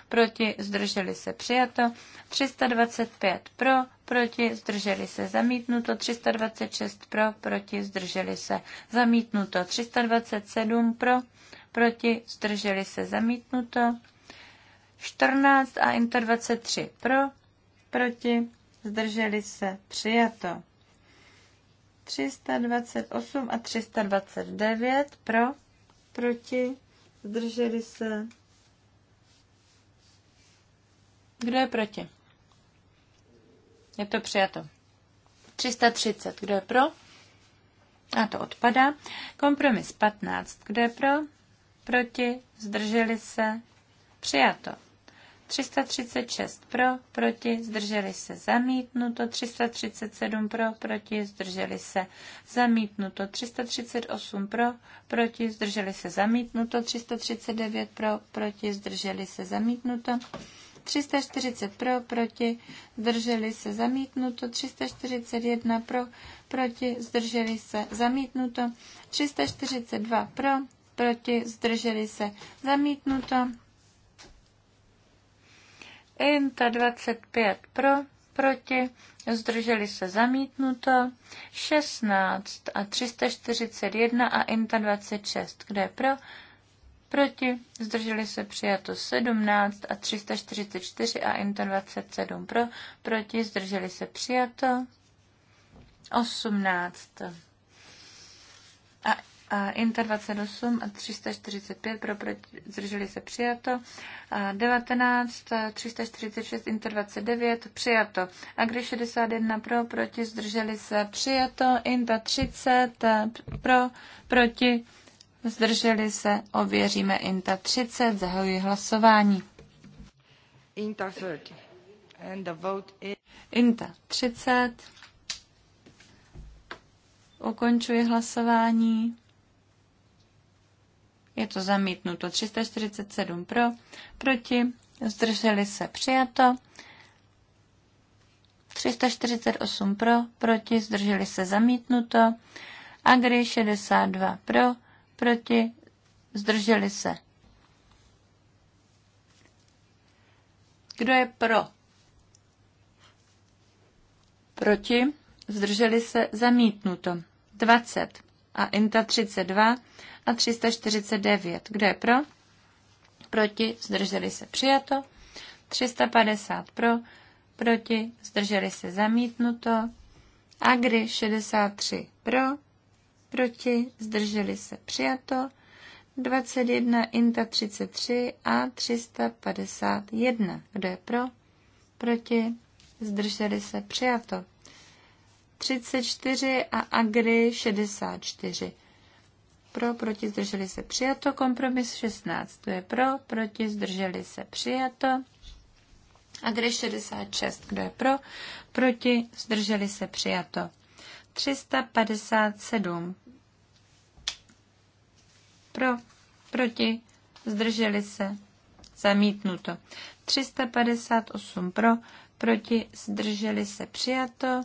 proti, zdrželi se přijato, 325 pro, proti, zdrželi se zamítnuto, 326 pro, proti, zdrželi se zamítnuto, 327 pro, proti, zdrželi se zamítnuto. 14 a Inter 23 pro, proti, zdrželi se přijato. 328 a 329 pro, proti, zdrželi se. Kdo je proti? Je to přijato. 330, kdo je pro? A to odpadá. Kompromis 15, kdo je pro? proti, zdrželi se, přijato. 336 pro, proti, zdrželi se, zamítnuto, 337 pro, proti, zdrželi se, zamítnuto, 338 pro, proti, zdrželi se, zamítnuto, 339 pro, proti, zdrželi se, zamítnuto, 340 pro, proti, zdrželi se, zamítnuto, 341 pro, proti, zdrželi se, zamítnuto, 342 pro, proti, zdrželi se, zamítnuto. Inta 25 pro, proti, zdrželi se, zamítnuto. 16 a 341 a Inta 26, kde je pro, proti, zdrželi se přijato 17 a 344 a Inta 27 pro, proti, zdrželi se přijato 18 a a Inter 28 a 345 pro, proti, zdrželi se přijato, a 19, 346, Inter 29 přijato, a když 61 pro, proti, zdrželi se přijato, Inter 30 e, pro, proti, zdrželi se, ověříme Inter 30, zahajuji hlasování. Inter 30. And the vote is... Inter 30. Ukončuji hlasování je to zamítnuto. 347 pro, proti, zdrželi se přijato. 348 pro, proti, zdrželi se zamítnuto. Agri 62 pro, proti, zdrželi se. Kdo je pro? Proti, zdrželi se zamítnuto. 20 a INTA 32 a 349. Kdo je pro? Proti, zdrželi se přijato. 350 pro, proti, zdrželi se zamítnuto. Agri 63 pro, proti, zdrželi se přijato. 21, INTA 33 a 351. Kdo je pro? Proti? Zdrželi se přijato. 34 a AGRI 64 pro, proti, zdrželi se přijato. Kompromis 16, To je pro, proti, zdrželi se přijato. A když 66, kdo je pro, proti, zdrželi se přijato. 357 pro, proti, zdrželi se, zamítnuto. 358 pro, proti, zdrželi se, přijato.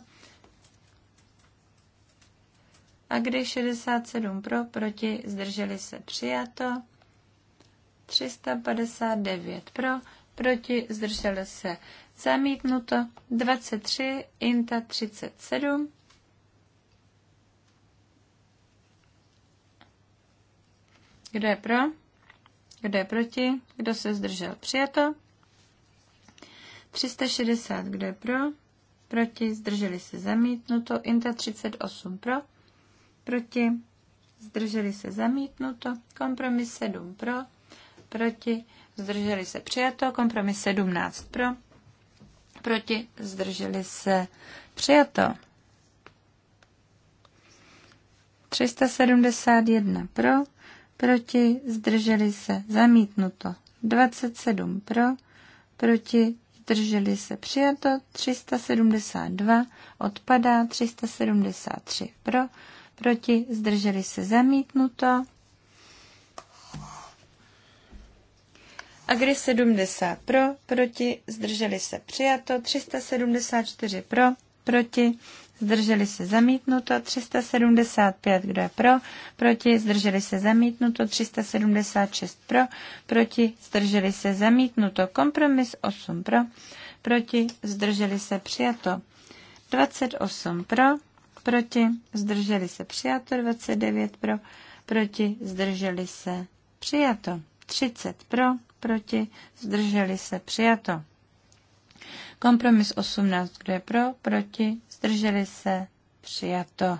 A když 67 pro, proti, zdrželi se přijato. 359 pro, proti, zdrželi se zamítnuto. 23, INTA 37. Kdo je pro? Kdo je proti? Kdo se zdržel? Přijato. 360, kdo je pro? Proti, zdrželi se zamítnuto. INTA 38 pro proti, zdrželi se zamítnuto, kompromis 7 pro, proti, zdrželi se přijato, kompromis 17 pro, proti, zdrželi se přijato. 371 pro, proti, zdrželi se zamítnuto, 27 pro, proti, zdrželi se přijato, 372 odpadá, 373 pro, proti, zdrželi se zamítnuto. Agri 70 pro, proti, zdrželi se přijato, 374 pro, proti, zdrželi se zamítnuto, 375, kdo je pro, proti, zdrželi se zamítnuto, 376 pro, proti, zdrželi se zamítnuto, kompromis 8 pro, proti, zdrželi se přijato, 28 pro, proti, zdrželi se přijato, 29 pro, proti, zdrželi se přijato, 30 pro, proti, zdrželi se přijato. Kompromis 18, kdo je pro, proti, zdrželi se přijato.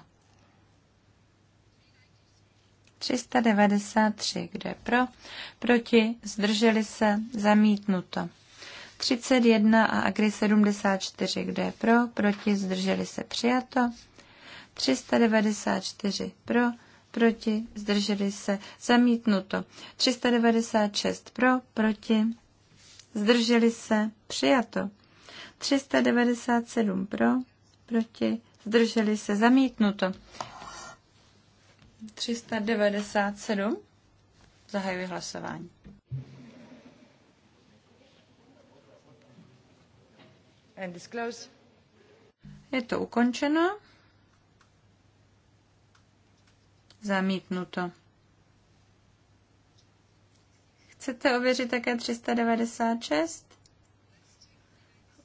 393, kdo je pro, proti, zdrželi se, zamítnuto. 31 a Agri 74, kdo je pro, proti, zdrželi se, přijato. 394 pro, proti, zdrželi se, zamítnuto. 396 pro, proti, zdrželi se, přijato. 397 pro, proti, zdrželi se, zamítnuto. 397, zahajuji hlasování. And disclose. Je to ukončeno. Zamítnuto. Chcete ověřit také 396?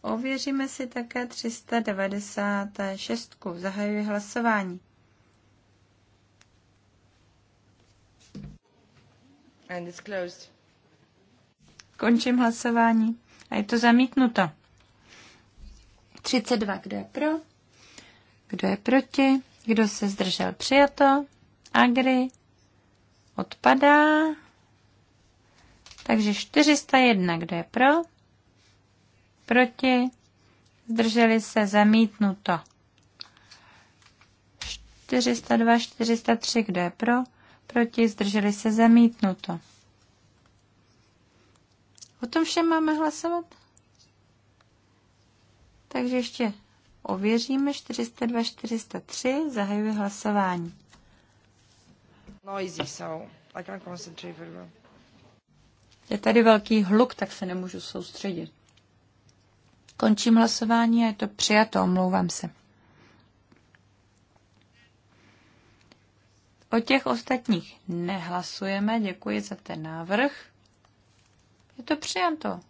Ověříme si také 396. Zahajuji hlasování. And it's closed. Končím hlasování. A je to zamítnuto. 32. Kdo je pro? Kdo je proti? Kdo se zdržel? Přijato. Agri odpadá. Takže 401, kdo je pro? Proti? Zdrželi se zamítnuto. 402, 403, kdo je pro? Proti? Zdrželi se zamítnuto. O tom všem máme hlasovat? Takže ještě ověříme 402, 403, zahajuji hlasování. Je tady velký hluk, tak se nemůžu soustředit. Končím hlasování a je to přijato, omlouvám se. O těch ostatních nehlasujeme, děkuji za ten návrh. Je to přijato.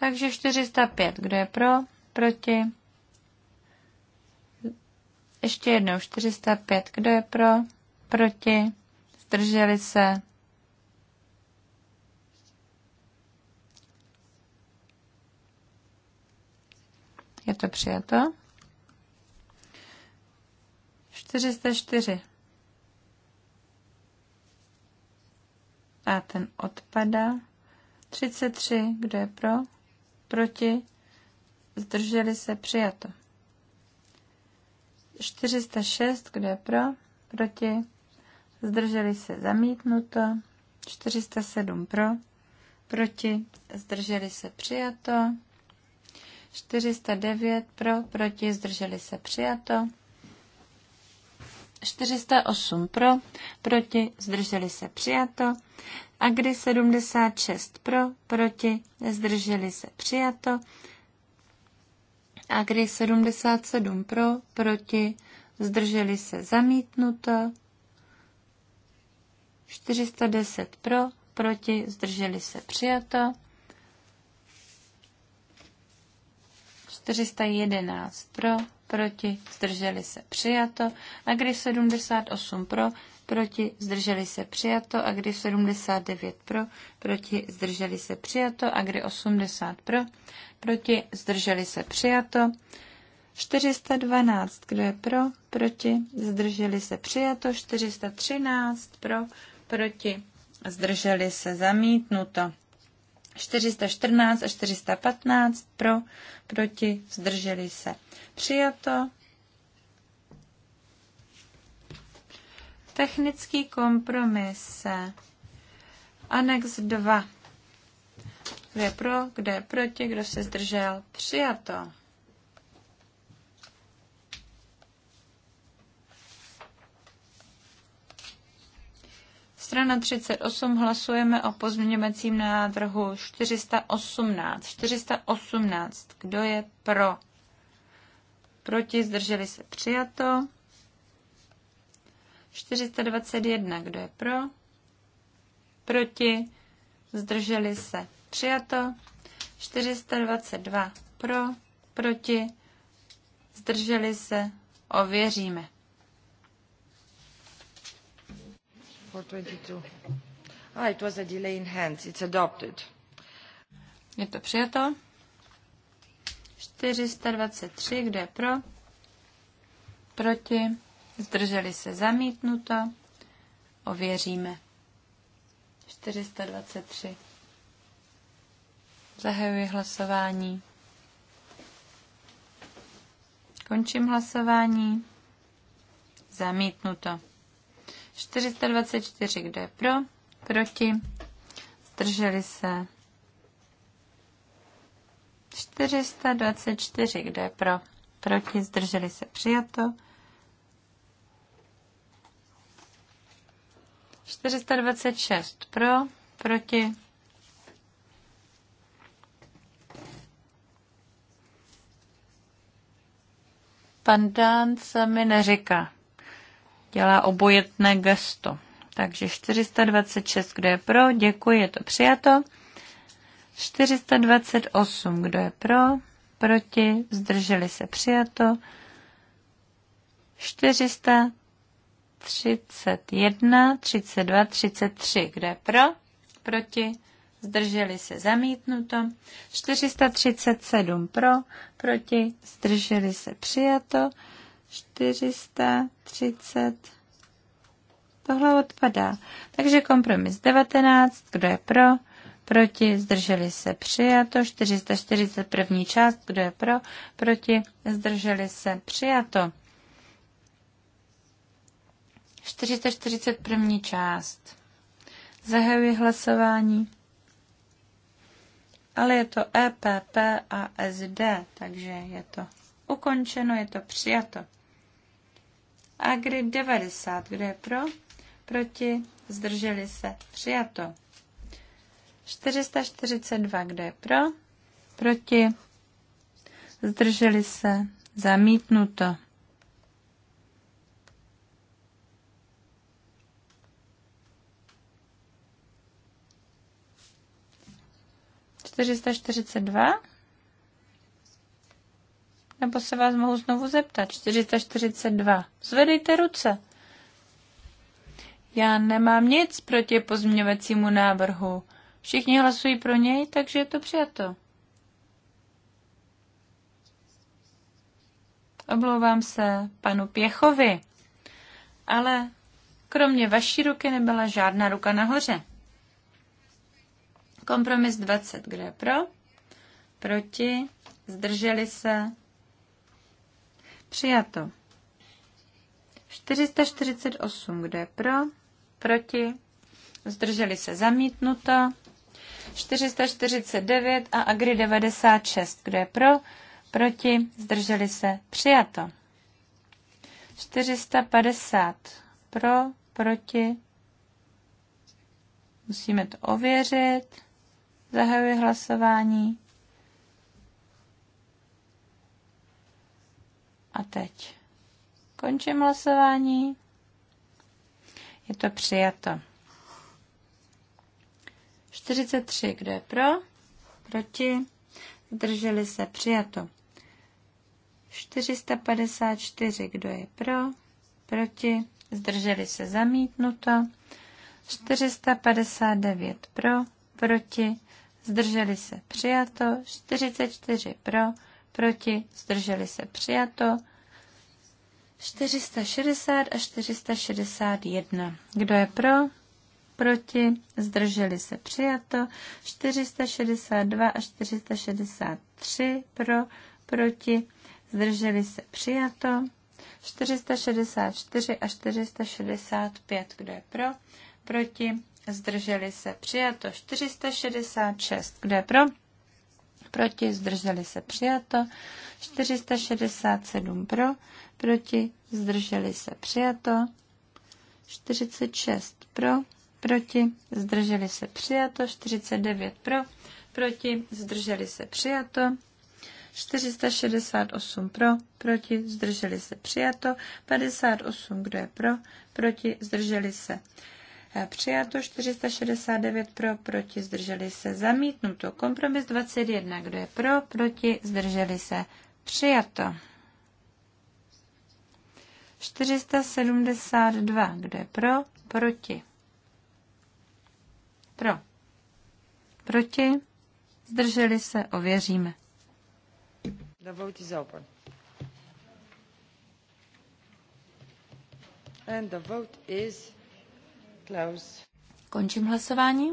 Takže 405. Kdo je pro? Proti? Ještě jednou 405. Kdo je pro? Proti? Zdrželi se? Je to přijato? 404. A ten odpadá. 33. Kdo je pro? proti, zdrželi se, přijato. 406, kdo je pro, proti, zdrželi se, zamítnuto. 407 pro, proti, zdrželi se, přijato. 409 pro, proti, zdrželi se, přijato. 408 pro, proti, zdrželi se přijato. A kdy 76 pro, proti, zdrželi se přijato. A kdy 77 pro, proti, zdrželi se zamítnuto. 410 pro, proti, zdrželi se přijato. 411 pro, proti, zdrželi se přijato. A když 78 pro, proti, zdrželi se přijato. A když 79 pro, proti, zdrželi se přijato. A když 80 pro, proti, zdrželi se přijato. 412, kdo je pro, proti, zdrželi se přijato. 413 pro, proti, zdrželi se zamítnuto. 414 a 415 pro, proti, zdrželi se. Přijato. Technický kompromis. Anex 2. Kdo je pro, kdo je proti, kdo se zdržel. Přijato. Strana 38 hlasujeme o pozměňovacím návrhu 418. 418. Kdo je pro? Proti zdrželi se přijato. 421. Kdo je pro? Proti zdrželi se přijato. 422 pro, proti zdrželi se, ověříme. 422. Ah, Je to přijato. 423, kdo je pro? Proti? Zdrželi se zamítnuto? Ověříme. 423. Zahajuji hlasování. Končím hlasování. Zamítnuto. 424, kdo je pro, proti, zdrželi se. 424, kdo je pro, proti, zdrželi se, přijato. 426 pro, proti. mi neříká dělá obojetné gesto. Takže 426, kdo je pro, děkuji, je to přijato. 428, kdo je pro, proti, zdrželi se přijato. 431, 32, 33, kdo je pro, proti, zdrželi se zamítnuto. 437 pro, proti, zdrželi se přijato. 430. Tohle odpadá. Takže kompromis 19. Kdo je pro? Proti? Zdrželi se přijato. 441. část. Kdo je pro? Proti? Zdrželi se přijato. 441. část. Zahajuji hlasování. Ale je to EPP a SD, takže je to ukončeno, je to přijato. Agri 90. Kdo je pro? Proti? Zdrželi se. Přijato. 442. Kdo je pro? Proti? Zdrželi se. Zamítnuto. Čtyřista čtyřicet dva nebo se vás mohu znovu zeptat. 442. Zvedejte ruce. Já nemám nic proti pozměňovacímu návrhu. Všichni hlasují pro něj, takže je to přijato. Oblouvám se panu Pěchovi, ale kromě vaší ruky nebyla žádná ruka nahoře. Kompromis 20, kdo je pro? Proti? Zdrželi se? Přijato. 448, kdo je pro? Proti? Zdrželi se zamítnuto. 449 a Agri 96, kdo je pro? Proti? Zdrželi se přijato. 450 pro, proti. Musíme to ověřit. Zahajuji hlasování. A teď končím hlasování. Je to přijato. 43, kdo je pro? Proti? Zdrželi se přijato. 454, kdo je pro? Proti? Zdrželi se zamítnuto. 459 pro, proti, zdrželi se přijato, 44 pro, proti, zdrželi se přijato. 460 a 461. Kdo je pro? Proti, zdrželi se přijato. 462 a 463 pro, proti, zdrželi se přijato. 464 a 465. Kdo je pro? Proti, zdrželi se přijato. 466. Kdo je pro? proti, zdrželi se přijato, 467 pro, proti, zdrželi se přijato, 46 pro, proti, zdrželi se přijato, 49 pro, proti, zdrželi se přijato, 468 pro, proti, zdrželi se přijato, 58, kdo je pro, proti, zdrželi se Eh, přijato 469 pro, proti, zdrželi se, zamítnuto. Kompromis 21, kdo je pro, proti, zdrželi se, přijato. 472, kdo je pro, proti. Pro. Proti, zdrželi se, ověříme. The vote is And the vote is Končím hlasování.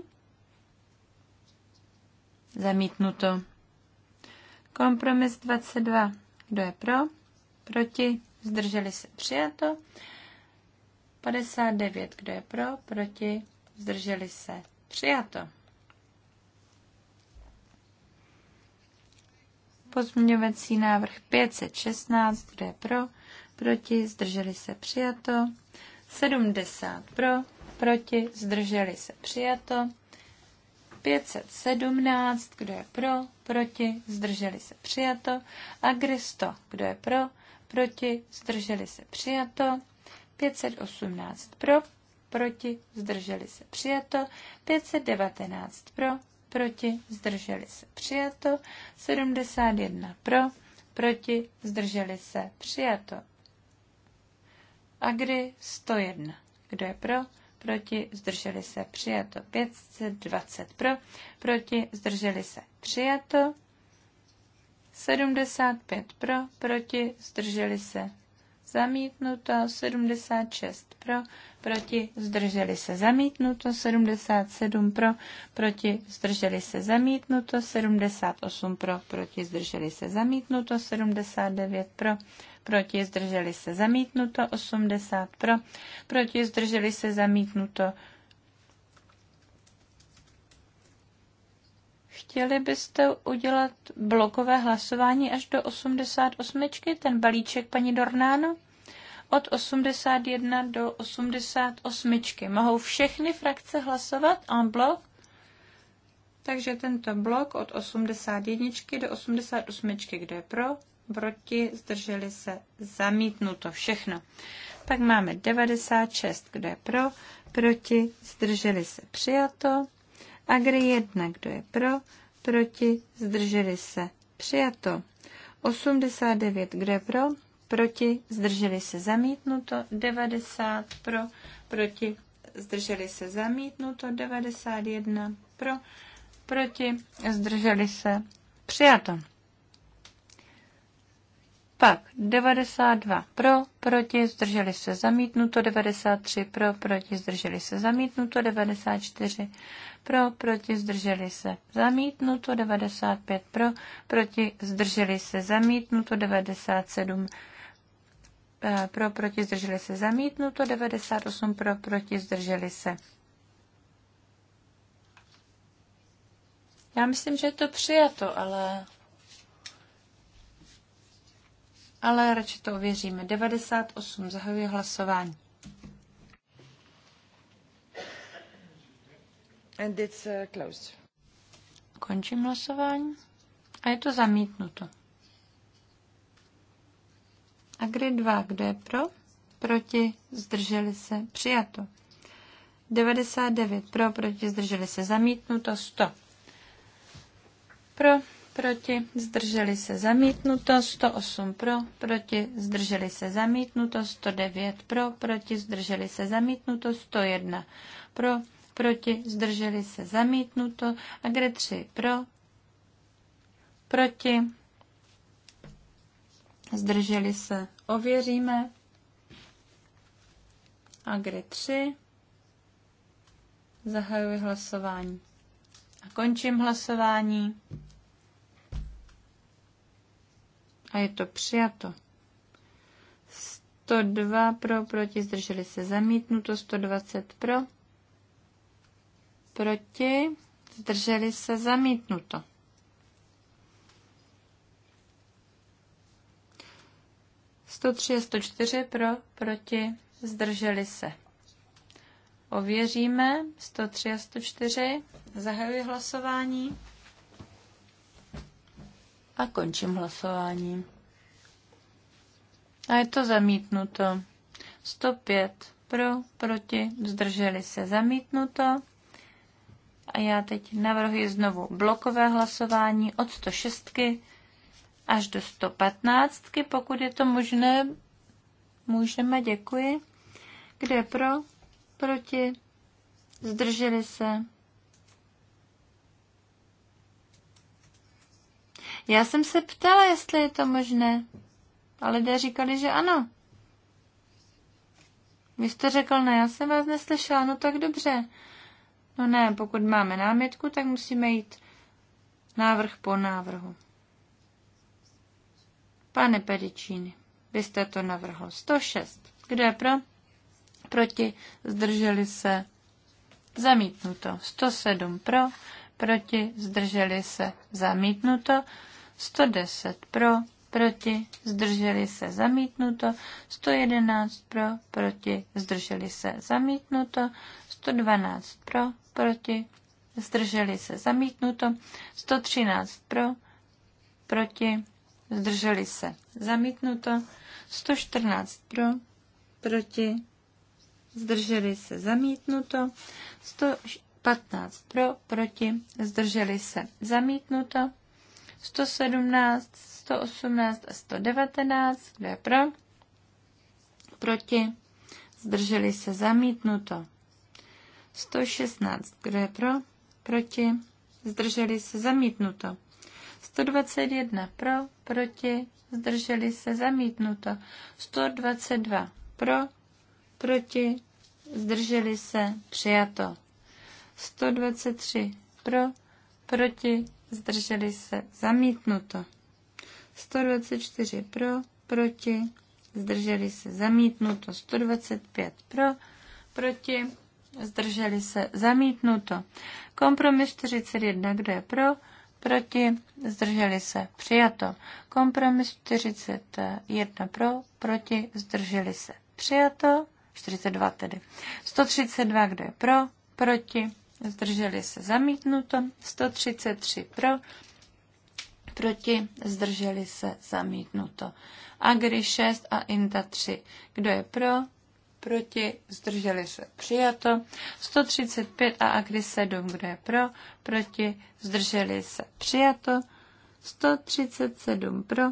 Zamítnuto. Kompromis 22. Kdo je pro? Proti? Zdrželi se? Přijato. 59. Kdo je pro? Proti? Zdrželi se? Přijato. Pozměňovací návrh 516. Kdo je pro? Proti? Zdrželi se? Přijato. 70 pro, proti, zdrželi se přijato. 517, kdo je pro, proti, zdrželi se přijato. Agresto, kdo je pro, proti, zdrželi se přijato. 518 pro, proti, zdrželi se přijato. 519 pro, proti, zdrželi se přijato. 71 pro, proti, zdrželi se přijato. Agri 101, kdo je pro, proti, zdrželi se, přijato. 520 pro, proti, zdrželi se, přijato. 75 pro, proti, zdrželi se, zamítnuto. 76 pro, proti, zdrželi se, zamítnuto. 77 pro, proti, zdrželi se, zamítnuto. 78 pro, proti, zdrželi se, zamítnuto. 79 pro, proti, zdrželi se zamítnuto, 80 pro, proti, zdrželi se zamítnuto. Chtěli byste udělat blokové hlasování až do 88, ten balíček paní Dornáno? Od 81 do 88. Mohou všechny frakce hlasovat en blok? Takže tento blok od 81 do 88, kdo je pro, proti, zdrželi se, zamítnuto všechno. Pak máme 96, kdo je pro, proti, zdrželi se, přijato. Agri jedna kdo je pro, proti, zdrželi se, přijato. 89, kdo je pro, proti, zdrželi se, zamítnuto. 90, pro, proti, zdrželi se, zamítnuto. 91, pro, proti, zdrželi se, přijato. Pak 92 pro, proti, zdrželi se zamítnuto, 93 pro, proti, zdrželi se zamítnuto, 94 pro, proti, zdrželi se zamítnuto, 95 pro, proti, zdrželi se zamítnuto, 97 eh, pro, proti, zdrželi se zamítnuto, 98 pro, proti, zdrželi se. Já myslím, že je to přijato, ale ale radši to ověříme. 98. Zahajuji hlasování. And it's uh, closed. Končím hlasování a je to zamítnuto. A kde dva, kdo je pro? Proti, zdrželi se, přijato. 99 pro, proti, zdrželi se, zamítnuto, 100. Pro, proti, zdrželi se zamítnuto, 108 pro, proti, zdrželi se zamítnuto, 109 pro, proti, zdrželi se zamítnuto, 101 pro, proti, zdrželi se zamítnuto, a kde 3 pro, proti, zdrželi se ověříme, a kde 3, zahajuji hlasování a končím hlasování. a je to přijato. 102 pro, proti, zdrželi se zamítnuto, 120 pro, proti, zdrželi se zamítnuto. Sto tři a sto čtyři pro, proti, zdrželi se. Ověříme 103 a 104. Zahajuji hlasování a končím hlasování. A je to zamítnuto. 105 pro, proti, zdrželi se zamítnuto. A já teď navrhuji znovu blokové hlasování od 106 až do 115, pokud je to možné. Můžeme, děkuji. Kde pro, proti, zdrželi se, Já jsem se ptala, jestli je to možné. A lidé říkali, že ano. Vy jste řekl, ne, já jsem vás neslyšela, no tak dobře. No ne, pokud máme námitku, tak musíme jít návrh po návrhu. Pane Pedičíny, vy jste to navrhl. 106. Kdo je pro? Proti. Zdrželi se. Zamítnuto. 107 pro. Proti. Zdrželi se. Zamítnuto. 110 pro, proti, zdrželi se zamítnuto, 111 pro, proti, zdrželi se zamítnuto, 112 pro, proti, zdrželi se zamítnuto, 113 pro, proti, zdrželi se zamítnuto, 114 pro, proti, zdrželi se zamítnuto, 115 pro, proti, zdrželi se zamítnuto, 117, 118 a 119. Kdo je pro? Proti? Zdrželi se zamítnuto. 116. Kdo je pro? Proti? Zdrželi se zamítnuto. 121 pro, proti, zdrželi se zamítnuto. 122 pro, proti, zdrželi se přijato. 123 pro, proti, zdrželi se, zamítnuto. 124 pro, proti, zdrželi se, zamítnuto. 125 pro, proti, zdrželi se, zamítnuto. Kompromis 41, kdo je pro, proti, zdrželi se, přijato. Kompromis 41 pro, proti, zdrželi se, přijato. 42 tedy. 132, kdo je pro, proti, zdrželi se zamítnuto, 133 pro, proti, zdrželi se zamítnuto. Agri 6 a Inta 3, kdo je pro, proti, zdrželi se přijato, 135 a Agri 7, kdo je pro, proti, zdrželi se přijato, 137 pro,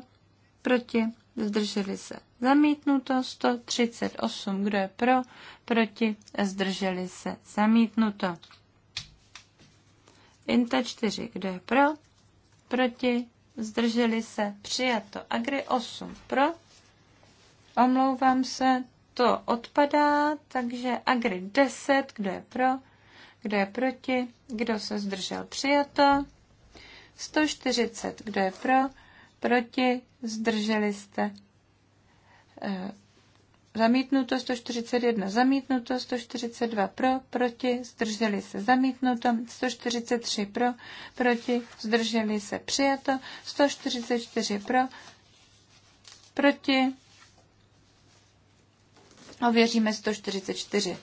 proti, zdrželi se. Zamítnuto 138, kdo je pro, proti, zdrželi se. Zamítnuto. Inta 4, kdo je pro? Proti? Zdrželi se? Přijato. Agri 8, pro? Omlouvám se, to odpadá, takže Agri 10, kdo je pro? Kdo je proti? Kdo se zdržel? Přijato. 140, kdo je pro? Proti? Zdrželi jste? Eh, zamítnuto 141, zamítnuto 142 pro, proti, zdrželi se zamítnuto, 143 pro, proti, zdrželi se přijato, 144 pro, proti, ověříme 144.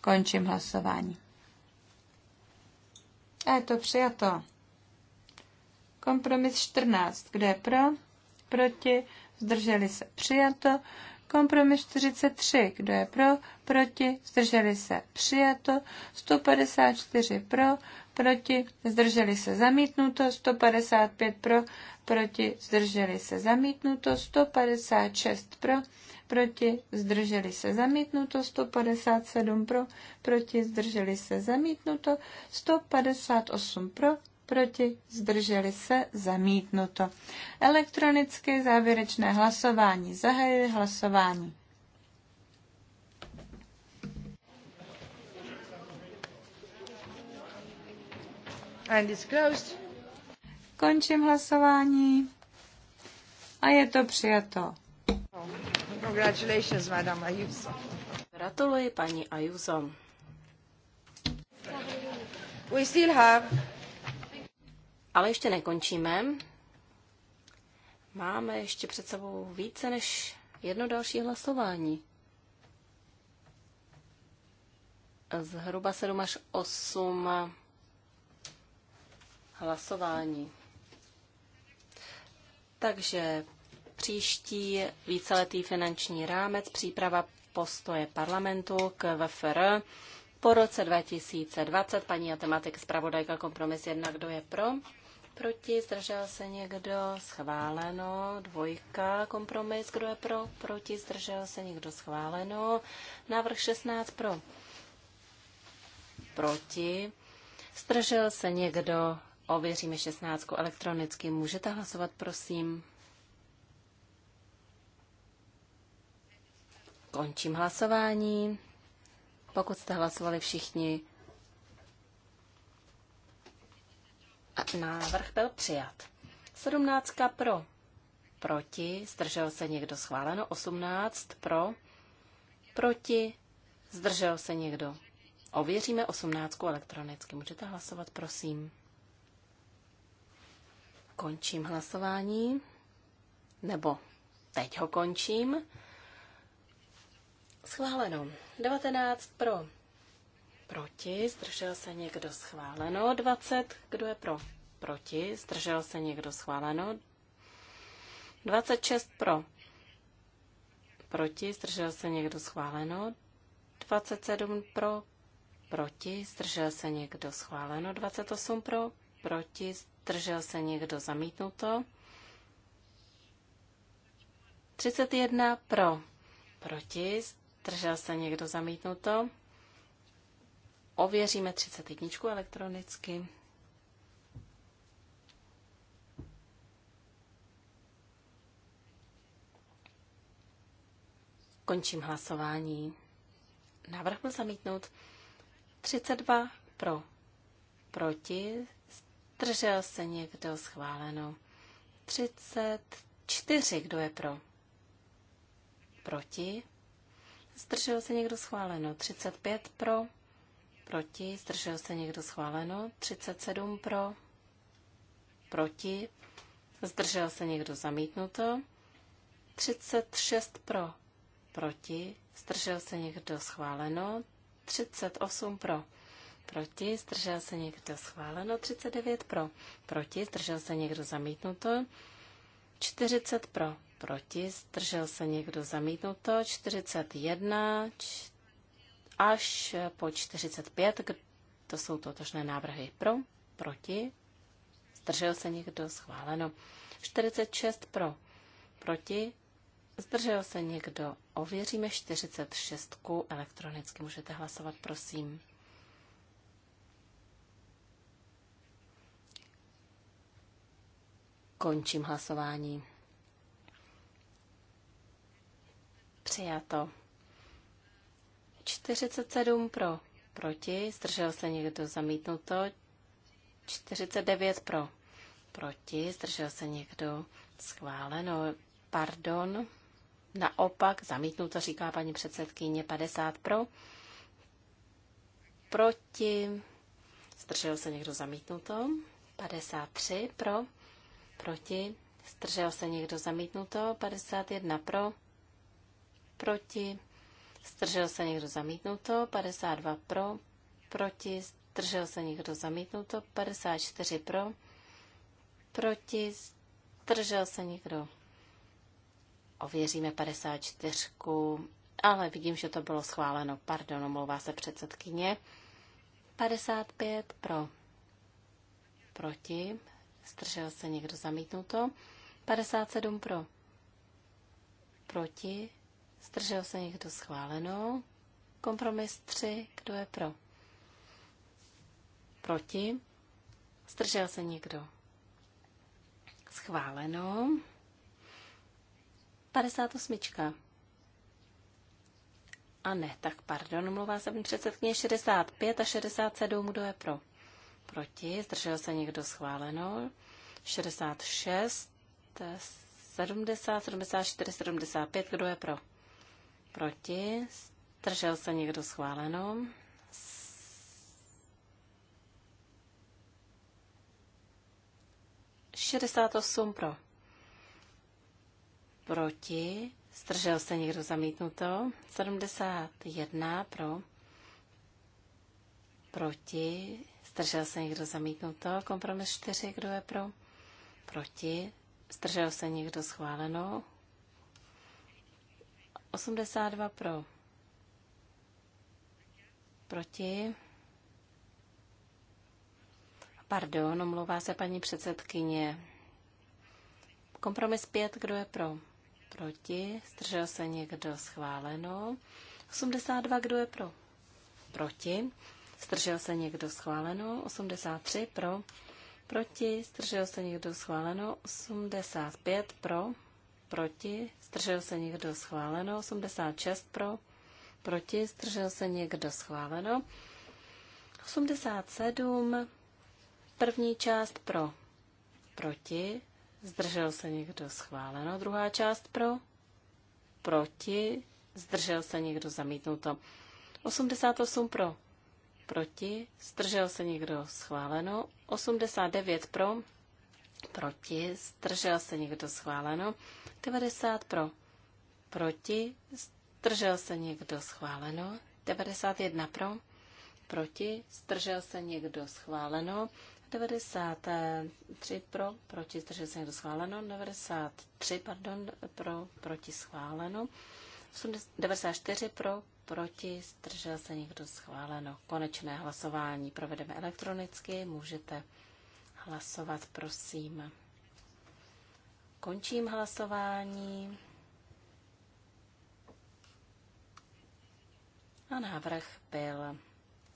Končím hlasování. A je to přijato. Kompromis 14. Kdo je pro? Proti? Zdrželi se? Přijato. Kompromis 43. Kdo je pro? Proti? Zdrželi se? Přijato. 154 pro? Proti? Zdrželi se? Zamítnuto. 155 pro? Proti? Zdrželi se? Zamítnuto. 156 pro? Proti? Zdrželi se? Zamítnuto. 157 pro? Proti? Zdrželi se? Zamítnuto. 158 pro? proti, zdrželi se, zamítnuto. elektronické závěrečné hlasování. Zahajuji hlasování. And it's closed. Končím hlasování. A je to přijato. Congratulations, Madame Ayuso. Gratuluji paní Ayuso. We still have ale ještě nekončíme. Máme ještě před sebou více než jedno další hlasování. Zhruba 7 až 8 hlasování. Takže příští víceletý finanční rámec, příprava postoje parlamentu k VFR po roce 2020. Paní a tematik zpravodajka kompromis 1, kdo je pro? proti, zdržel se někdo, schváleno, dvojka, kompromis, kdo je pro, proti, zdržel se někdo, schváleno, návrh 16 pro, proti, zdržel se někdo, ověříme 16 elektronicky, můžete hlasovat, prosím. Končím hlasování. Pokud jste hlasovali všichni, Návrh byl přijat. 17 pro, proti, zdržel se někdo schváleno, 18 pro, proti, zdržel se někdo. Ověříme 18 elektronicky. Můžete hlasovat, prosím. Končím hlasování, nebo teď ho končím. Schváleno. 19 pro, Proti, zdržel se někdo schváleno. 20, kdo je pro? Proti, zdržel se někdo schváleno. 26 pro. Proti, zdržel se někdo schváleno. 27 pro. Proti, zdržel se někdo schváleno. 28 pro. Proti, zdržel se někdo zamítnuto. 31 pro. Proti, zdržel se někdo zamítnuto. Ověříme 31 elektronicky. Končím hlasování. Návrh byl zamítnut. 32 pro. Proti. Zdržel se někdo schváleno. 34. Kdo je pro? Proti. Zdržel se někdo schváleno. 35 pro proti, zdržel se někdo schváleno, 37 pro, proti, zdržel se někdo zamítnuto, 36 pro, proti, zdržel se někdo schváleno, 38 pro, proti, zdržel se někdo schváleno, 39 pro, proti, zdržel se někdo zamítnuto, 40 pro, proti, zdržel se někdo zamítnuto, 41, až po 45. To jsou totožné návrhy pro, proti. Zdržel se někdo? Schváleno. 46 pro, proti. Zdržel se někdo? Ověříme 46. Elektronicky můžete hlasovat, prosím. Končím hlasování. Přijato. 47 pro, proti, zdržel se někdo zamítnuto, 49 pro, proti, zdržel se někdo schváleno, pardon, naopak zamítnuto, říká paní předsedkyně, 50 pro, proti, zdržel se někdo zamítnuto, 53 pro, proti, zdržel se někdo zamítnuto, 51 pro, proti, Zdržel se někdo zamítnuto? 52 pro. Proti? Zdržel se někdo zamítnuto? 54 pro. Proti? Zdržel se někdo? Ověříme 54. Ale vidím, že to bylo schváleno. Pardon, omlouvá se předsedkyně. 55 pro. Proti? Zdržel se někdo zamítnuto? 57 pro. Proti? Zdržel se někdo schváleno? Kompromis 3. Kdo je pro? Proti? Zdržel se někdo? Schváleno. 58. A ne, tak pardon, mluvá se mi předsedkyně 65 a 67, kdo je pro? Proti, zdržel se někdo schváleno. 66, 70, 74, 75, kdo je pro? proti, zdržel se někdo schváleno. Šedesát osm pro. Proti, zdržel se někdo zamítnuto. Sedmdesát jedna pro. Proti, zdržel se někdo zamítnuto. Kompromis čtyři, kdo je pro? Proti, zdržel se někdo schváleno. 82 pro. Proti. Pardon, omlouvá se paní předsedkyně. Kompromis 5, kdo je pro? Proti. Zdržel se někdo schváleno. 82, kdo je pro? Proti. Zdržel se někdo schváleno. 83 pro. Proti. Zdržel se někdo schváleno. 85 pro proti, zdržel se někdo schváleno, 86 pro, proti, zdržel se někdo schváleno, 87 první část pro, proti, zdržel se někdo schváleno, druhá část pro, proti, zdržel se někdo zamítnuto, 88 pro, proti, zdržel se někdo schváleno, 89 pro, proti, zdržel se někdo schváleno, 90 pro, proti, zdržel se někdo schváleno, 91 pro, proti, zdržel se někdo schváleno, 93 pro, proti, zdržel se někdo schváleno, 93, pardon, pro, proti schváleno, 94 pro, proti, zdržel se někdo schváleno. Konečné hlasování provedeme elektronicky, můžete hlasovat, prosím. Končím hlasování. A návrh byl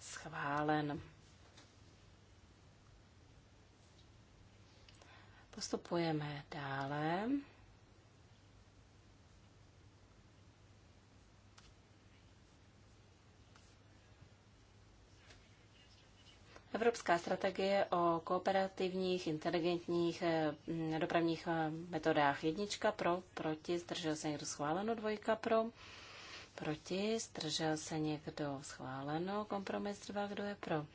schválen. Postupujeme dále. Evropská strategie o kooperativních inteligentních eh, dopravních eh, metodách. Jednička pro, proti, zdržel se někdo schváleno, dvojka pro, proti, zdržel se někdo schváleno, kompromis dva, kdo je pro,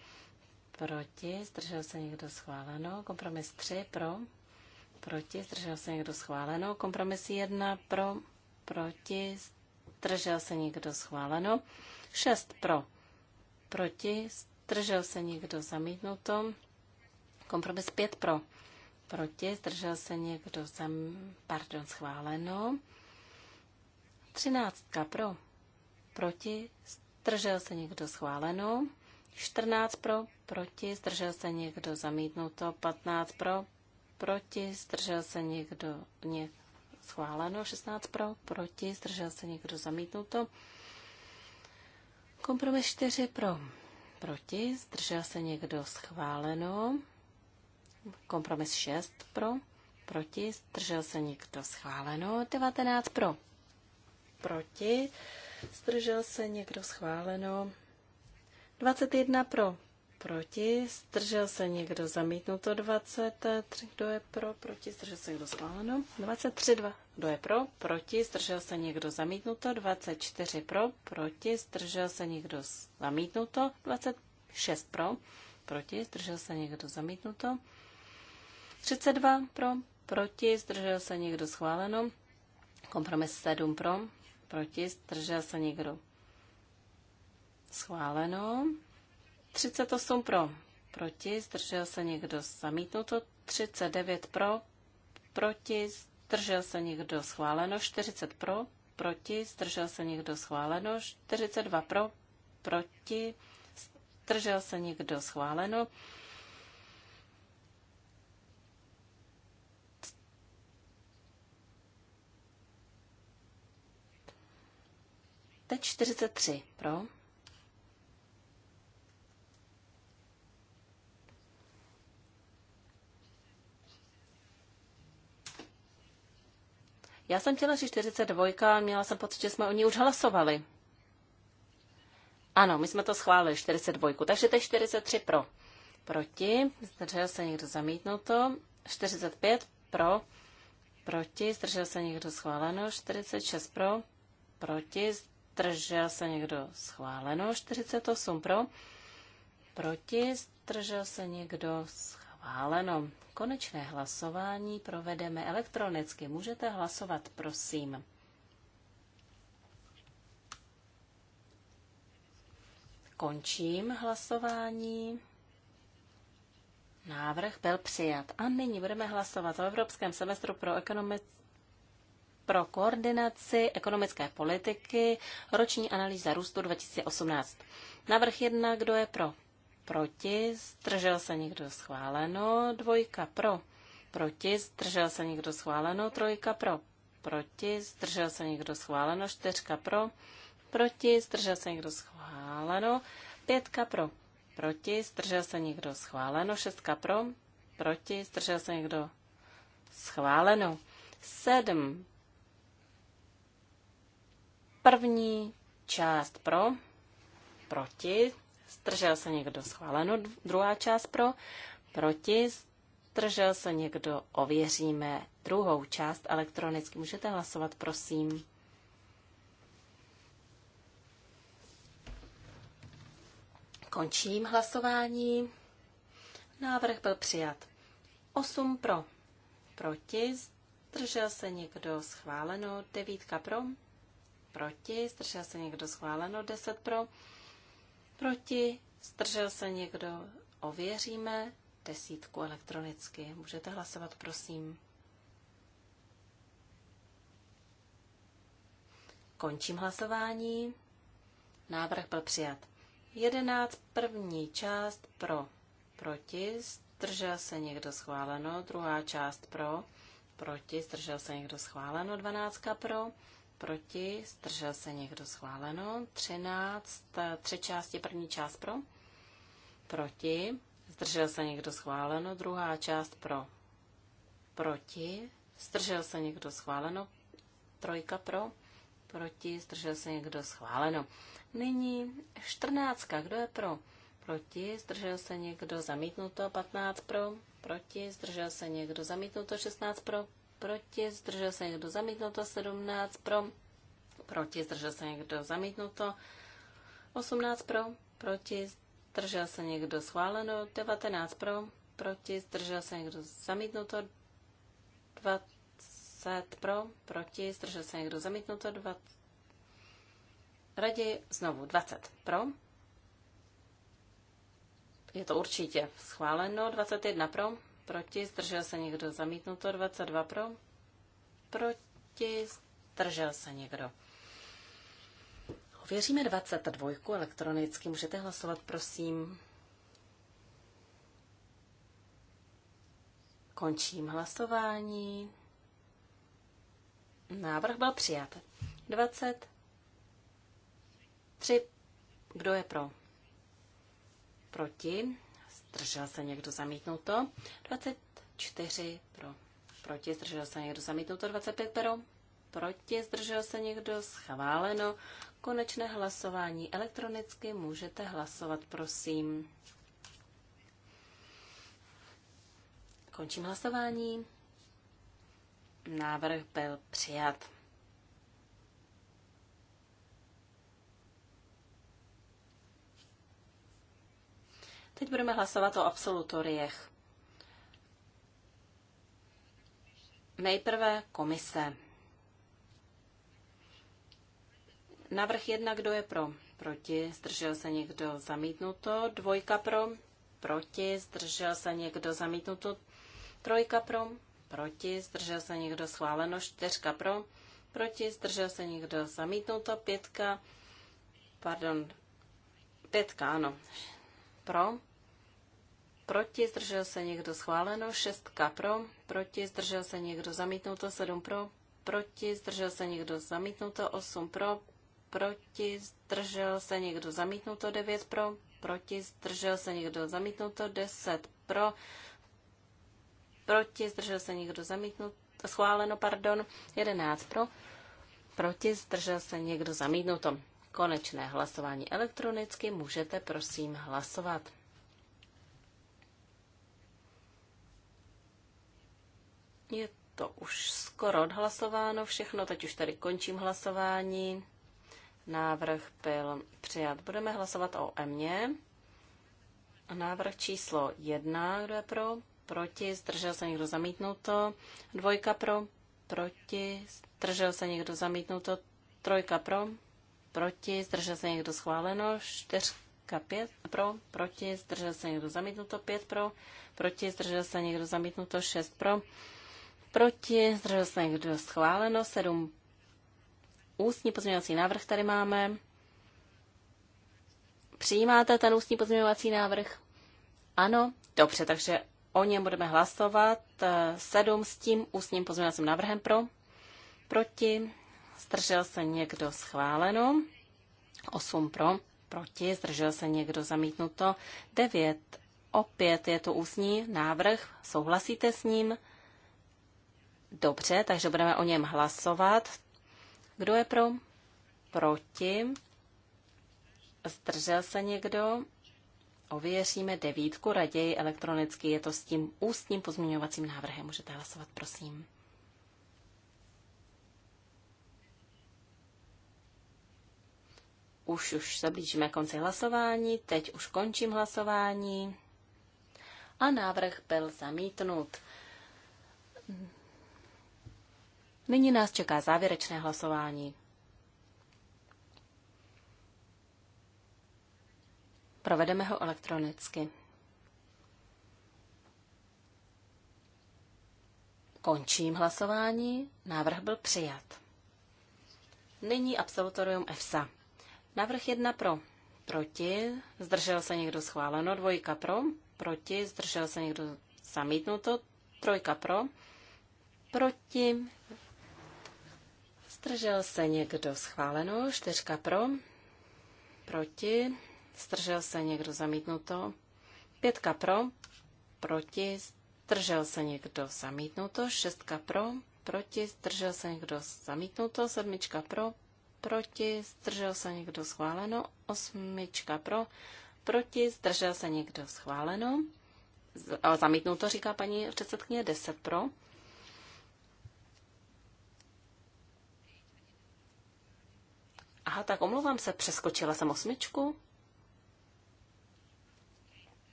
proti, zdržel se někdo schváleno, kompromis tři pro, proti, zdržel se někdo schváleno, kompromis jedna pro, proti, zdržel se někdo schváleno, šest pro, proti, zdržel se někdo zamítnuto. Kompromis 5 pro, proti, zdržel se někdo zam, pardon, schváleno. 13 pro, proti, zdržel se někdo schváleno. 14 pro, proti, zdržel se někdo zamítnuto. 15 pro, proti, zdržel se někdo ně, schváleno. 16 pro, proti, zdržel se někdo zamítnuto. Kompromis 4 pro, proti, zdržel se někdo schváleno. Kompromis 6 pro, proti, zdržel se někdo schváleno. 19 pro, proti, zdržel se někdo schváleno. 21 pro, proti, zdržel se někdo zamítnuto 23, kdo je pro, proti, zdržel se někdo schváleno, 23, 2, kdo je pro, proti, zdržel se někdo zamítnuto, 24 pro, proti, zdržel se někdo zamítnuto, 26 pro, proti, zdržel se někdo zamítnuto, 32 pro, proti, zdržel se někdo schváleno, kompromis 7 pro, proti, zdržel se někdo schváleno, 38 pro, proti, zdržel se někdo zamítnuto, 39 pro, proti, zdržel se někdo schváleno, 40 pro, proti, zdržel se někdo schváleno, 42 pro, proti, zdržel se někdo schváleno, 43 pro, Já jsem chtěla říct 42, měla jsem pocit, že jsme o ní už hlasovali. Ano, my jsme to schválili, 42, takže to je 43 pro. Proti, zdržel se někdo zamítnuto, 45 pro, proti, zdržel se někdo schváleno, 46 pro, proti, zdržel se někdo schváleno, 48 pro, proti, zdržel se někdo schváleno schváleno. Konečné hlasování provedeme elektronicky. Můžete hlasovat, prosím. Končím hlasování. Návrh byl přijat. A nyní budeme hlasovat o Evropském semestru pro, ekonomi- pro koordinaci ekonomické politiky, roční analýza růstu 2018. Návrh jedna, kdo je pro? proti, zdržel se někdo schváleno, dvojka pro, proti, zdržel se někdo schváleno, trojka pro, proti, zdržel se někdo schváleno, čtyřka pro, proti, zdržel se někdo schváleno, pětka pro, proti, zdržel se někdo schváleno, šestka pro, proti, zdržel se někdo schváleno, sedm první část pro, proti, zdržel se někdo schváleno, druhá část pro, proti, zdržel se někdo, ověříme druhou část elektronicky. Můžete hlasovat, prosím. Končím hlasování. Návrh byl přijat. 8 pro, proti, zdržel se někdo, schváleno, 9 pro, proti, zdržel se někdo schváleno, 10 pro, Proti? Zdržel se někdo? Ověříme desítku elektronicky. Můžete hlasovat, prosím. Končím hlasování. Návrh byl přijat. 11. První část pro, proti, zdržel se někdo schváleno. Druhá část pro, proti, zdržel se někdo schváleno. 12. pro, proti, zdržel se někdo schváleno, 13, tři části, první část pro, proti, zdržel se někdo schváleno, druhá část pro, proti, zdržel se někdo schváleno, trojka pro, proti, zdržel se někdo schváleno. Nyní 14. Kdo je pro? Proti, zdržel se někdo zamítnuto, 15 pro, proti, zdržel se někdo zamítnuto, 16 pro, proti, zdržel se někdo zamítnuto, 17 pro, proti, zdržel se někdo zamítnuto, 18 pro, proti, zdržel se někdo schváleno, 19 pro, proti, zdržel se někdo zamítnuto, 20 pro, proti, zdržel se někdo zamítnuto, 20, raději znovu 20 pro, je to určitě schváleno, 21 pro, proti, zdržel se někdo, zamítnuto 22 pro, proti, zdržel se někdo. Ověříme 22 elektronicky, můžete hlasovat, prosím. Končím hlasování. Návrh byl přijat. 23. Kdo je pro? Proti? zdržel se někdo zamítnuto, 24 pro, proti, zdržel se někdo zamítnuto, 25 pro, proti, zdržel se někdo, schváleno. Konečné hlasování elektronicky můžete hlasovat, prosím. Končím hlasování. Návrh byl přijat. Teď budeme hlasovat o absolutoriech. Nejprve komise. Navrh jedna, kdo je pro? Proti, zdržel se někdo zamítnuto. Dvojka pro, proti, zdržel se někdo zamítnuto. Trojka pro, proti, zdržel se někdo schváleno. Čtyřka pro, proti, zdržel se někdo zamítnuto. Pětka, pardon, pětka, ano, pro, proti, zdržel se někdo schváleno, šestka pro, proti, zdržel se někdo zamítnuto, sedm pro, proti, zdržel se někdo zamítnuto, osm pro, proti, zdržel se někdo zamítnuto, devět pro, proti, zdržel se někdo zamítnuto, deset pro, proti, zdržel se někdo zamítnuto, schváleno, pardon, jedenáct pro, proti, zdržel se někdo zamítnuto. Konečné hlasování elektronicky můžete prosím hlasovat. Je to už skoro odhlasováno všechno, teď už tady končím hlasování. Návrh byl přijat. Budeme hlasovat o Mně. Návrh číslo jedna, kdo je pro? Proti, zdržel se někdo zamítnuto. Dvojka pro, proti, zdržel se někdo zamítnuto. Trojka pro, proti, zdržel se někdo schváleno. Čtyřka pět pro, proti, zdržel se někdo zamítnuto. Pět pro, proti, zdržel se někdo zamítnuto. Šest pro, proti, zdržel se někdo schváleno, Sedm ústní pozměňovací návrh tady máme. Přijímáte ten ústní pozměňovací návrh? Ano, dobře, takže o něm budeme hlasovat. Sedm s tím ústním pozměňovacím návrhem pro, proti, zdržel se někdo schváleno, Osm pro, proti, zdržel se někdo zamítnuto, Devět. opět je to ústní návrh, souhlasíte s ním? Dobře, takže budeme o něm hlasovat. Kdo je pro? Proti? Zdržel se někdo? Ověříme devítku, raději elektronicky. Je to s tím ústním pozměňovacím návrhem. Můžete hlasovat, prosím. Už, už se blížíme konci hlasování, teď už končím hlasování a návrh byl zamítnut. Nyní nás čeká závěrečné hlasování. Provedeme ho elektronicky. Končím hlasování. Návrh byl přijat. Nyní absolutorium EFSA. Návrh 1 pro. Proti. Zdržel se někdo schváleno. Dvojka pro. Proti. Zdržel se někdo zamítnuto. Trojka pro. Proti. Zdržel se někdo schváleno? Čtyřka pro. Proti. Zdržel se někdo zamítnuto? Pětka pro. Proti. Zdržel se někdo zamítnuto? Šestka pro. Proti. Zdržel se někdo zamítnuto? Sedmička pro. Proti. Zdržel se někdo schváleno? Osmička pro. Proti. Zdržel se někdo schváleno? Zamítnuto, říká paní předsedkyně. Deset pro Aha, tak omlouvám se, přeskočila jsem osmičku.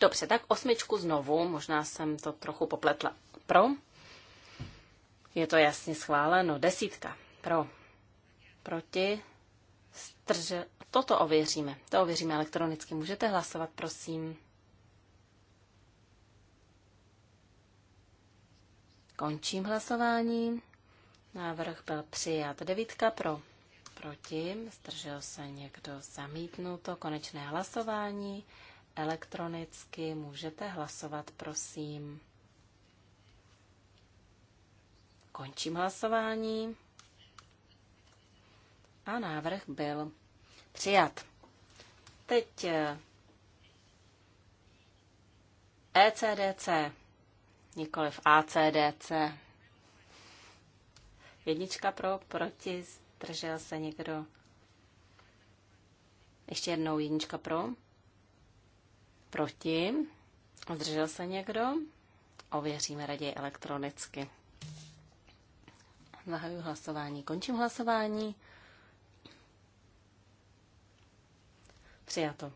Dobře, tak osmičku znovu, možná jsem to trochu popletla. Pro? Je to jasně schváleno. Desítka. Pro. Proti. Strže. Toto ověříme. To ověříme elektronicky. Můžete hlasovat, prosím. Končím hlasování. Návrh byl přijat. Devítka pro proti, zdržel se někdo zamítnuto, konečné hlasování elektronicky, můžete hlasovat, prosím. Končím hlasování a návrh byl přijat. Teď ECDC, eh, e nikoliv ACDC. Jednička pro, proti, Držel se někdo? Ještě jednou jednička pro. Proti. Zdržel se někdo? Ověříme raději elektronicky. Zahajuji hlasování. Končím hlasování. Přijato.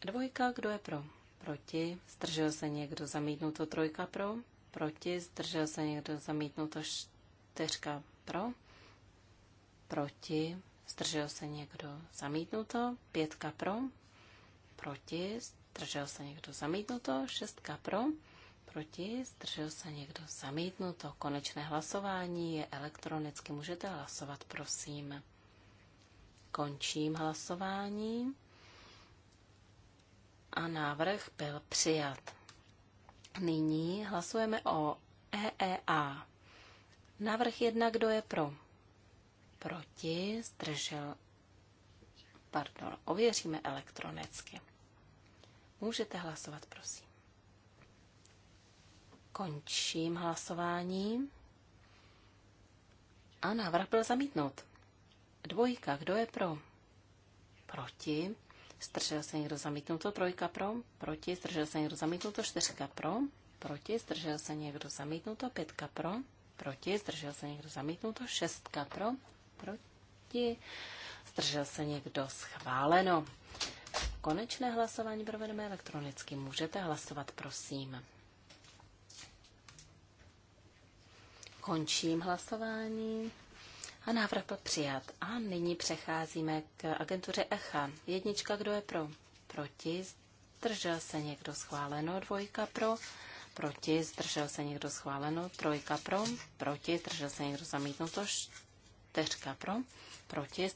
Dvojka, kdo je pro? Proti. Zdržel se někdo? Zamítnuto trojka pro. Proti. Zdržel se někdo? Zamítnuto čtyřka pro proti, zdržel se někdo zamítnuto, pětka pro, proti, zdržel se někdo zamítnuto, šestka pro, proti, zdržel se někdo zamítnuto. Konečné hlasování je elektronicky, můžete hlasovat, prosím. Končím hlasování a návrh byl přijat. Nyní hlasujeme o EEA. Návrh jedna, kdo je pro? proti, zdržel, pardon, ověříme elektronicky. Můžete hlasovat, prosím. Končím hlasování. A návrh byl zamítnut. Dvojka, kdo je pro? Proti. Zdržel se někdo zamítnuto, trojka pro, proti, zdržel se někdo zamítnuto, čtyřka pro, proti, zdržel se někdo zamítnuto, pětka pro, proti, zdržel se někdo zamítnuto, šestka pro, proti? Zdržel se někdo? Schváleno. Konečné hlasování provedeme elektronicky. Můžete hlasovat, prosím. Končím hlasování. A návrh byl přijat. A nyní přecházíme k agentuře ECHA. Jednička, kdo je pro? Proti. Zdržel se někdo schváleno? Dvojka pro. Proti. Zdržel se někdo schváleno? Trojka pro. Proti. Zdržel se někdo zamítnuto? Teřka pro, proti,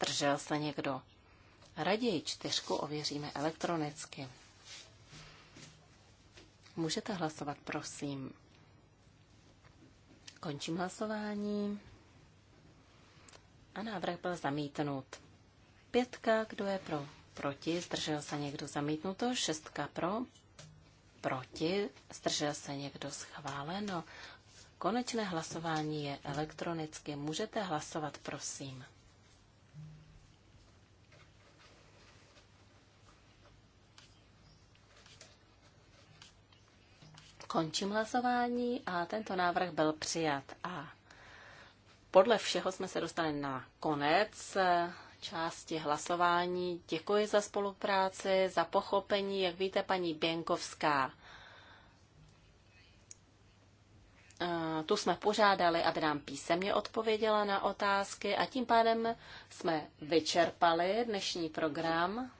držel se někdo. Raději čtyřku ověříme elektronicky. Můžete hlasovat, prosím. Končím hlasování. A návrh byl zamítnut. Pětka, kdo je pro? Proti, zdržel se někdo zamítnuto. Šestka pro, proti, zdržel se někdo schváleno. Konečné hlasování je elektronicky. Můžete hlasovat, prosím. Končím hlasování a tento návrh byl přijat. A podle všeho jsme se dostali na konec části hlasování. Děkuji za spolupráci, za pochopení. Jak víte, paní Běnkovská Eh, tu jsme pořádali, aby nám písemně odpověděla na otázky a tím pádem jsme vyčerpali dnešní program.